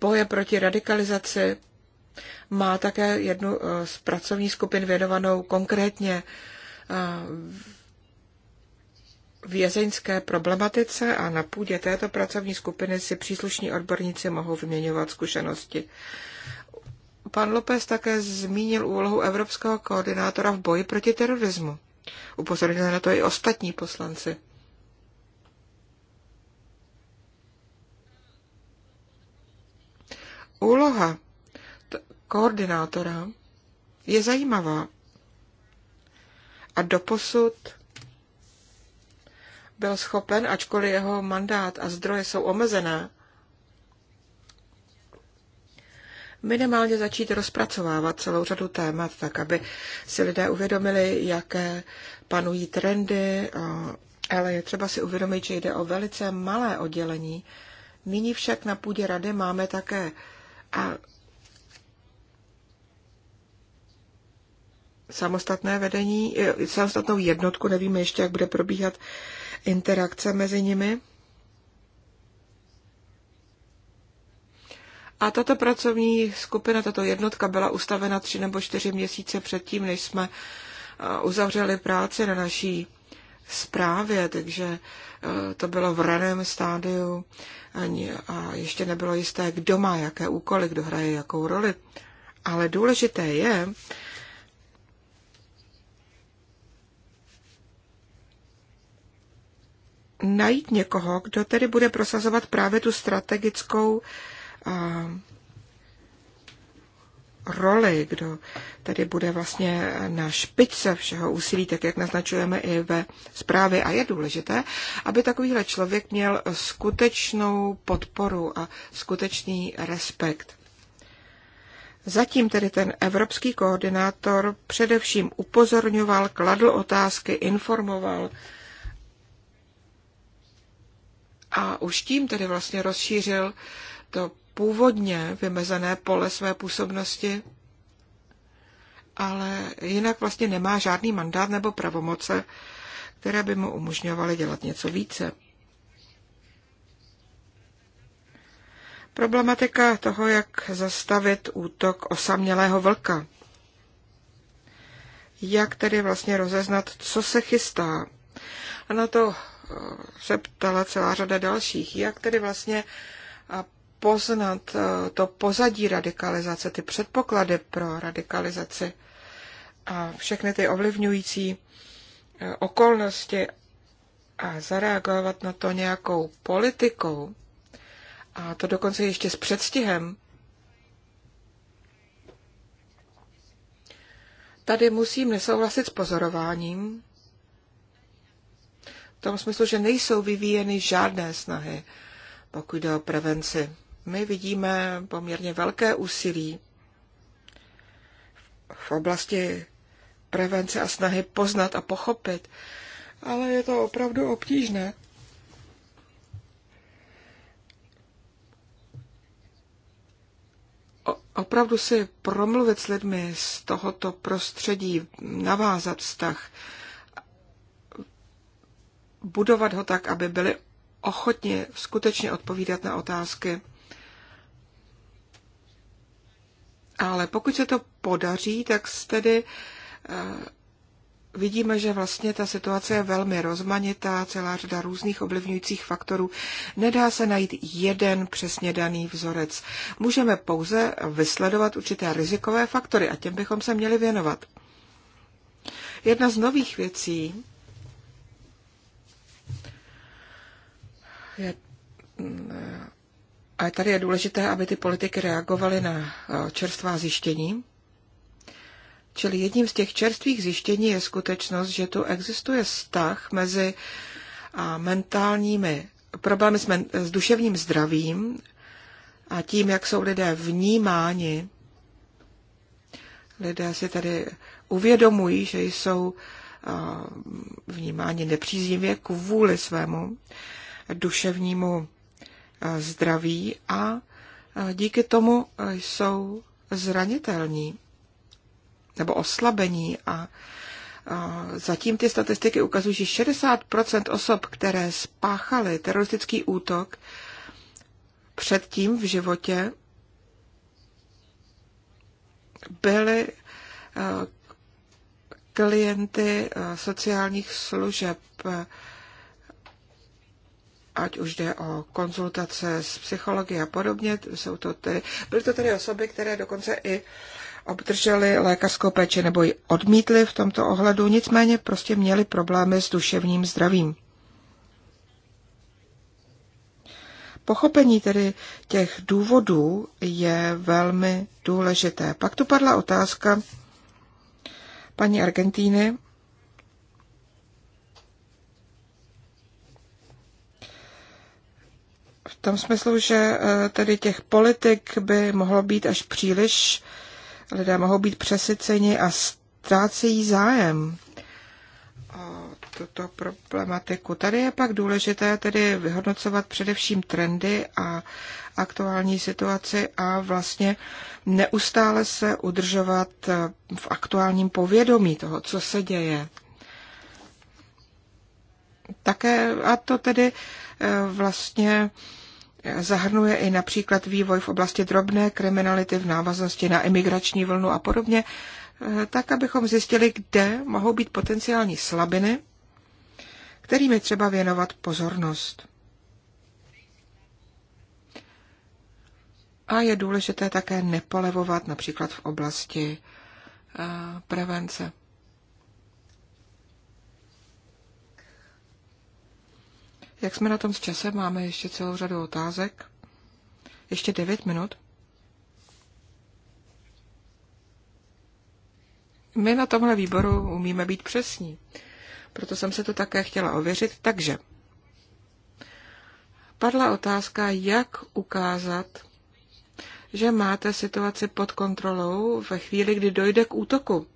boje proti radikalizaci má také jednu eh, z pracovních skupin věnovanou konkrétně eh, vězeňské problematice a na půdě této pracovní skupiny si příslušní odborníci mohou vyměňovat zkušenosti. Pan López také zmínil úlohu evropského koordinátora v boji proti terorismu. Upozornili na to i ostatní poslanci. Úloha koordinátora je zajímavá a doposud byl schopen, ačkoliv jeho mandát a zdroje jsou omezené, minimálně začít rozpracovávat celou řadu témat, tak aby si lidé uvědomili, jaké panují trendy, ale je třeba si uvědomit, že jde o velice malé oddělení. Nyní však na půdě rady máme také a samostatné vedení, samostatnou jednotku, nevíme ještě, jak bude probíhat interakce mezi nimi. A tato pracovní skupina, tato jednotka byla ustavena tři nebo čtyři měsíce předtím, než jsme eh, uzavřeli práci na naší zprávě, takže eh, to bylo v raném stádiu a ještě nebylo jisté, kdo má jaké úkoly, kdo hraje jakou roli. Ale důležité je, najít někoho, kdo tedy bude prosazovat právě tu strategickou roli, kdo tady bude vlastně na špičce všeho úsilí, tak jak naznačujeme i ve zprávě. A je důležité, aby takovýhle člověk měl skutečnou podporu a skutečný respekt. Zatím tedy ten evropský koordinátor především upozorňoval, kladl otázky, informoval, a už tím tedy vlastně rozšířil to původně vymezené pole své působnosti, ale jinak vlastně nemá žádný mandát nebo pravomoce, které by mu umožňovaly dělat něco více. Problematika toho, jak zastavit útok osamělého vlka. Jak tedy vlastně rozeznat, co se chystá. A na to se ptala celá řada dalších. Jak tedy vlastně poznat e, to pozadí radikalizace, ty předpoklady pro radikalizaci a všechny ty ovlivňující e, okolnosti a zareagovat na to nějakou politikou, a to dokonce ještě s předstihem, Tady musím nesouhlasit s pozorováním, tom smyslu, že nejsou vyvíjeny žádné snahy, pokud jde o prevenci. My vidíme poměrně velké úsilí v oblasti prevence a snahy poznat a pochopit, ale je to opravdu obtížné. opravdu si promluvit s lidmi z tohoto prostředí, navázat vztah, budovat ho tak, aby byli ochotně skutečně odpovídat na otázky. Ale pokud se to podaří, tak tedy eh, vidíme, že vlastně ta situace je velmi rozmanitá, celá řada různých ovlivňujících faktorů. Nedá se najít jeden přesně daný vzorec. Můžeme pouze vysledovat určité rizikové faktory a těm bychom se měli věnovat. Jedna z nových věcí, je, mm, eh, a tady je důležité, aby ty politiky reagovaly na eh, čerstvá zjištění. Čili jedním z těch čerstvých zjištění je skutečnost, že tu existuje vztah mezi mentálními problémy s, men, s duševním zdravím a tím, jak jsou lidé vnímáni. Lidé si tady uvědomují, že jsou vnímáni nepříznivě kvůli svému duševnímu eh, zdraví a eh, díky tomu eh, jsou zranitelní nebo oslabení a Zatím ty statistiky ukazují, že 60% osob, které spáchaly teroristický útok předtím v životě, byly klienty sociálních služeb ať už jde o konzultace s psychologi a podobně. Jsou to tedy, byly to tedy osoby, které dokonce i obdrželi lékařskou péči nebo ji odmítli v tomto ohledu, nicméně prostě měli problémy s duševním zdravím. Pochopení tedy těch důvodů je velmi důležité. Pak tu padla otázka paní Argentíny, tom smyslu, že eh, tedy těch politik by mohlo být až příliš, lidé mohou být přesyceni a ztrácejí zájem o tuto problematiku. Tady je pak důležité tedy vyhodnocovat především trendy a aktuální situaci a vlastně neustále se udržovat eh, v aktuálním povědomí toho, co se děje. Také, a to tedy eh, vlastně zahrnuje i například vývoj v oblasti drobné kriminality v návaznosti na imigrační vlnu a podobně, eh, tak abychom zjistili, kde mohou být potenciální slabiny, kterým je třeba věnovat pozornost. A je důležité také nepolevovat například v oblasti eh, prevence. Jak jsme na tom s časem? Máme ještě celou řadu otázek. Ještě devět minut. My na tomhle výboru umíme být přesní. Proto jsem se to také chtěla ověřit. Takže padla otázka, jak ukázat, že máte situaci pod kontrolou ve chvíli, kdy dojde k útoku.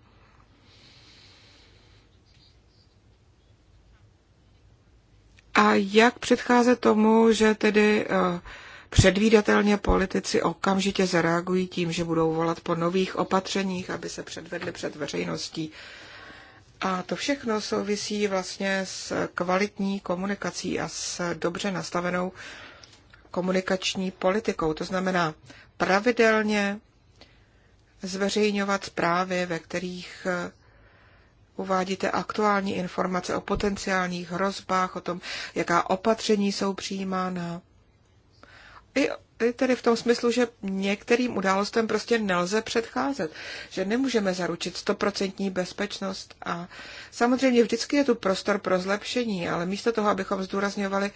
A jak předcházet tomu, že tedy eh, předvídatelně politici okamžitě zareagují tím, že budou volat po nových opatřeních, aby se předvedli před veřejností. A to všechno souvisí vlastně s kvalitní komunikací a s dobře nastavenou komunikační politikou. To znamená pravidelně zveřejňovat zprávy, ve kterých eh, uvádíte aktuální informace o potenciálních hrozbách, o tom, jaká opatření jsou přijímána. I tedy v tom smyslu, že některým událostem prostě nelze předcházet, že nemůžeme zaručit stoprocentní bezpečnost a samozřejmě vždycky je tu prostor pro zlepšení, ale místo toho, abychom zdůrazňovali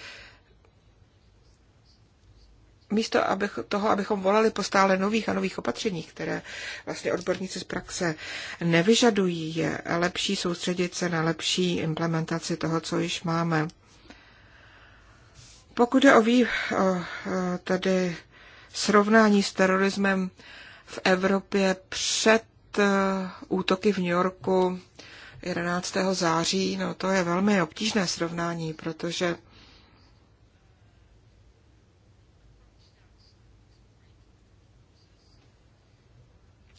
místo abych, toho, abychom volali po stále nových a nových opatřeních, které vlastně odborníci z praxe nevyžadují, je lepší soustředit se na lepší implementaci toho, co již máme. Pokud je o, vý, o tedy srovnání s terorismem v Evropě před e, útoky v New Yorku 11. září, no to je velmi obtížné srovnání, protože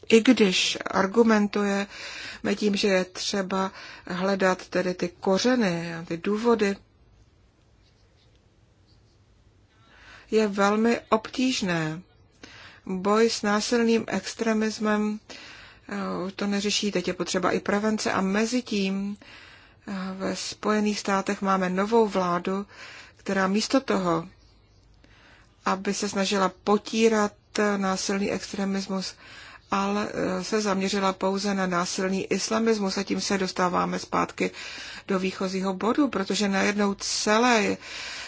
i když argumentujeme tím, že je třeba hledat tedy ty kořeny a ty důvody, je velmi obtížné. Boj s násilným extremismem eh, to neřeší, teď je potřeba i prevence a mezi tím eh, ve Spojených státech máme novou vládu, která místo toho, aby se snažila potírat násilný extremismus, ale e, se zaměřila pouze na násilný islamismus a tím se dostáváme zpátky do výchozího bodu, protože najednou celé,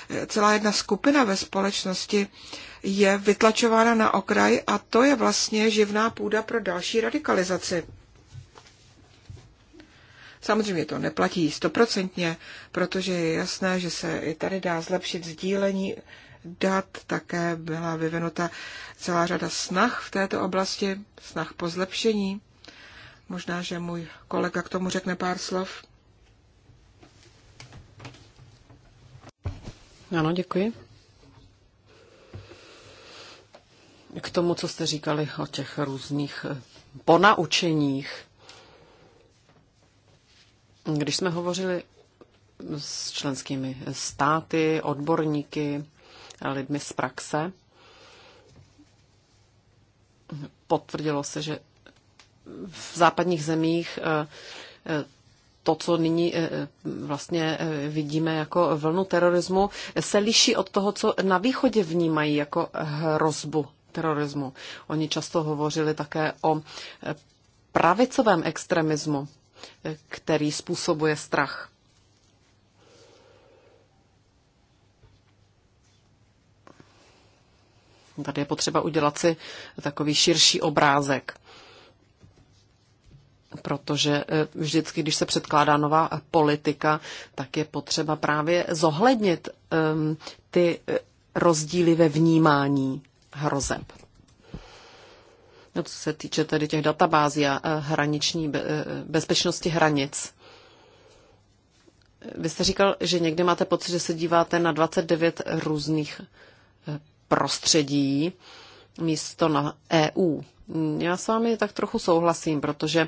e, celá jedna skupina ve společnosti je vytlačována na okraj a to je vlastně živná půda pro další radikalizaci. Samozřejmě to neplatí stoprocentně, protože je jasné, že se i tady dá zlepšit sdílení dat také byla vyvinuta celá řada snah v této oblasti, snah po zlepšení. Možná, že můj kolega k tomu řekne pár slov. Ano, děkuji. K tomu, co jste říkali o těch různých ponaučeních. Když jsme hovořili s členskými státy, odborníky, lidmi z praxe. Potvrdilo se, že v západních zemích eh, eh, to, co nyní eh, vlastně vidíme jako vlnu terorismu, se liší od toho, co na východě vnímají jako hrozbu terorismu. Oni často hovořili také o pravicovém extremismu, který způsobuje strach. Tady je potřeba udělat si takový širší obrázek. Protože eh, vždycky, když se předkládá nová eh, politika, tak je potřeba právě zohlednit ehm, ty eh, rozdíly ve vnímání hrozeb. No, co se týče tedy těch databází a hraniční bezpečnosti hranic, vy jste říkal, že někdy máte pocit, že se díváte na 29 různých prostředí místo na EU. Já s vámi tak trochu souhlasím, protože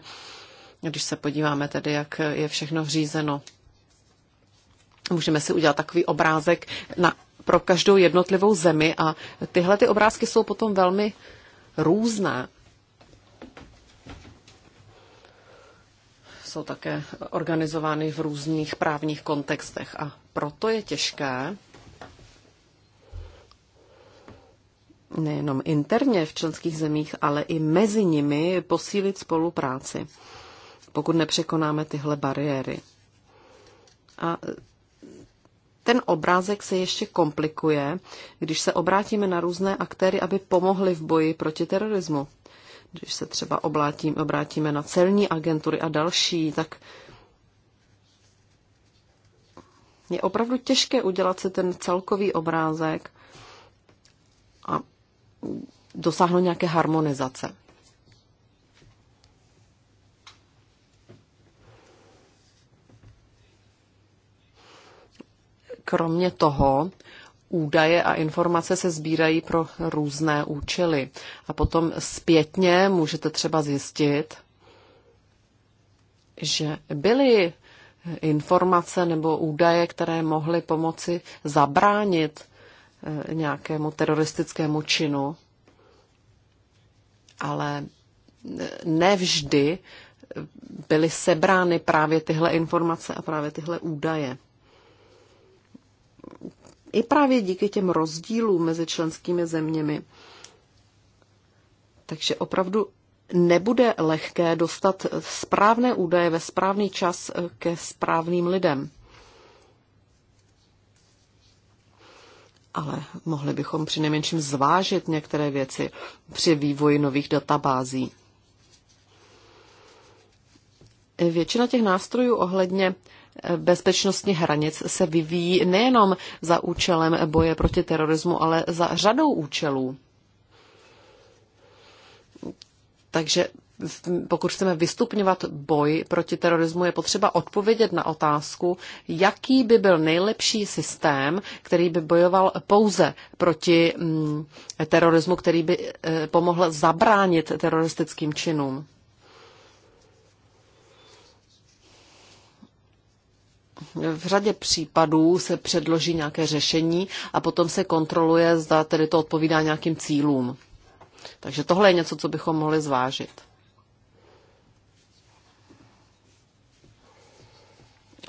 když se podíváme tedy, jak je všechno řízeno, můžeme si udělat takový obrázek na, pro každou jednotlivou zemi a tyhle ty obrázky jsou potom velmi různé. Jsou také organizovány v různých právních kontextech a proto je těžké nejenom interně v členských zemích, ale i mezi nimi posílit spolupráci, pokud nepřekonáme tyhle bariéry. A ten obrázek se ještě komplikuje, když se obrátíme na různé aktéry, aby pomohli v boji proti terorismu. Když se třeba oblátím, obrátíme na celní agentury a další, tak je opravdu těžké udělat si ten celkový obrázek a dosáhnout nějaké harmonizace. Kromě toho, údaje a informace se sbírají pro různé účely. A potom zpětně můžete třeba zjistit, že byly informace nebo údaje, které mohly pomoci zabránit Eh, nějakému teroristickému činu, ale eh, nevždy byly sebrány právě tyhle informace a právě tyhle údaje. I právě díky těm rozdílům mezi členskými zeměmi. Takže opravdu nebude lehké dostat správné údaje ve správný čas eh, ke správným lidem. ale mohli bychom při nejmenším zvážit některé věci při vývoji nových databází. Většina těch nástrojů ohledně bezpečnostní hranic se vyvíjí nejenom za účelem boje proti terorismu, ale za řadou účelů. Takže pokud chceme vystupňovat boj proti terorismu, je potřeba odpovědět na otázku, jaký by byl nejlepší systém, který by bojoval pouze proti mm, terorismu, který by eh, pomohl zabránit teroristickým činům. v řadě případů se předloží nějaké řešení a potom se kontroluje, zda tedy to odpovídá nějakým cílům. Takže tohle je něco, co bychom mohli zvážit.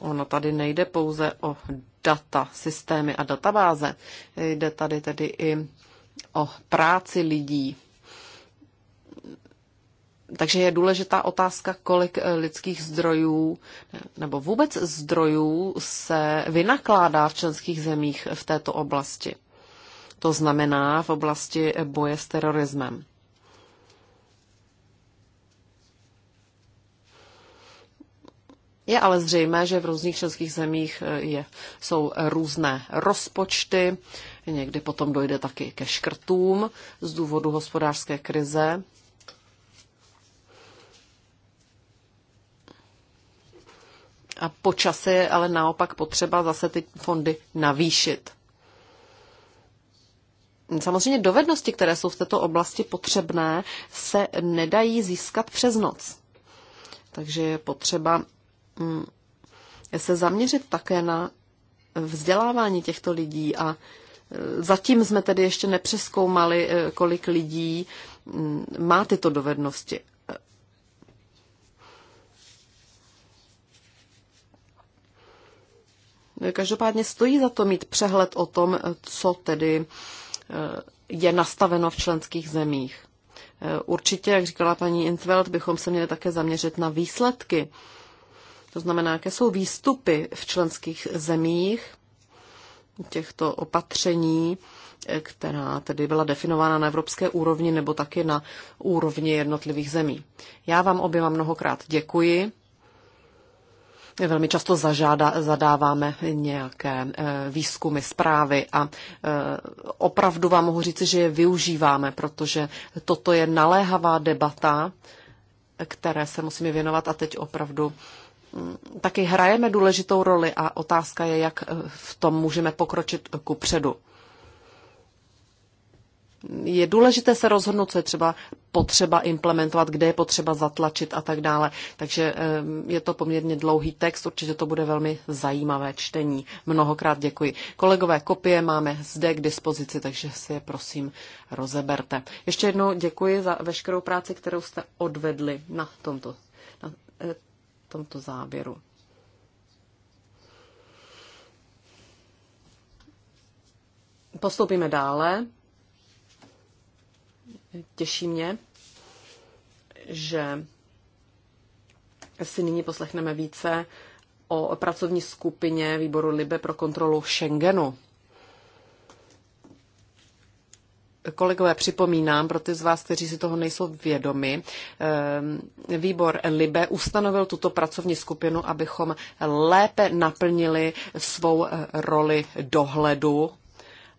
Ono tady nejde pouze o data, systémy a databáze. Jde tady tedy i o práci lidí. Takže je důležitá otázka, kolik eh, lidských zdrojů nebo vůbec zdrojů se vynakládá v členských zemích v této oblasti. To znamená v oblasti boje s terorismem. Je ale zřejmé, že v různých českých zemích eh, je, jsou různé rozpočty, někdy potom dojde taky ke škrtům z důvodu hospodářské krize. A počase je ale naopak potřeba zase ty fondy navýšit. Samozřejmě dovednosti, které jsou v této oblasti potřebné, se nedají získat přes noc. Takže je potřeba Mm, se zaměřit také na vzdělávání těchto lidí a e, zatím jsme tedy ještě nepřeskoumali, e, kolik lidí mm, má tyto dovednosti. E, každopádně stojí za to mít přehled o tom, co tedy je nastaveno v členských zemích. Určitě, jak říkala paní Intveld, bychom se měli také zaměřit na výsledky to znamená, jaké jsou výstupy v členských zemích těchto opatření, která tedy byla definována na evropské úrovni nebo taky na úrovni jednotlivých zemí. Já vám oběma mnohokrát děkuji. Velmi často zažáda, zadáváme nějaké eh, výzkumy, zprávy a eh, opravdu vám mohu říci, že je využíváme, protože toto je naléhavá debata, které se musíme věnovat a teď opravdu taky hrajeme důležitou roli a otázka je, jak eh, v tom můžeme pokročit ku předu. Je důležité se rozhodnout, co je třeba potřeba implementovat, kde je potřeba zatlačit a tak dále. Takže eh, je to poměrně dlouhý text, určitě to bude velmi zajímavé čtení. Mnohokrát děkuji. Kolegové, kopie máme zde k dispozici, takže si je prosím rozeberte. Ještě jednou děkuji za veškerou práci, kterou jste odvedli na tomto na eh, tomto záběru. Postoupíme dále. Těší mě, že si nyní poslechneme více o pracovní skupině výboru Libe pro kontrolu Schengenu. Kolegové, připomínám pro ty z vás, kteří si toho nejsou vědomi, ehm, výbor LIBE ustanovil tuto pracovní skupinu, abychom lépe naplnili svou eh, roli dohledu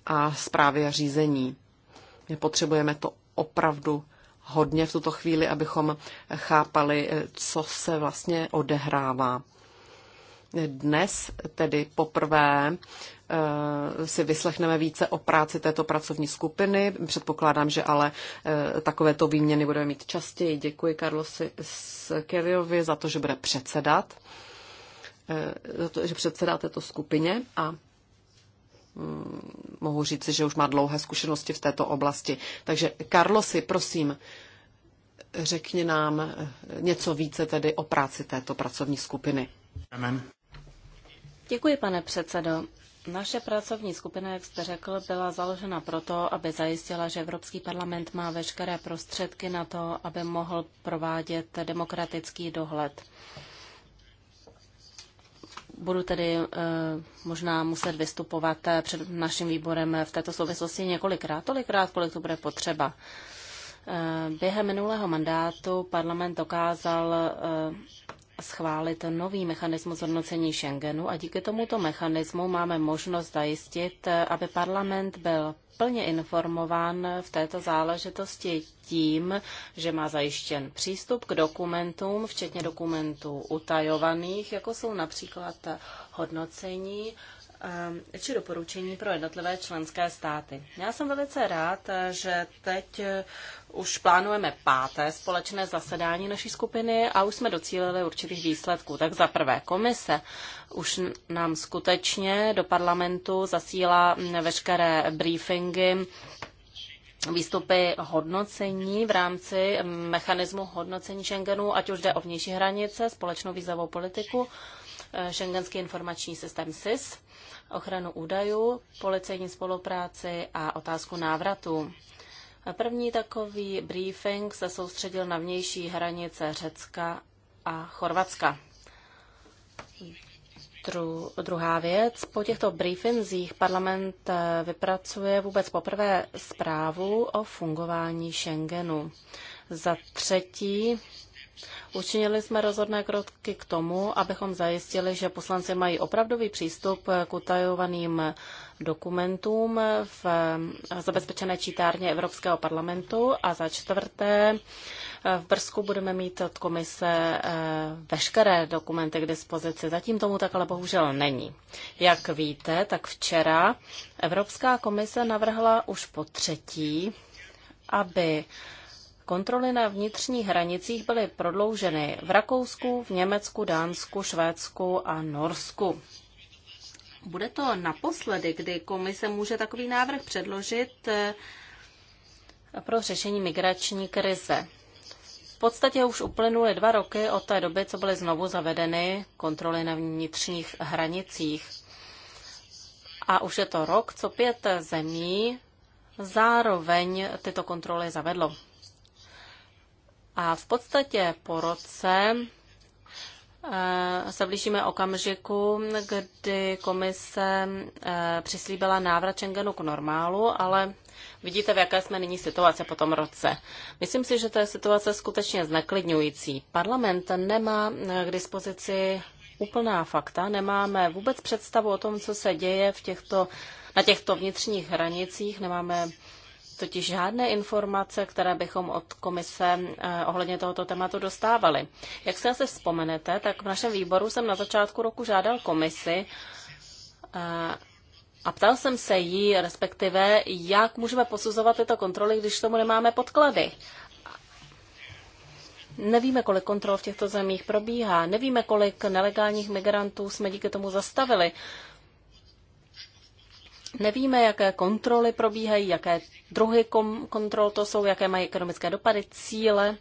a zprávy a řízení. My potřebujeme to opravdu hodně v tuto chvíli, abychom chápali, eh, co se vlastně odehrává. Dnes tedy poprvé Eh, si vyslechneme více o práci této pracovní skupiny. Předpokládám, že ale eh, takovéto výměny budeme mít častěji. Děkuji Karlosi Skeliovi za to, že bude předsedat, eh, za to, že předsedá této skupině a mm, mohu říci, že už má dlouhé zkušenosti v této oblasti. Takže Karlosi, prosím, řekni nám něco více tedy o práci této pracovní skupiny. Amen. Děkuji, pane předsedo. Naše pracovní skupina, jak jste řekl, byla založena proto, aby zajistila, že Evropský parlament má veškeré prostředky na to, aby mohl provádět demokratický dohled. Budu tedy eh, možná muset vystupovat eh, před naším výborem v této souvislosti několikrát, tolikrát, kolik to bude potřeba. Eh, během minulého mandátu parlament dokázal schválit nový mechanismus hodnocení Schengenu a díky tomuto mechanismu máme možnost zajistit, aby parlament byl plně informován v této záležitosti tím, že má zajištěn přístup k dokumentům, včetně dokumentů utajovaných, jako jsou například hodnocení Um, či doporučení pro jednotlivé členské státy. Já jsem velice rád, eh, že teď eh, už plánujeme páté společné zasedání naší skupiny a už jsme docílili určitých výsledků. Tak za prvé komise už nám skutečně do parlamentu zasílá veškeré briefingy výstupy hodnocení v rámci mm, mechanismu hodnocení Schengenu, ať už jde o vnější hranice, společnou vízovou politiku, eh, Schengenský informační systém SIS ochranu údajů, policejní spolupráci a otázku návratu. První takový briefing se soustředil na vnější hranice Řecka a Chorvatska. Dru, druhá věc. Po těchto briefingzích parlament eh, vypracuje vůbec poprvé zprávu o fungování Schengenu. Za třetí Učinili jsme rozhodné kroky k tomu, abychom zajistili, že poslanci mají opravdový přístup k utajovaným dokumentům v zabezpečené čítárně Evropského parlamentu a za čtvrté v Brzku budeme mít od komise eh, veškeré dokumenty k dispozici. Zatím tomu tak ale bohužel není. Jak víte, tak včera Evropská komise navrhla už po třetí, aby Kontroly na vnitřních hranicích byly prodlouženy v Rakousku, v Německu, Dánsku, Švédsku a Norsku. Bude to naposledy, kdy komise může takový návrh předložit eh, pro řešení migrační krize. V podstatě už uplynuly dva roky od té doby, co byly znovu zavedeny kontroly na vnitřních hranicích. A už je to rok, co pět zemí zároveň tyto kontroly zavedlo. A v podstatě po roce eh, se blížíme okamžiku, kdy komise eh, přislíbila návrat Schengenu k normálu, ale vidíte, v jaké jsme nyní situace po tom roce. Myslím si, že to je situace skutečně zneklidňující. Parlament nemá eh, k dispozici úplná fakta, nemáme vůbec představu o tom, co se děje v těchto, na těchto vnitřních hranicích, nemáme totiž žádné informace, které bychom od komise eh, ohledně tohoto tématu dostávali. Jak si asi vzpomenete, tak v našem výboru jsem na začátku roku žádal komisi, eh, a ptal jsem se jí, respektive, jak můžeme posuzovat tyto kontroly, když tomu nemáme podklady. Nevíme, kolik kontrol v těchto zemích probíhá, nevíme, kolik nelegálních migrantů jsme díky tomu zastavili. Nevíme, jaké kontroly probíhají, jaké druhy kontrol to jsou, jaké mají ekonomické dopady, cíle.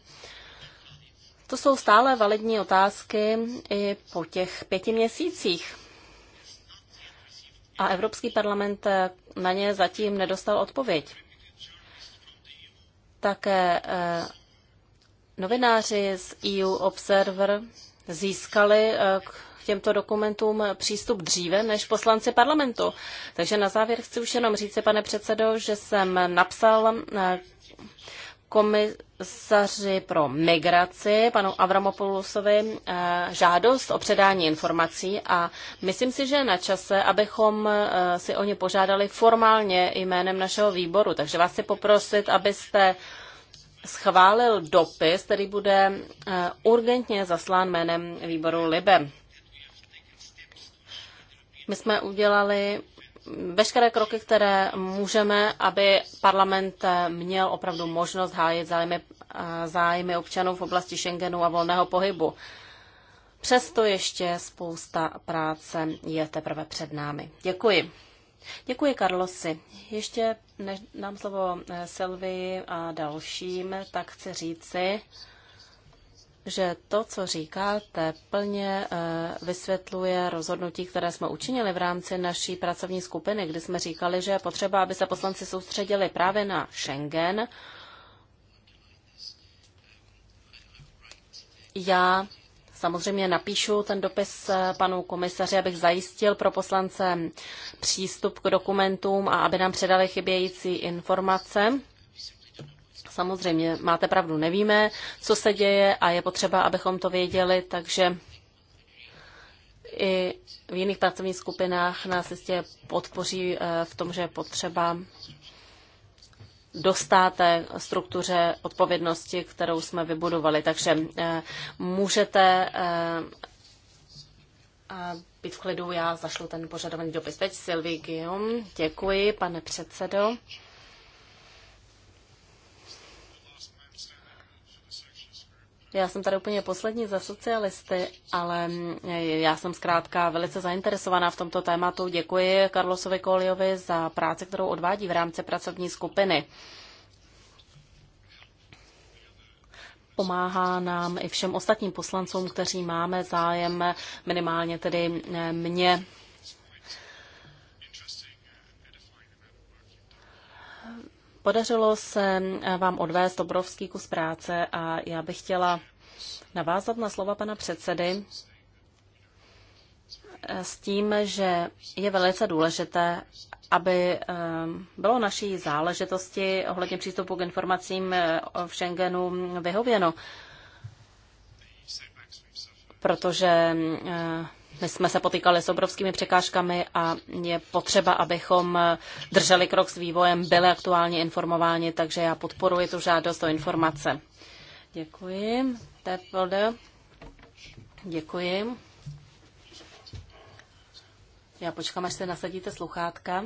To jsou stále validní otázky i po těch pěti měsících. A Evropský parlament na ně zatím nedostal odpověď. Také eh, novináři z EU Observer získali eh, k těmto dokumentům přístup dříve než poslanci parlamentu. Takže na závěr chci už jenom říct, pane předsedo, že jsem napsal eh, komisaři pro migraci, panu Avramopoulosovi, eh, žádost o předání informací a myslím si, že je na čase, abychom eh, si o ně požádali formálně jménem našeho výboru. Takže vás chci poprosit, abyste schválil dopis, který bude urgentně zaslán jménem výboru Libe. My jsme udělali veškeré kroky, které můžeme, aby parlament eh, měl opravdu možnost hájit zájmy, eh, zájmy občanů v oblasti Schengenu a volného pohybu. Přesto ještě spousta práce je teprve před námi. Děkuji. Děkuji, Karlosi. Ještě než dám slovo eh, Silvii a dalším, tak chci říci, že to, co říkáte, plně eh, vysvětluje rozhodnutí, které jsme učinili v rámci naší pracovní skupiny, kdy jsme říkali, že je potřeba, aby se poslanci soustředili právě na Schengen. Já samozřejmě napíšu ten dopis eh, panu komisaři, abych zajistil pro poslance přístup k dokumentům a aby nám předali chybějící informace samozřejmě máte pravdu, nevíme, co se děje a je potřeba, abychom to věděli, takže i v jiných pracovních skupinách nás jistě podpoří eh, v tom, že je potřeba dostáte struktuře odpovědnosti, kterou jsme vybudovali. Takže eh, můžete eh, být v klidu, já zašlu ten požadovaný dopis. Teď Sylvie Guillaume, děkuji, pane předsedo. Já jsem tady úplně poslední za socialisty, ale mm, já jsem zkrátka velice zainteresovaná v tomto tématu. Děkuji Karlosovi Koliovi za práci, kterou odvádí v rámci pracovní skupiny. pomáhá nám i všem ostatním poslancům, kteří máme zájem, minimálně tedy eh, mě Podařilo se eh, vám odvést obrovský kus práce a já bych chtěla navázat na slova pana předsedy eh, s tím, že je velice důležité, aby eh, bylo naší záležitosti ohledně přístupu k informacím v Schengenu vyhověno, protože my jsme se potýkali s obrovskými překážkami a je potřeba, abychom drželi krok s vývojem, byli aktuálně informováni, takže já podporuji tu žádost o informace. Děkuji. Tepelde. Děkuji. Já počkám, až se nasadíte sluchátka.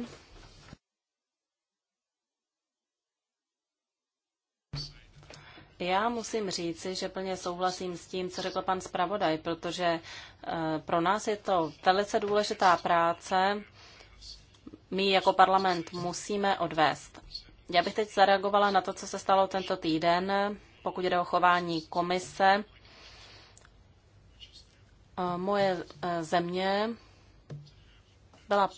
Já musím říci, že plně souhlasím s tím, co řekl pan zpravodaj, protože eh, pro nás je to velice důležitá práce. My jako parlament musíme odvést. Já bych teď zareagovala na to, co se stalo tento týden, pokud jde o chování komise. Eh, moje eh, země byla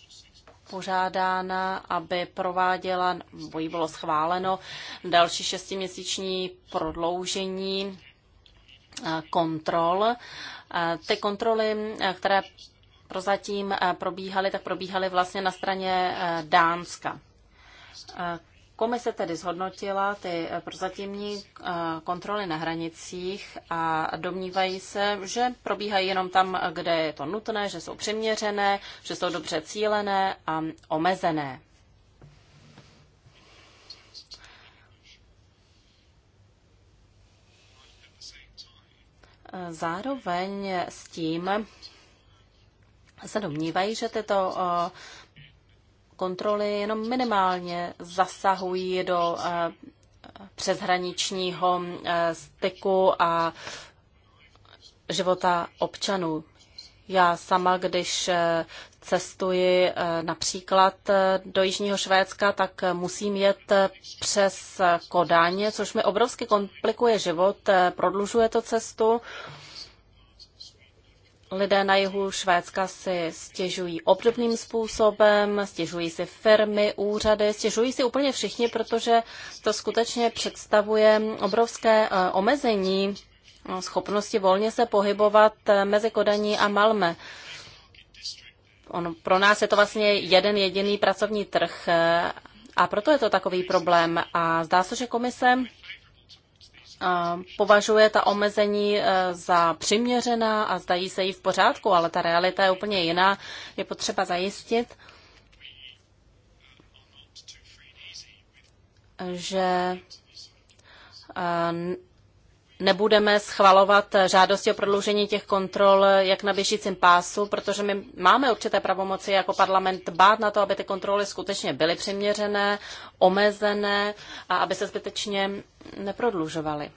pořádána, aby prováděla, nebo jí bylo schváleno, další šestiměsíční prodloužení eh, kontrol. Eh, ty kontroly, eh, které prozatím probíhaly, tak probíhaly vlastně na straně Dánska. Komise tedy zhodnotila ty eh, prozatímní eh, kontroly na hranicích a domnívají se, že probíhají jenom tam, kde je to nutné, že jsou přiměřené, že jsou dobře cílené a omezené. Eh, zároveň s tím se domnívají, že tyto kontroly jenom minimálně zasahují do eh, přeshraničního eh, styku a života občanů. Já sama, když eh, cestuji například do Jižního Švédska, tak musím jet přes Kodáně, což mi obrovsky komplikuje život, prodlužuje to cestu Lidé na jihu Švédska si stěžují obdobným způsobem, stěžují si firmy, úřady, stěžují si úplně všichni, protože to skutečně představuje obrovské eh, omezení eh, schopnosti volně se pohybovat eh, mezi Kodaní a Malme. On, pro nás je to vlastně jeden jediný pracovní trh a proto je to takový problém. A zdá se, že komise považuje ta omezení e, za přiměřená a zdají se jí v pořádku, ale ta realita je úplně jiná. Je potřeba zajistit, že e, nebudeme schvalovat žádosti o prodloužení těch kontrol jak na běžícím pásu, protože my máme určité pravomoci jako parlament bát na to, aby ty kontroly skutečně byly přiměřené, omezené a aby se zbytečně neprodlužovaly.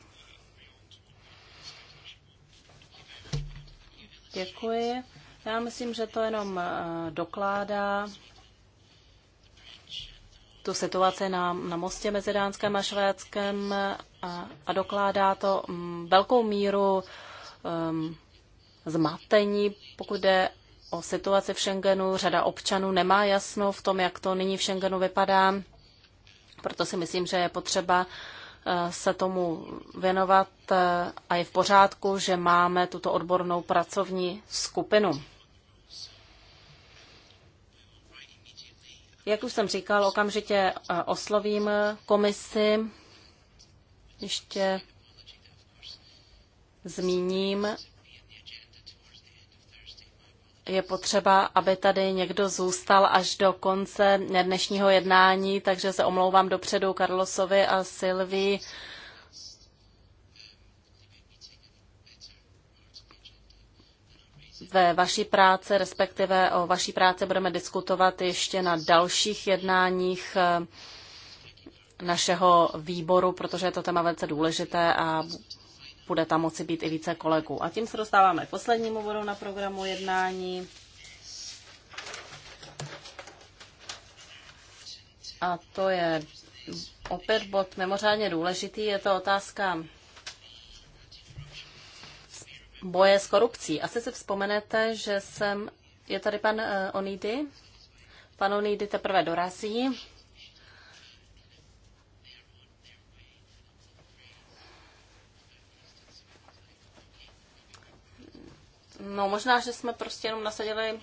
Děkuji. Já myslím, že to jenom eh, dokládá tu situaci na, na mostě mezi Dánskem a Švédskem a, a dokládá to mm, velkou míru um, zmatení, pokud jde o situaci v Schengenu. Řada občanů nemá jasno v tom, jak to nyní v Schengenu vypadá. Proto si myslím, že je potřeba eh, se tomu věnovat eh, a je v pořádku, že máme tuto odbornou pracovní skupinu. Jak už jsem říkal, okamžitě eh, oslovím komisi ještě zmíním, je potřeba, aby tady někdo zůstal až do konce dnešního jednání, takže se omlouvám dopředu Carlosovi a Silvii. ve vaší práci, respektive o vaší práci budeme diskutovat ještě na dalších jednáních našeho výboru, protože je to téma velice důležité a bude tam moci být i více kolegů. A tím se dostáváme k poslednímu bodu na programu jednání. A to je opět bod mimořádně důležitý. Je to otázka boje s korupcí. Asi si vzpomenete, že jsem... Je tady pan eh, Onidy? Pan Onidy teprve dorazí. No možná, že jsme prostě jenom nasadili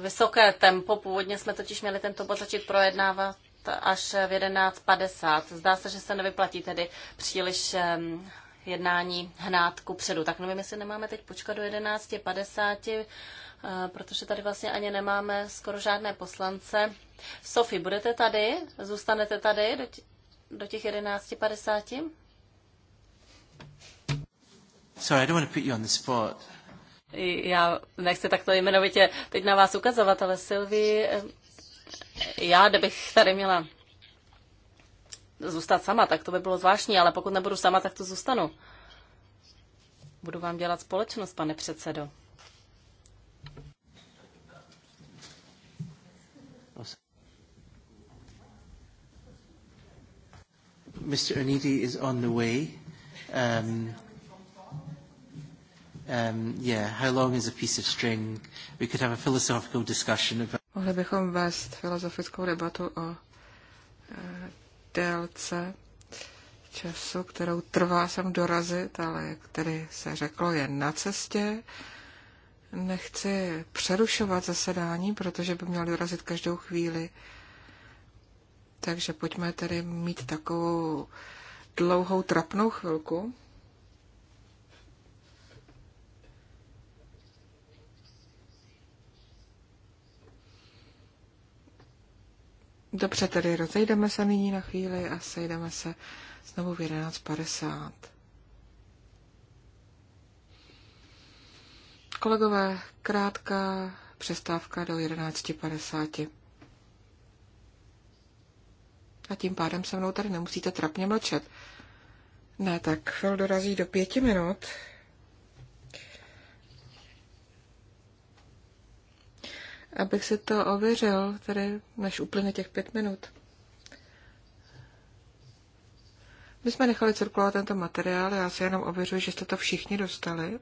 vysoké tempo. Původně jsme totiž měli tento bod začít projednávat až v 11.50. Zdá se, že se nevyplatí tedy příliš jednání hnát ku předu. Tak nevím, jestli nemáme teď počkat do 11.50, eh, protože tady vlastně ani nemáme skoro žádné poslance. Sofie, budete tady? Zůstanete tady do těch 11.50? Sorry, I don't want to put you on the spot. Já nechci takto jmenovitě teď na vás ukazovat, ale Silvi, já kdybych tady měla zůstat sama, tak to by bylo zvláštní, ale pokud nebudu sama, tak to zůstanu. Budu vám dělat společnost, pane předsedo. Mr. Onidi is on the way. Um, um, yeah, how long is a piece of string? We could have a philosophical discussion about... Mohli bychom vést filozofickou debatu o uh, délce času, kterou trvá sem dorazit, ale jak tedy se řeklo, je na cestě. Nechci přerušovat zasedání, protože by měl dorazit každou chvíli. Takže pojďme tedy mít takovou dlouhou trapnou chvilku. Dobře, tedy rozejdeme se nyní na chvíli a sejdeme se znovu v 11.50. Kolegové, krátká přestávka do 11.50. A tím pádem se mnou tady nemusíte trapně mlčet. Ne, tak Phil dorazí do pěti minut. abych si to ověřil, tedy než uplyne těch pět minut. My jsme nechali cirkulovat tento materiál, já si jenom ověřuji, že jste to všichni dostali.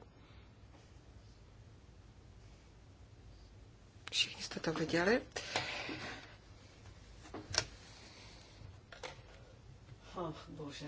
Všichni jste to viděli. Ach, oh, bože.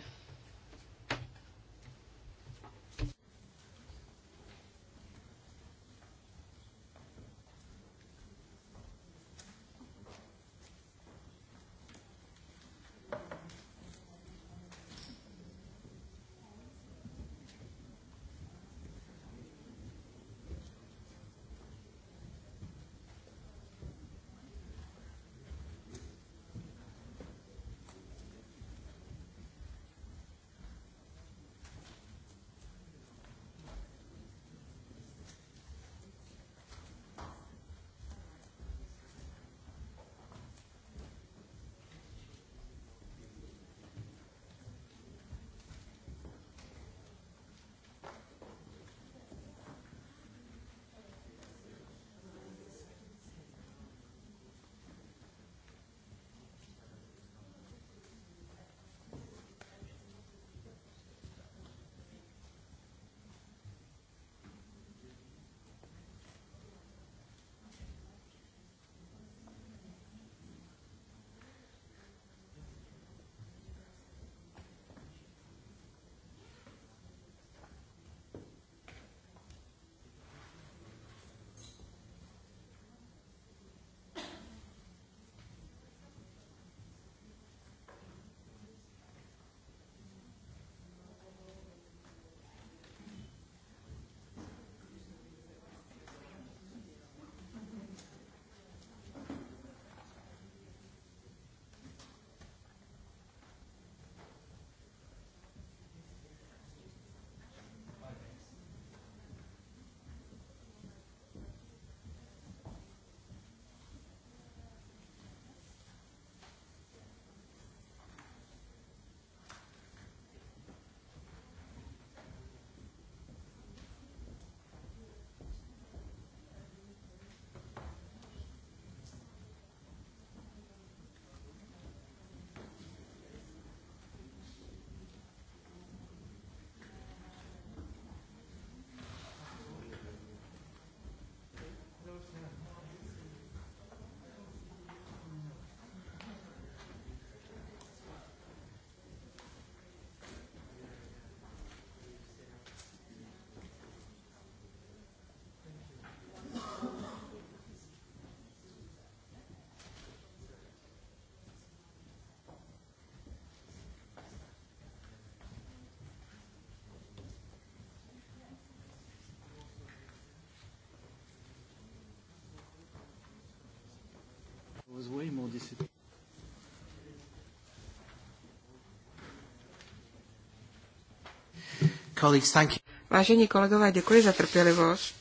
Vážení kolegové, děkuji za trpělivost.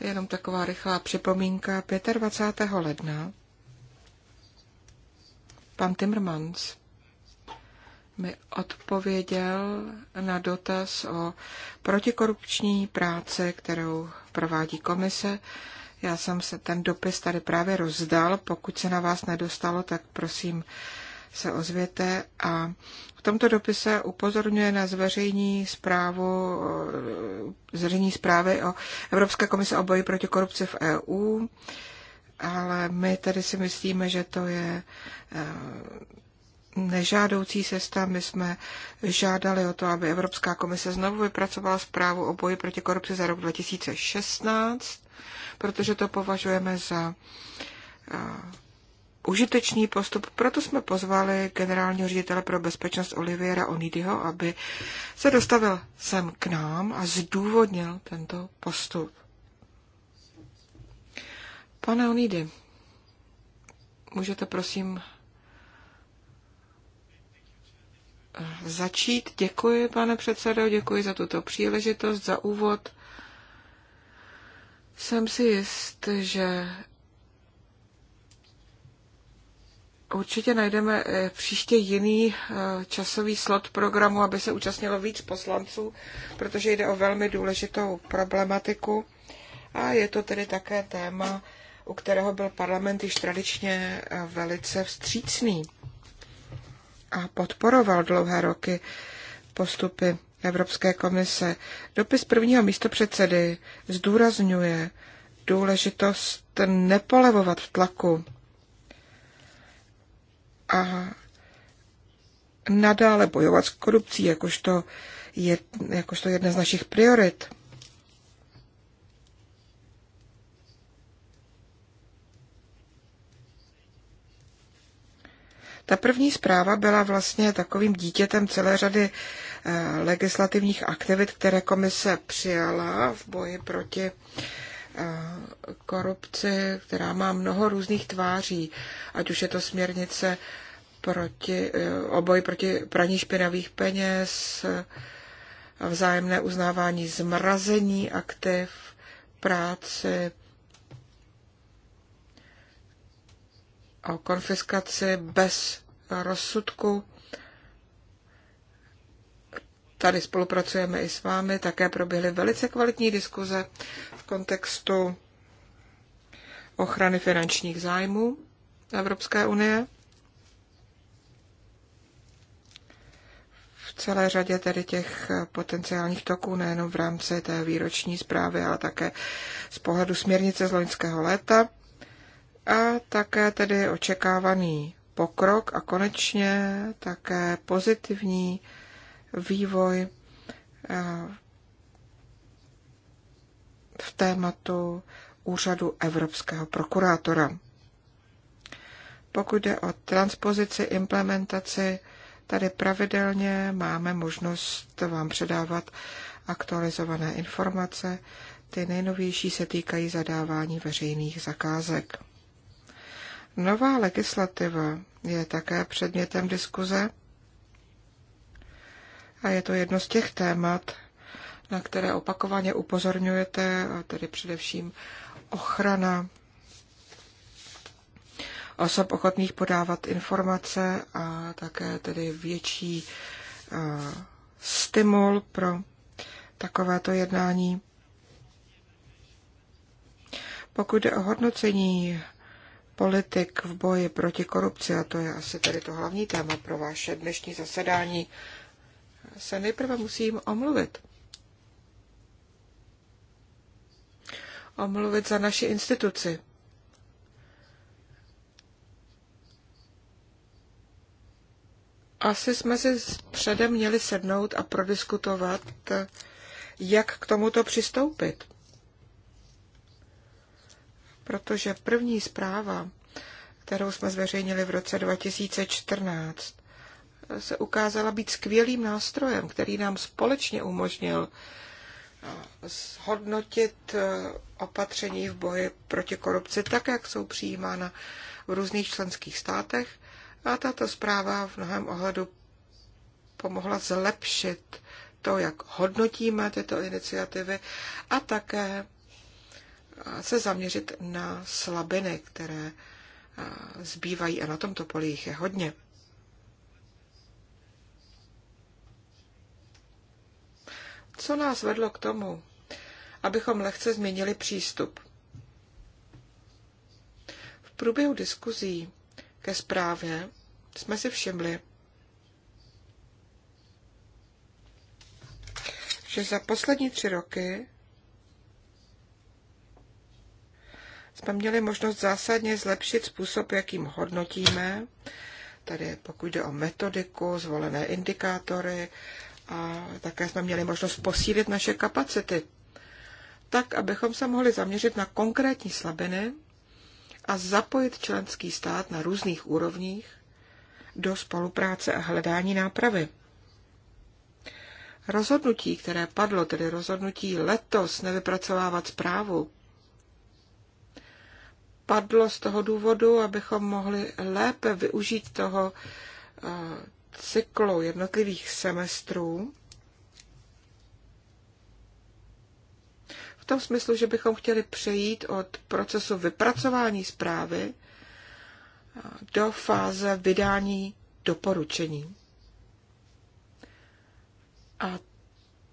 Jenom taková rychlá připomínka. 25. ledna pan Timmermans mi odpověděl na dotaz o protikorupční práce, kterou provádí komise já jsem se ten dopis tady právě rozdal. Pokud se na vás nedostalo, tak prosím se ozvěte. A v tomto dopise upozorňuje na zveřejní zprávu, eh, zveřejní zprávy o Evropské komise o boji proti korupci v EU, ale my tady si myslíme, že to je eh, nežádoucí sesta. My jsme žádali o to, aby Evropská komise znovu vypracovala zprávu o boji proti korupci za rok 2016 protože to považujeme za eh, užitečný postup, proto jsme pozvali generálního ředitele pro bezpečnost Oliviera Onidyho, aby se dostavil sem k nám a zdůvodnil tento postup. Pane Onidy, můžete prosím eh, začít. Děkuji, pane předsedo, děkuji za tuto příležitost, za úvod. Jsem si jist, že určitě najdeme eh, příště jiný eh, časový slot programu, aby se účastnilo víc poslanců, protože jde o velmi důležitou problematiku a je to tedy také téma, u kterého byl parlament již tradičně eh, velice vstřícný a podporoval dlouhé roky postupy Evropské komise. Dopis prvního místopředsedy zdůrazňuje důležitost nepolevovat v tlaku a nadále bojovat s korupcí, jakožto, je, jakožto jedna z našich priorit. Ta první zpráva byla vlastně takovým dítětem celé řady eh, legislativních aktivit, které komise přijala v boji proti eh, korupci, která má mnoho různých tváří, ať už je to směrnice proti, eh, oboj proti praní špinavých peněz, vzájemné uznávání zmrazení aktiv, práci, o konfiskaci bez rozsudku. Tady spolupracujeme i s vámi. Také proběhly velice kvalitní diskuze v kontextu ochrany finančních zájmů Evropské unie. V celé řadě tedy těch potenciálních toků, nejenom v rámci té výroční zprávy, ale také z pohledu směrnice z loňského léta a také tedy očekávaný pokrok a konečně také pozitivní vývoj eh, v tématu úřadu evropského prokurátora. Pokud jde o transpozici, implementaci, tady pravidelně máme možnost vám předávat aktualizované informace. Ty nejnovější se týkají zadávání veřejných zakázek. Nová legislativa je také předmětem diskuze a je to jedno z těch témat, na které opakovaně upozorňujete, a tedy především ochrana osob ochotných podávat informace a také tedy větší stimul pro takovéto jednání. Pokud jde o hodnocení politik v boji proti korupci, a to je asi tedy to hlavní téma pro vaše dnešní zasedání, se nejprve musím omluvit. Omluvit za naši instituci. Asi jsme si předem měli sednout a prodiskutovat, jak k tomuto přistoupit protože první zpráva, kterou jsme zveřejnili v roce 2014, se ukázala být skvělým nástrojem, který nám společně umožnil eh, zhodnotit eh, opatření v boji proti korupci tak, jak jsou přijímána v různých členských státech. A tato zpráva v mnohem ohledu pomohla zlepšit to, jak hodnotíme tyto iniciativy a také se zaměřit na slabiny, které zbývají a na tomto poli jich je hodně. Co nás vedlo k tomu, abychom lehce změnili přístup? V průběhu diskuzí ke zprávě jsme si všimli, že za poslední tři roky jsme měli možnost zásadně zlepšit způsob, jakým hodnotíme, tedy pokud jde o metodiku, zvolené indikátory, a také jsme měli možnost posílit naše kapacity, tak abychom se mohli zaměřit na konkrétní slabiny a zapojit členský stát na různých úrovních do spolupráce a hledání nápravy. Rozhodnutí, které padlo, tedy rozhodnutí letos nevypracovávat zprávu padlo z toho důvodu, abychom mohli lépe využít toho eh, cyklu jednotlivých semestrů. V tom smyslu, že bychom chtěli přejít od procesu vypracování zprávy eh, do fáze vydání doporučení. A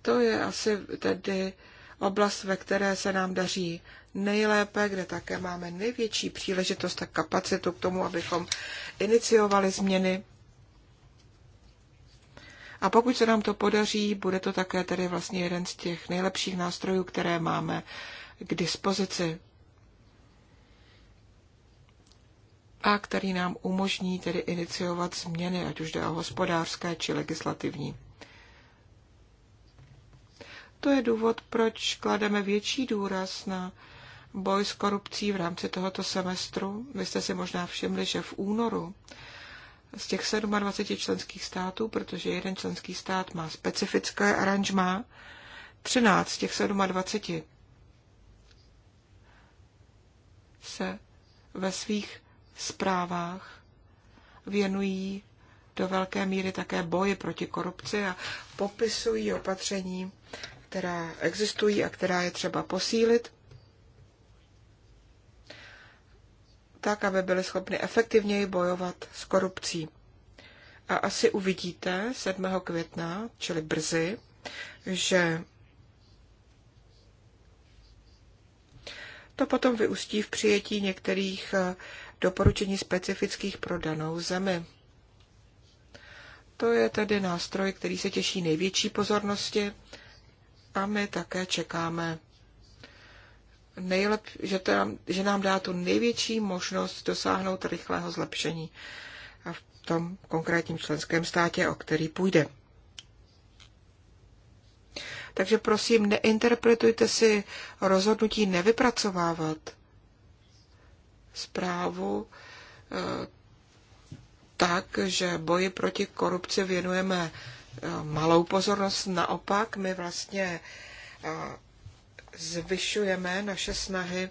to je asi tedy oblast, ve které se nám daří nejlépe, kde také máme největší příležitost a kapacitu k tomu, abychom iniciovali změny. A pokud se nám to podaří, bude to také tedy vlastně jeden z těch nejlepších nástrojů, které máme k dispozici. a který nám umožní tedy iniciovat změny, ať už jde o hospodářské či legislativní. To je důvod, proč klademe větší důraz na boj s korupcí v rámci tohoto semestru. Vy jste si možná všimli, že v únoru z těch 27 členských států, protože jeden členský stát má specifické aranžma, 13 z těch 27 se ve svých zprávách věnují do velké míry také boji proti korupci a popisují opatření, která existují a která je třeba posílit. tak aby byly schopny efektivněji bojovat s korupcí. A asi uvidíte 7. května, čili brzy, že to potom vyústí v přijetí některých eh, doporučení specifických pro danou zemi. To je tedy nástroj, který se těší největší pozornosti a my také čekáme nejlep, že, to, že nám dá tu největší možnost dosáhnout rychlého zlepšení v tom konkrétním členském státě, o který půjde. Takže prosím, neinterpretujte si rozhodnutí nevypracovávat zprávu eh, tak, že boji proti korupci věnujeme eh, malou pozornost. Naopak, my vlastně eh, zvyšujeme naše snahy,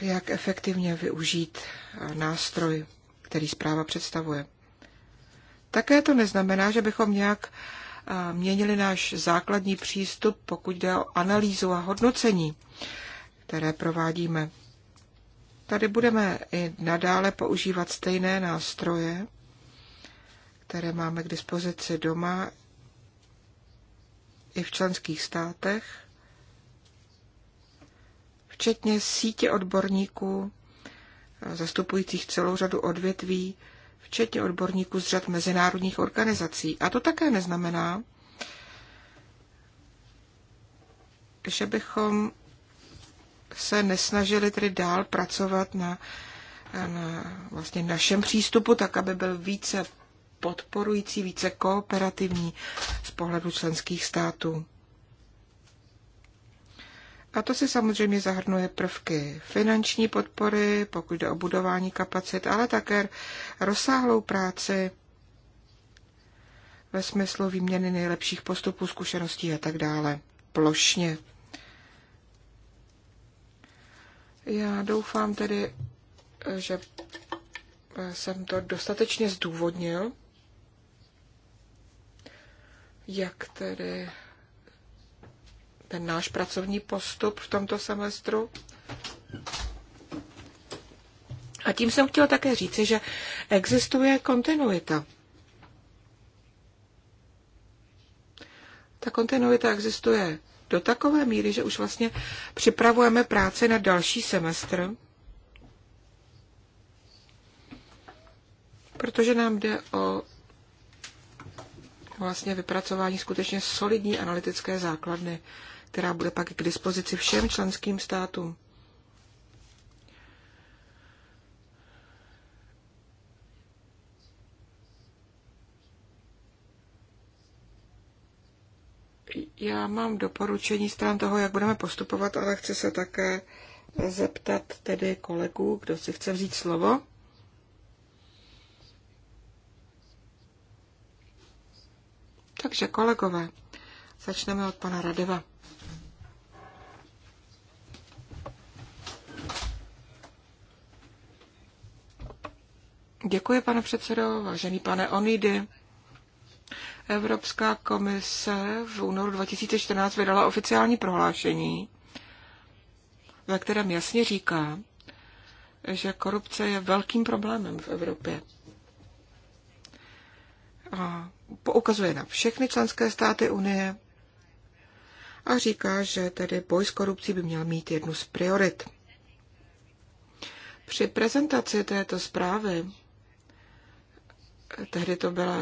jak efektivně využít eh, nástroj, který zpráva představuje. Také to neznamená, že bychom nějak eh, měnili náš základní přístup, pokud jde o analýzu a hodnocení, které provádíme. Tady budeme i nadále používat stejné nástroje, které máme k dispozici doma i v členských státech, včetně sítě odborníků eh, zastupujících celou řadu odvětví, včetně odborníků z řad mezinárodních organizací. A to také neznamená, že bychom se nesnažili tedy dál pracovat na, na vlastně našem přístupu, tak aby byl více podporující více kooperativní z pohledu členských států. A to se samozřejmě zahrnuje prvky finanční podpory, pokud jde o budování kapacit, ale také rozsáhlou práci ve smyslu výměny nejlepších postupů, zkušeností a tak dále. Plošně. Já doufám tedy, že jsem to dostatečně zdůvodnil jak tedy ten náš pracovní postup v tomto semestru. A tím jsem chtěla také říci, že existuje kontinuita. Ta kontinuita existuje do takové míry, že už vlastně připravujeme práce na další semestr, protože nám jde o vlastně vypracování skutečně solidní analytické základny, která bude pak k dispozici všem členským státům. Já mám doporučení stran toho, jak budeme postupovat, ale chci se také zeptat tedy kolegů, kdo si chce vzít slovo. Takže kolegové, začneme od pana Radeva. Děkuji, pane předsedo, vážený pane Onidy. Evropská komise v únoru 2014 vydala oficiální prohlášení, ve kterém jasně říká, že korupce je velkým problémem v Evropě. A poukazuje na všechny členské státy Unie a říká, že tedy boj s korupcí by měl mít jednu z priorit. Při prezentaci této zprávy, tehdy to byla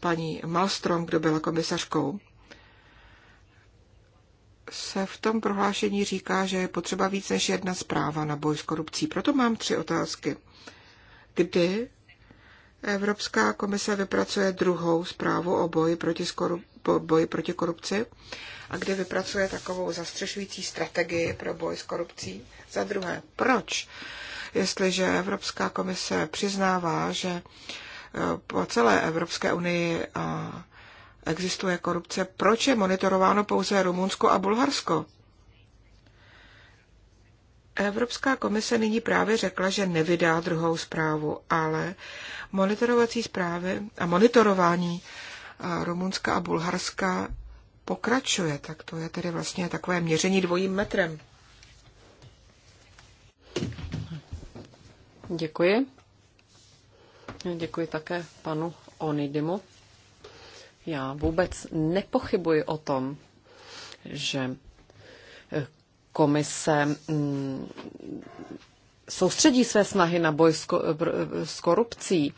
paní Malstrom, kdo byla komisařkou, se v tom prohlášení říká, že je potřeba víc než jedna zpráva na boj s korupcí. Proto mám tři otázky. Kdy Evropská komise vypracuje druhou zprávu o boji proti, skoru, boji proti korupci a kde vypracuje takovou zastřešující strategii pro boj s korupcí. Za druhé, proč? Jestliže Evropská komise přiznává, že eh, po celé Evropské unii eh, existuje korupce, proč je monitorováno pouze Rumunsko a Bulharsko? Evropská komise nyní právě řekla, že nevydá druhou zprávu, ale monitorovací zprávy a monitorování eh, Rumunska a Bulharska pokračuje. Tak to je tedy vlastně takové měření dvojím metrem. Děkuji. Děkuji také panu Onidimu. Já vůbec nepochybuji o tom, že komise mm, soustředí své snahy na boj s korupcí.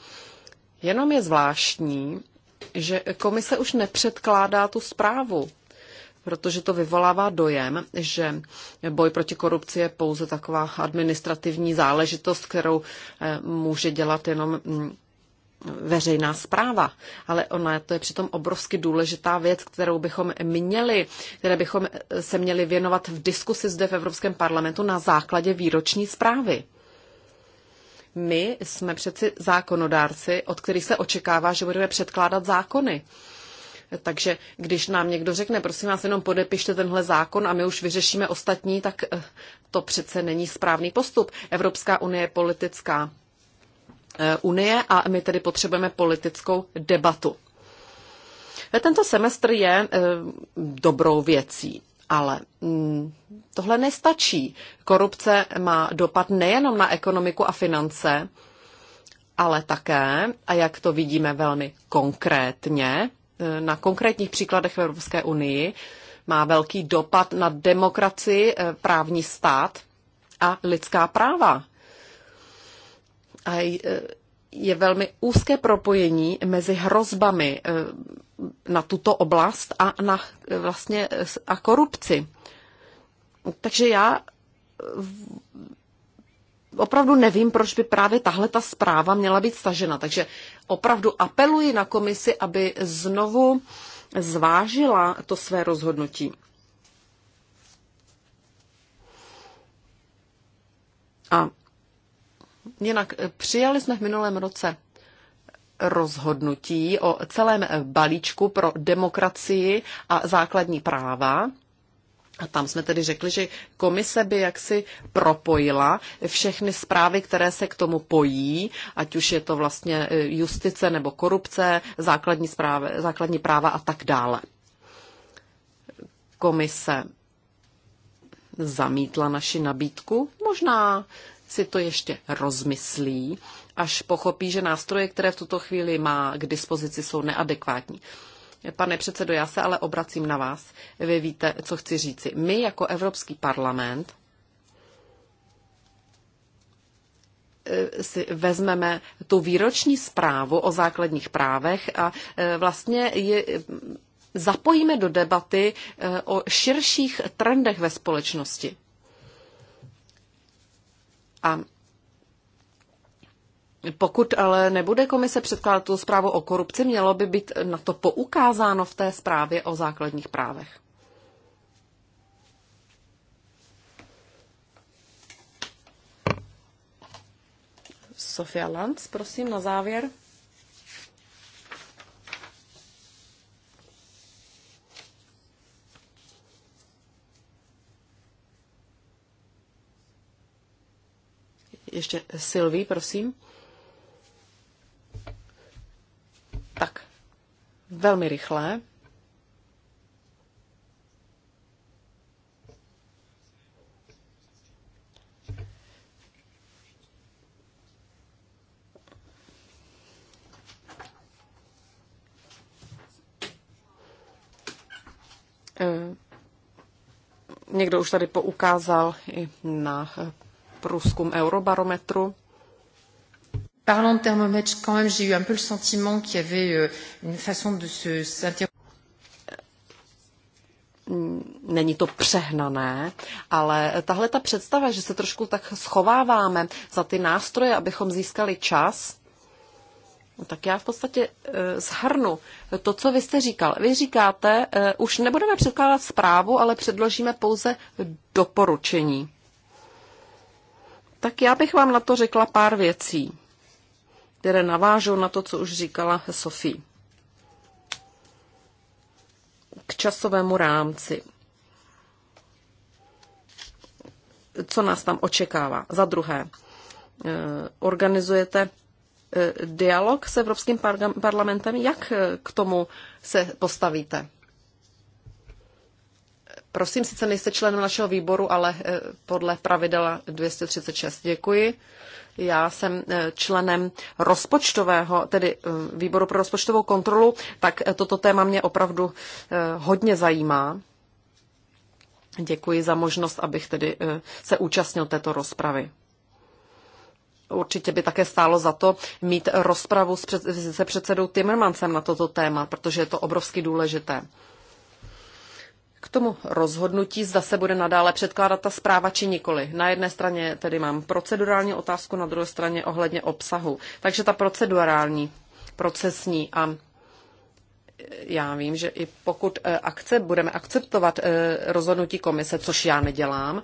Jenom je zvláštní, že komise už nepředkládá tu zprávu, protože to vyvolává dojem, že boj proti korupci je pouze taková administrativní záležitost, kterou eh, může dělat jenom mm, veřejná zpráva, ale ona to je přitom obrovsky důležitá věc, kterou bychom měli, které bychom se měli věnovat v diskusi zde v Evropském parlamentu na základě výroční zprávy. My jsme přeci zákonodárci, od kterých se očekává, že budeme předkládat zákony. Takže když nám někdo řekne, prosím vás, jenom podepište tenhle zákon a my už vyřešíme ostatní, tak eh, to přece není správný postup. Evropská unie je politická Eh, unie a my tedy potřebujeme politickou debatu. Eh, tento semestr je eh, dobrou věcí, ale mm, tohle nestačí. Korupce má dopad nejenom na ekonomiku a finance, ale také, a jak to vidíme velmi konkrétně, na konkrétních příkladech v Evropské unii, má velký dopad na demokracii, právní stát a lidská práva a je velmi úzké propojení mezi hrozbami eh, na tuto oblast a na eh, vlastně a korupci. Takže já eh, opravdu nevím, proč by právě tahle ta zpráva měla být stažena. Takže opravdu apeluji na komisi, aby znovu zvážila to své rozhodnutí. A Jinak eh, přijali jsme v minulém roce rozhodnutí o celém eh, balíčku pro demokracii a základní práva. A tam jsme tedy řekli, že komise by jaksi propojila všechny zprávy, které se k tomu pojí, ať už je to vlastně eh, justice nebo korupce, základní, zprávy, základní práva a tak dále. Komise zamítla naši nabídku, možná si to ještě rozmyslí, až pochopí, že nástroje, které v tuto chvíli má k dispozici, jsou neadekvátní. Pane předsedo, já se ale obracím na vás. Vy víte, co chci říci. My jako Evropský parlament eh, si vezmeme tu výroční zprávu o základních právech a eh, vlastně je, mm, zapojíme do debaty eh, o širších trendech ve společnosti. A pokud ale nebude komise předkládat tu zprávu o korupci, mělo by být na to poukázáno v té zprávě o základních právech. Sofia Lanz, prosím, na závěr. Ještě Silví, prosím. Tak, velmi rychle. Eh, někdo už tady poukázal i na eh, průzkum Eurobarometru. Parlant de Thermomètre, quand même, j'ai eu un peu le sentiment qu'il y avait euh, une façon de se Není to přehnané, ale tahle ta představa, že se trošku tak schováváme za ty nástroje, abychom získali čas, no tak já v podstatě e, shrnu to, co vy jste říkal. Vy říkáte, e, už nebudeme předkládat zprávu, ale předložíme pouze doporučení tak já bych vám na to řekla pár věcí, které navážou na to, co už říkala Sofie. K časovému rámci. Co nás tam očekává? Za druhé, eh, organizujete eh, dialog s Evropským parlamentem. Jak eh, k tomu se postavíte? Prosím, sice nejste členem našeho výboru, ale eh, podle pravidela 236. Děkuji. Já jsem eh, členem rozpočtového, tedy eh, výboru pro rozpočtovou kontrolu, tak toto téma mě opravdu hodně zajímá. Děkuji za možnost, abych tedy se účastnil této rozpravy. Určitě by také stálo za to mít rozpravu se předsedou Timmermansem na toto téma, protože je to obrovsky důležité k tomu rozhodnutí, zda se bude nadále předkládat ta zpráva či nikoli. Na jedné straně tedy mám procedurální otázku, na druhé straně ohledně obsahu. Takže ta procedurální, procesní a e, já vím, že i pokud e, akce, budeme akceptovat e, rozhodnutí komise, což já nedělám,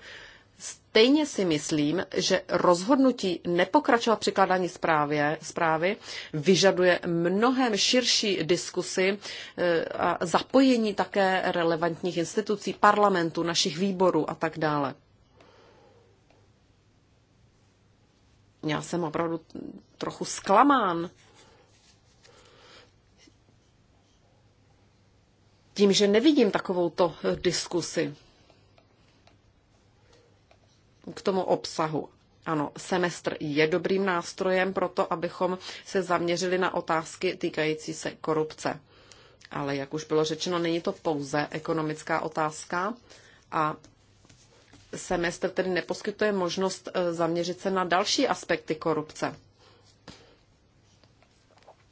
Stejně si myslím, že rozhodnutí nepokračovat přikládání zprávě, zprávy vyžaduje mnohem širší diskusy eh, a zapojení také relevantních institucí, parlamentu, našich výborů a tak dále. Já jsem opravdu trochu zklamán tím, že nevidím takovouto diskusi k tomu obsahu. Ano, semestr je dobrým nástrojem pro to, abychom se zaměřili na otázky týkající se korupce. Ale jak už bylo řečeno, není to pouze ekonomická otázka a semestr tedy neposkytuje možnost e, zaměřit se na další aspekty korupce.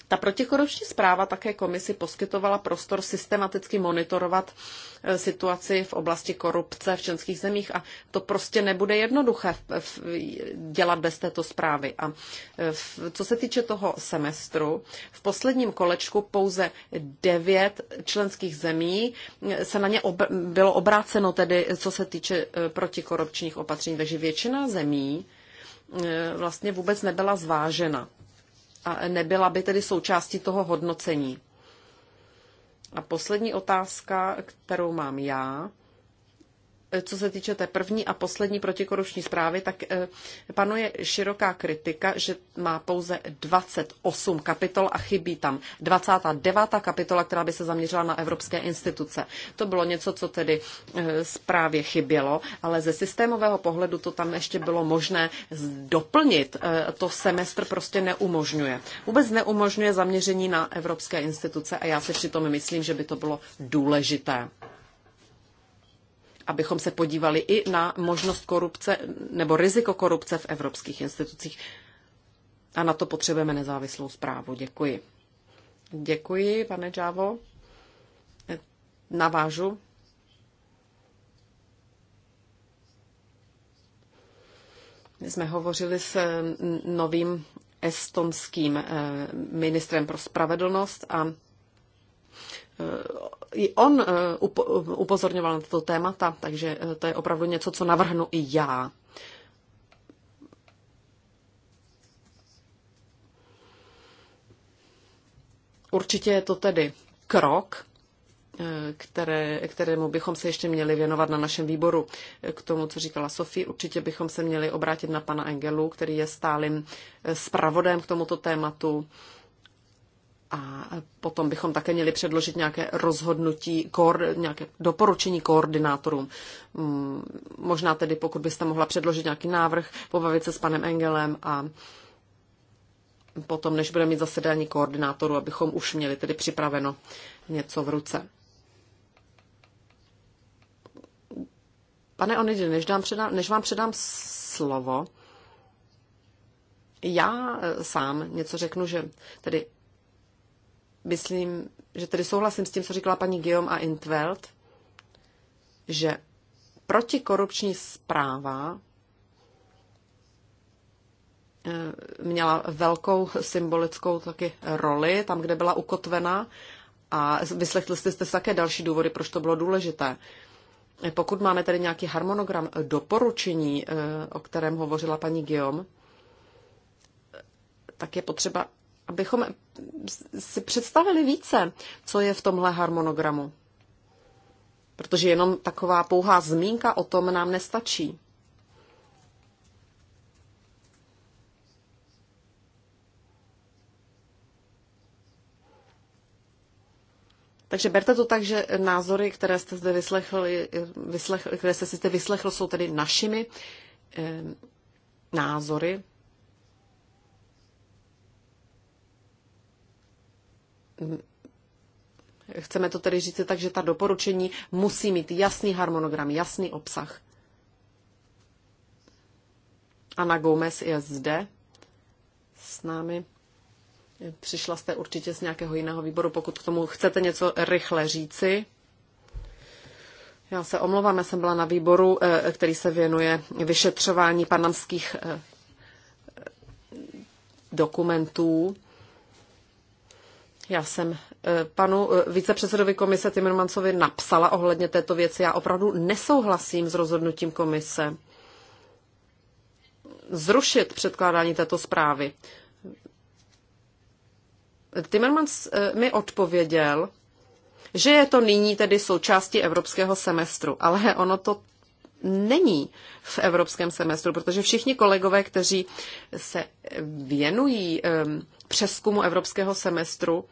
Ta protikorupční zpráva také komisi poskytovala prostor systematicky monitorovat eh, situaci v oblasti korupce v členských zemích a to prostě nebude jednoduché dělat bez této zprávy. A eh, co se týče toho semestru, v posledním kolečku pouze devět členských zemí eh, se na ně ob- bylo obráceno tedy, co se týče protikorupčních opatření, takže většina zemí vlastně vůbec nebyla zvážena a nebyla by tedy součástí toho hodnocení. A poslední otázka, kterou mám já, Eh, co se týče té první a poslední protikorupční zprávy, tak eh, panuje široká kritika, že má pouze 28 kapitol a chybí tam 29. kapitola, která by se zaměřila na evropské instituce. To bylo něco, co tedy eh, zprávě chybělo, ale ze systémového pohledu to tam ještě bylo možné doplnit. To semestr prostě neumožňuje. Vůbec neumožňuje zaměření na evropské instituce a já si přitom myslím, že by to bylo důležité abychom se podívali i na možnost korupce nebo riziko korupce v evropských institucích. A na to potřebujeme nezávislou zprávu. Děkuji. Děkuji, pane Džávo. Navážu. My jsme hovořili s novým estonským eh, ministrem pro spravedlnost a Eh, i on eh, upozorňoval na tato témata, takže eh, to je opravdu něco, co navrhnu i já. Určitě je to tedy krok, které, kterému bychom se ještě měli věnovat na našem výboru. K tomu, co říkala Sofie, určitě bychom se měli obrátit na pana Engelu, který je stálým zpravodem k tomuto tématu. A potom bychom také měli předložit nějaké rozhodnutí, nějaké doporučení koordinátorům. Mm, možná tedy, pokud byste mohla předložit nějaký návrh, pobavit se s panem Engelem a potom, než budeme mít zasedání koordinátorů, abychom už měli tedy připraveno něco v ruce. Pane Onidy, než, dám předám, než vám předám slovo, já eh, sám něco řeknu, že tedy Myslím, že tedy souhlasím s tím, co říkala paní Guillaume a Intveld, že protikorupční zpráva eh, měla velkou symbolickou taky roli tam, kde byla ukotvena a vyslechli jste, jste také další důvody, proč to bylo důležité. Eh, pokud máme tedy nějaký harmonogram doporučení, eh, o kterém hovořila paní Guillaume, tak je potřeba abychom si představili více, co je v tomhle harmonogramu. Protože jenom taková pouhá zmínka o tom nám nestačí. Takže berte to tak, že názory, které jste zde vyslechli, vyslech, které jste si zde vyslechl, jsou tedy našimi eh, názory, Chceme to tedy říct tak, že ta doporučení musí mít jasný harmonogram, jasný obsah. Ana Gomez je zde s námi. Přišla jste určitě z nějakého jiného výboru, pokud k tomu chcete něco rychle říci. Já se omlouvám, já jsem byla na výboru, eh, který se věnuje vyšetřování panamských eh, eh, dokumentů. Já jsem eh, panu eh, vicepředsedovi komise Timmermansovi napsala ohledně této věci. Já opravdu nesouhlasím s rozhodnutím komise zrušit předkládání této zprávy. Timmermans eh, mi odpověděl, že je to nyní tedy součástí evropského semestru, ale ono to není v evropském semestru, protože všichni kolegové, kteří se věnují přeskumu evropského semestru,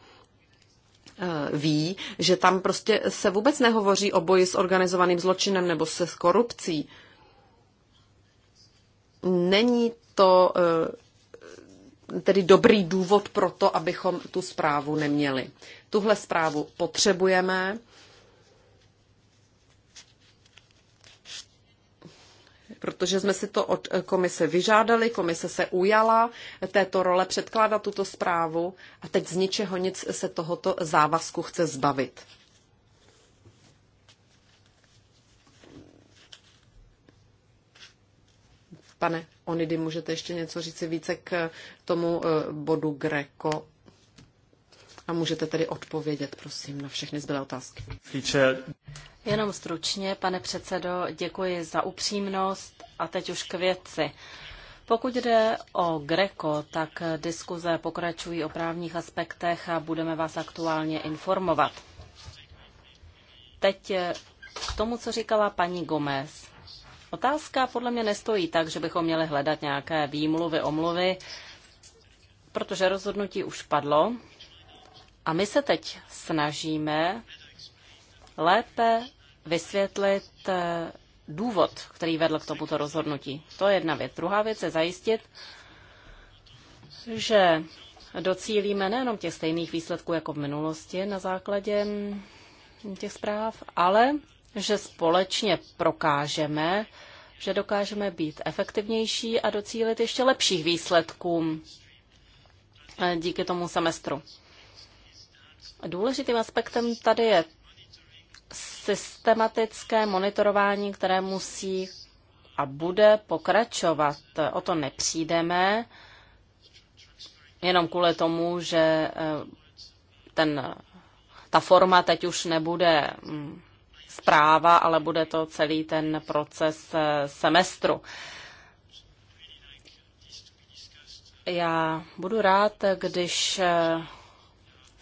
eh, ví, že tam prostě se vůbec nehovoří o boji s organizovaným zločinem nebo se s korupcí. Není to eh, tedy dobrý důvod pro to, abychom tu zprávu neměli. Tuhle zprávu potřebujeme protože jsme si to od komise vyžádali, komise se ujala této role předkládat tuto zprávu a teď z ničeho nic se tohoto závazku chce zbavit. Pane Onidy, můžete ještě něco říci více k tomu eh, bodu Greco a můžete tedy odpovědět, prosím, na všechny zbylé otázky. Jenom stručně, pane předsedo, děkuji za upřímnost a teď už k věci. Pokud jde o Greco, tak diskuze pokračují o právních aspektech a budeme vás aktuálně informovat. Teď k tomu, co říkala paní Gomez. Otázka podle mě nestojí tak, že bychom měli hledat nějaké výmluvy, omluvy, protože rozhodnutí už padlo. A my se teď snažíme lépe vysvětlit eh, důvod, který vedl k tomuto rozhodnutí. To je jedna věc. Druhá věc je zajistit, že docílíme nejenom těch stejných výsledků jako v minulosti na základě mm, těch zpráv, ale že společně prokážeme, že dokážeme být efektivnější a docílit ještě lepších výsledků eh, díky tomu semestru. Důležitým aspektem tady je systematické monitorování, které musí a bude pokračovat. O to nepřijdeme jenom kvůli tomu, že eh, ten, ta forma teď už nebude hm, zpráva, ale bude to celý ten proces eh, semestru. Já budu rád, když eh,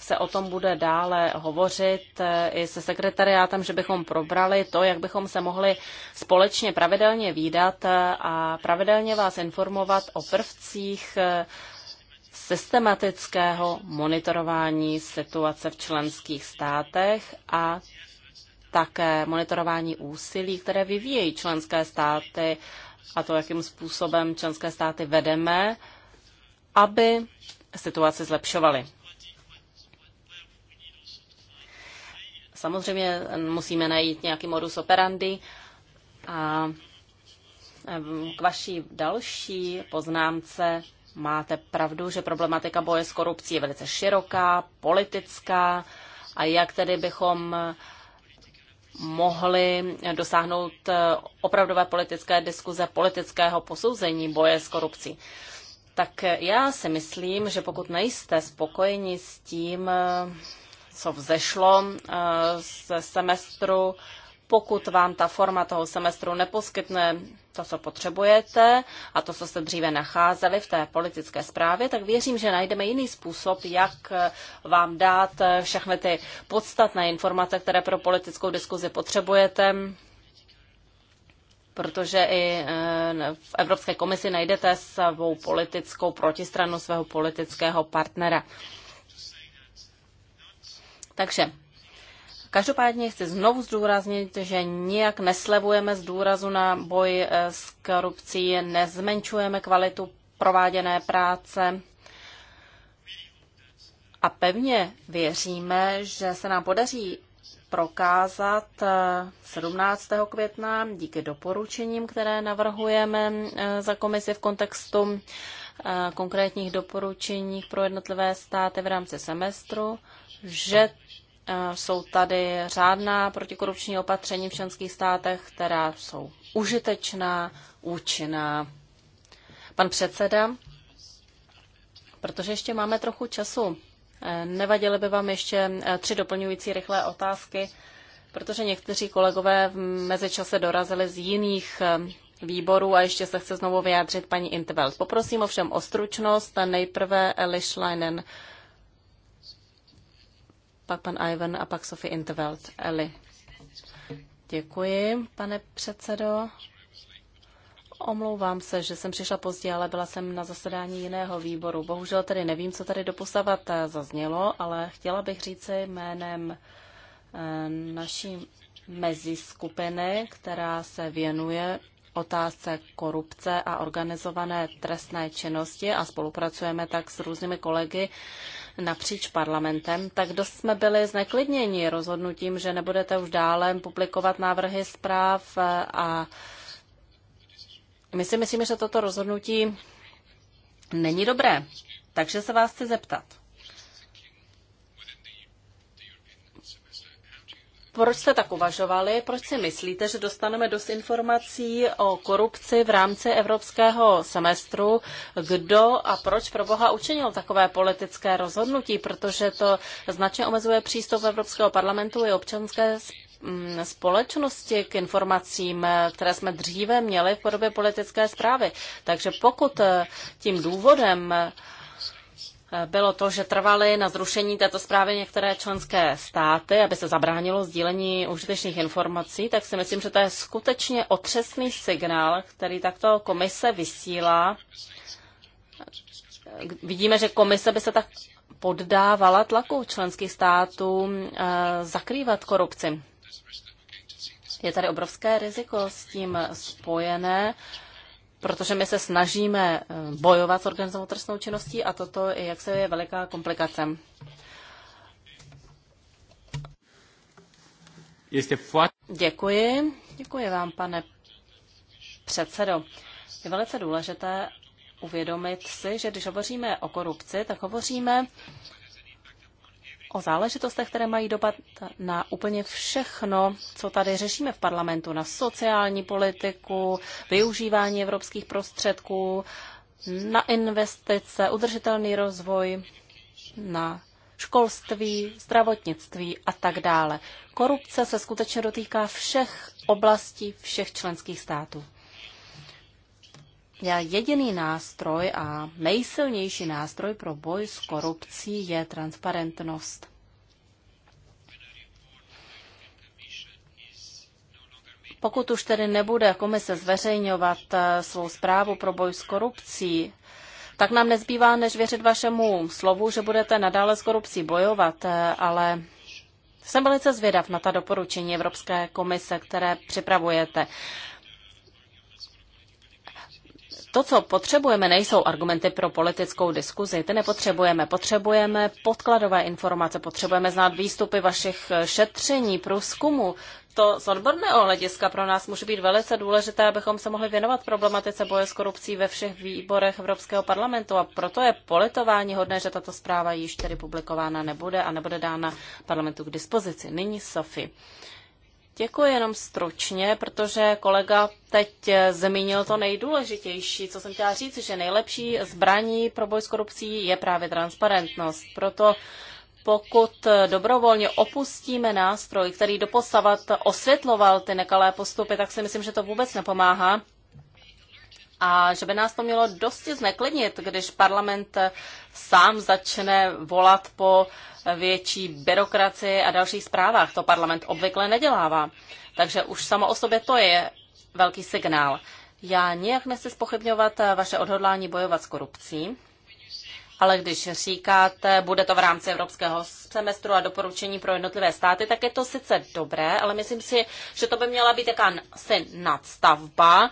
se o tom bude dále hovořit eh, i se sekretariátem, že bychom probrali to, jak bychom se mohli společně pravidelně výdat eh, a pravidelně vás informovat o prvcích eh, systematického monitorování situace v členských státech a také monitorování úsilí, které vyvíjejí členské státy a to, jakým způsobem členské státy vedeme, aby situaci zlepšovaly. Samozřejmě musíme najít nějaký modus operandi a k vaší další poznámce máte pravdu, že problematika boje s korupcí je velice široká, politická a jak tedy bychom mohli dosáhnout eh, opravdové politické diskuze, politického posouzení boje s korupcí. Tak já si myslím, že pokud nejste spokojeni s tím, eh, co vzešlo eh, ze semestru. Pokud vám ta forma toho semestru neposkytne to, co potřebujete a to, co jste dříve nacházeli v té politické zprávě, tak věřím, že najdeme jiný způsob, jak eh, vám dát eh, všechny ty podstatné informace, které pro politickou diskuzi potřebujete, protože i v Evropské komisi najdete svou politickou protistranu svého politického partnera. Takže Každopádně chci znovu zdůraznit, že nijak neslevujeme z důrazu na boj eh, s korupcí, nezmenšujeme kvalitu prováděné práce a pevně věříme, že se nám podaří prokázat 17. Eh, května díky doporučením, které navrhujeme eh, za komisi v kontextu konkrétních doporučení pro jednotlivé státy v rámci semestru, že Eh, jsou tady řádná protikorupční opatření v členských státech, která jsou užitečná, účinná. Pan předseda, protože ještě máme trochu času, eh, nevadily by vám ještě eh, tři doplňující rychlé otázky, protože někteří kolegové v mezičase dorazili z jiných výborů a ještě se chce znovu vyjádřit paní Intveld. Poprosím ovšem o stručnost a nejprve Eliš Leinen pak pan Ivan a pak Sophie Intervelt. Eli. Děkuji, pane předsedo. Omlouvám se, že jsem přišla pozdě, ale byla jsem na zasedání jiného výboru. Bohužel tedy nevím, co tady doposavat eh, zaznělo, ale chtěla bych říci jménem eh, naší meziskupiny, která se věnuje otázce korupce a organizované trestné činnosti a spolupracujeme tak s různými kolegy napříč parlamentem, tak dost jsme byli zneklidněni rozhodnutím, že nebudete už dále publikovat návrhy zpráv a my si myslíme, že toto rozhodnutí není dobré. Takže se vás chci zeptat. Proč jste tak uvažovali? Proč si myslíte, že dostaneme dost informací o korupci v rámci evropského semestru? Kdo a proč pro Boha učinil takové politické rozhodnutí? Protože to značně omezuje přístup Evropského parlamentu i občanské mm, společnosti k informacím, které jsme dříve měli v podobě politické zprávy. Takže pokud eh, tím důvodem bylo to, že trvaly na zrušení této zprávy některé členské státy, aby se zabránilo sdílení užitečných informací, tak si myslím, že to je skutečně otřesný signál, který takto komise vysílá. Vidíme, že komise by se tak poddávala tlaku členských států eh, zakrývat korupci. Je tady obrovské riziko s tím spojené protože my se snažíme eh, bojovat s organizovanou trestnou činností a toto, jak se je veliká komplikace. Děkuji. Děkuji vám, pane předsedo. Je velice důležité uvědomit si, že když hovoříme o korupci, tak hovoříme o záležitostech, které mají dopad na úplně všechno, co tady řešíme v parlamentu, na sociální politiku, využívání evropských prostředků, na investice, udržitelný rozvoj, na školství, zdravotnictví a tak dále. Korupce se skutečně dotýká všech oblastí všech členských států. Já jediný nástroj a nejsilnější nástroj pro boj s korupcí je transparentnost. Pokud už tedy nebude komise zveřejňovat eh, svou zprávu pro boj s korupcí, tak nám nezbývá, než věřit vašemu slovu, že budete nadále s korupcí bojovat, eh, ale jsem velice zvědav na ta doporučení Evropské komise, které připravujete. To, co potřebujeme, nejsou argumenty pro politickou diskuzi. Ty nepotřebujeme. Potřebujeme podkladové informace, potřebujeme znát výstupy vašich eh, šetření, průzkumu. To z odborného hlediska pro nás může být velice důležité, abychom se mohli věnovat problematice boje s korupcí ve všech výborech Evropského parlamentu a proto je politování hodné, že tato zpráva již tedy publikována nebude a nebude dána parlamentu k dispozici. Nyní Sofie. Děkuji jenom stručně, protože kolega teď zmínil to nejdůležitější, co jsem chtěla říct, že nejlepší zbraní pro boj s korupcí je právě transparentnost. Proto pokud dobrovolně opustíme nástroj, který doposavat osvětloval ty nekalé postupy, tak si myslím, že to vůbec nepomáhá a že by nás to mělo dosti zneklidnit, když parlament sám začne volat po větší byrokracii a dalších zprávách. To parlament obvykle nedělává. Takže už samo o sobě to je velký signál. Já nijak nechci spochybňovat vaše odhodlání bojovat s korupcí, ale když říkáte, bude to v rámci evropského semestru a doporučení pro jednotlivé státy, tak je to sice dobré, ale myslím si, že to by měla být jaká nadstavba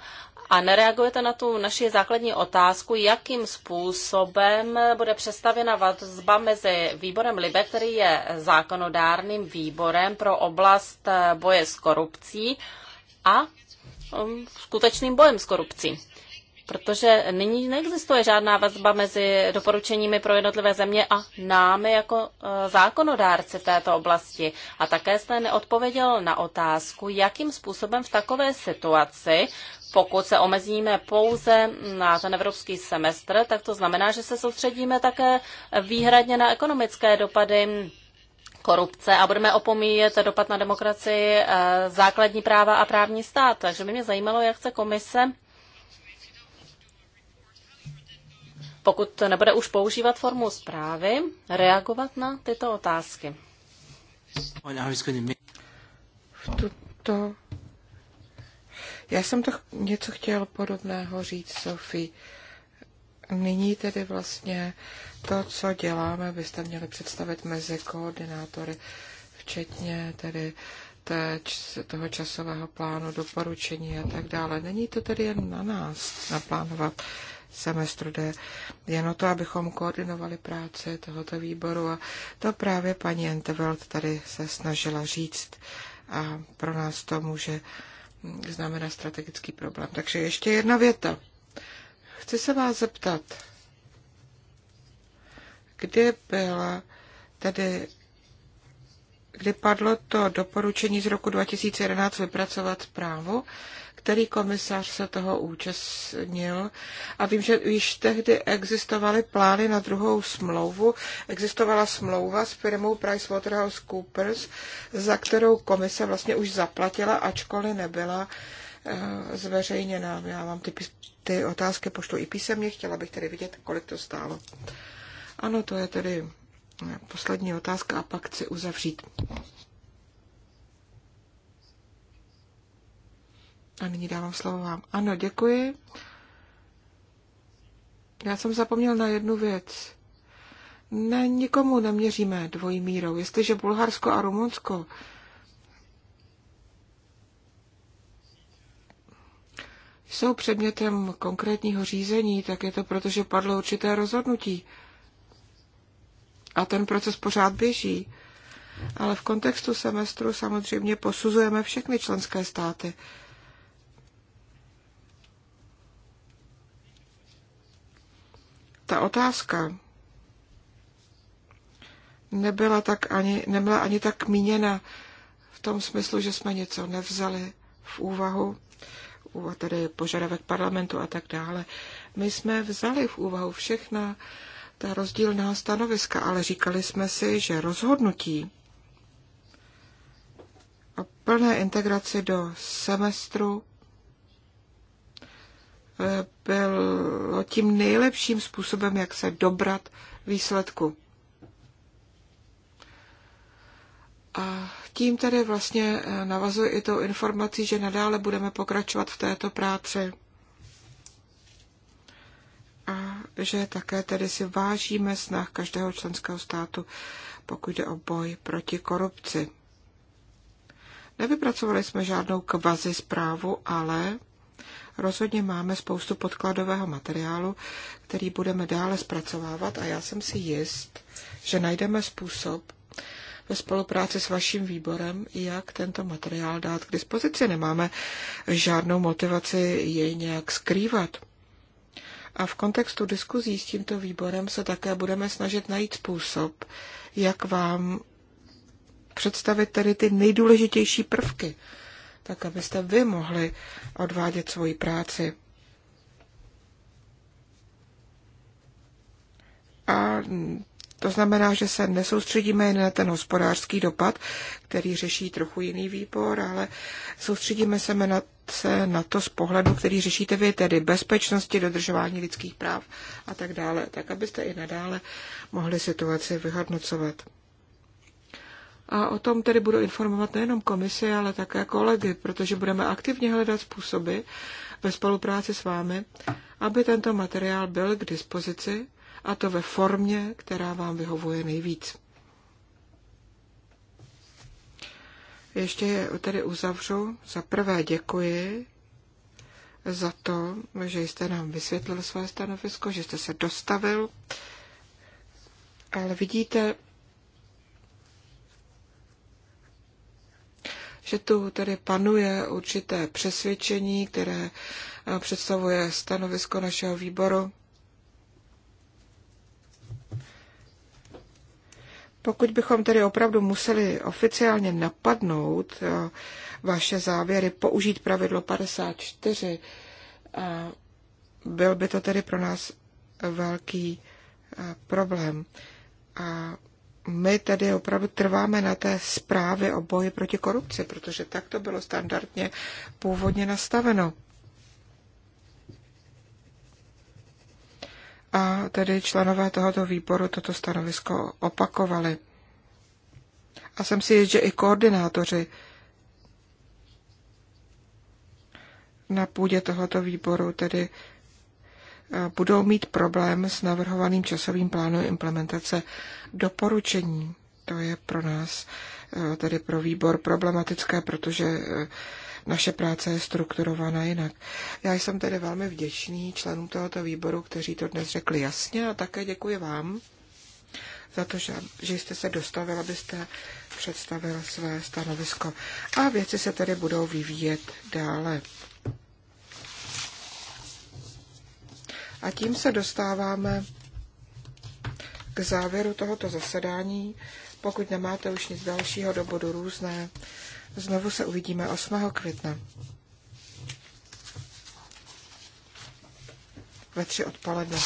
a nereagujete na tu naši základní otázku, jakým způsobem bude přestavěna vazba mezi výborem LIBE, který je zákonodárným výborem pro oblast boje s korupcí a um, skutečným bojem s korupcí. Protože nyní neexistuje žádná vazba mezi doporučeními pro jednotlivé země a námi jako eh, zákonodárci v této oblasti. A také jste neodpověděl na otázku, jakým způsobem v takové situaci pokud se omezíme pouze na ten evropský semestr, tak to znamená, že se soustředíme také výhradně na ekonomické dopady korupce a budeme opomíjet dopad na demokracii, eh, základní práva a právní stát. Takže by mě zajímalo, jak chce komise, pokud nebude už používat formu zprávy, reagovat na tyto otázky. V tuto já jsem to něco chtěl podobného říct, Sofie. Nyní tedy vlastně to, co děláme, byste měli představit mezi koordinátory, včetně tedy té, toho časového plánu, doporučení a tak dále. Není to tedy jen na nás naplánovat semestru D. Jen o to, abychom koordinovali práci tohoto výboru a to právě paní Entevelt tady se snažila říct a pro nás to může znamená strategický problém. Takže ještě jedna věta. Chci se vás zeptat, kde byla tedy kdy padlo to doporučení z roku 2011 vypracovat zprávu který komisař se toho účastnil. A vím, že již tehdy existovaly plány na druhou smlouvu. Existovala smlouva s firmou PricewaterhouseCoopers, za kterou komise vlastně už zaplatila, ačkoliv nebyla eh, zveřejněna. Já vám ty, ty otázky pošlu i písemně, chtěla bych tedy vidět, kolik to stálo. Ano, to je tedy eh, poslední otázka a pak chci uzavřít. A nyní dávám slovo vám. Ano, děkuji. Já jsem zapomněl na jednu věc. Ne, nikomu neměříme dvojí mírou. Jestliže Bulharsko a Rumunsko jsou předmětem konkrétního řízení, tak je to proto, že padlo určité rozhodnutí. A ten proces pořád běží. Ale v kontextu semestru samozřejmě posuzujeme všechny členské státy. ta otázka nebyla, tak ani, nebyla ani tak míněna v tom smyslu, že jsme něco nevzali v úvahu, tedy požadavek parlamentu a tak dále. My jsme vzali v úvahu všechna ta rozdílná stanoviska, ale říkali jsme si, že rozhodnutí o plné integraci do semestru bylo tím nejlepším způsobem, jak se dobrat výsledku. A tím tedy vlastně eh, navazuji i tou informací, že nadále budeme pokračovat v této práci. A že také tedy si vážíme snah každého členského státu, pokud jde o boj proti korupci. Nevypracovali jsme žádnou kvazi zprávu, ale Rozhodně máme spoustu podkladového materiálu, který budeme dále zpracovávat a já jsem si jist, že najdeme způsob ve spolupráci s vaším výborem, jak tento materiál dát k dispozici. Nemáme žádnou motivaci jej nějak skrývat. A v kontextu diskuzí s tímto výborem se také budeme snažit najít způsob, jak vám představit tedy ty nejdůležitější prvky tak abyste vy mohli odvádět svoji práci. A to znamená, že se nesoustředíme jen na ten hospodářský dopad, který řeší trochu jiný výbor, ale soustředíme se na, se na to z pohledu, který řešíte vy, tedy bezpečnosti, dodržování lidských práv a tak dále, tak abyste i nadále mohli situaci vyhodnocovat. A o tom tedy budu informovat nejenom komisi, ale také kolegy, protože budeme aktivně hledat způsoby ve spolupráci s vámi, aby tento materiál byl k dispozici a to ve formě, která vám vyhovuje nejvíc. Ještě je tedy uzavřu. Za prvé děkuji za to, že jste nám vysvětlil své stanovisko, že jste se dostavil. Ale vidíte, že tu tedy panuje určité přesvědčení, které eh, představuje stanovisko našeho výboru. Pokud bychom tedy opravdu museli oficiálně napadnout eh, vaše závěry, použít pravidlo 54, byl by to tedy pro nás velký eh, problém. A my tedy opravdu trváme na té zprávě o boji proti korupci, protože tak to bylo standardně původně nastaveno. A tedy členové tohoto výboru toto stanovisko opakovali. A jsem si jist, že i koordinátoři na půdě tohoto výboru tedy budou mít problém s navrhovaným časovým plánem implementace doporučení. To je pro nás, eh, tedy pro výbor, problematické, protože eh, naše práce je strukturována jinak. Já jsem tedy velmi vděčný členům tohoto výboru, kteří to dnes řekli jasně a také děkuji vám za to, že, že jste se dostavil, abyste představil své stanovisko. A věci se tedy budou vyvíjet dále. A tím se dostáváme k závěru tohoto zasedání. Pokud nemáte už nic dalšího do bodu různé, znovu se uvidíme 8. května. Ve tři odpoledne.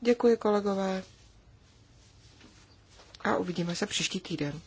Děkuji kolegové a uvidíme se příští týden.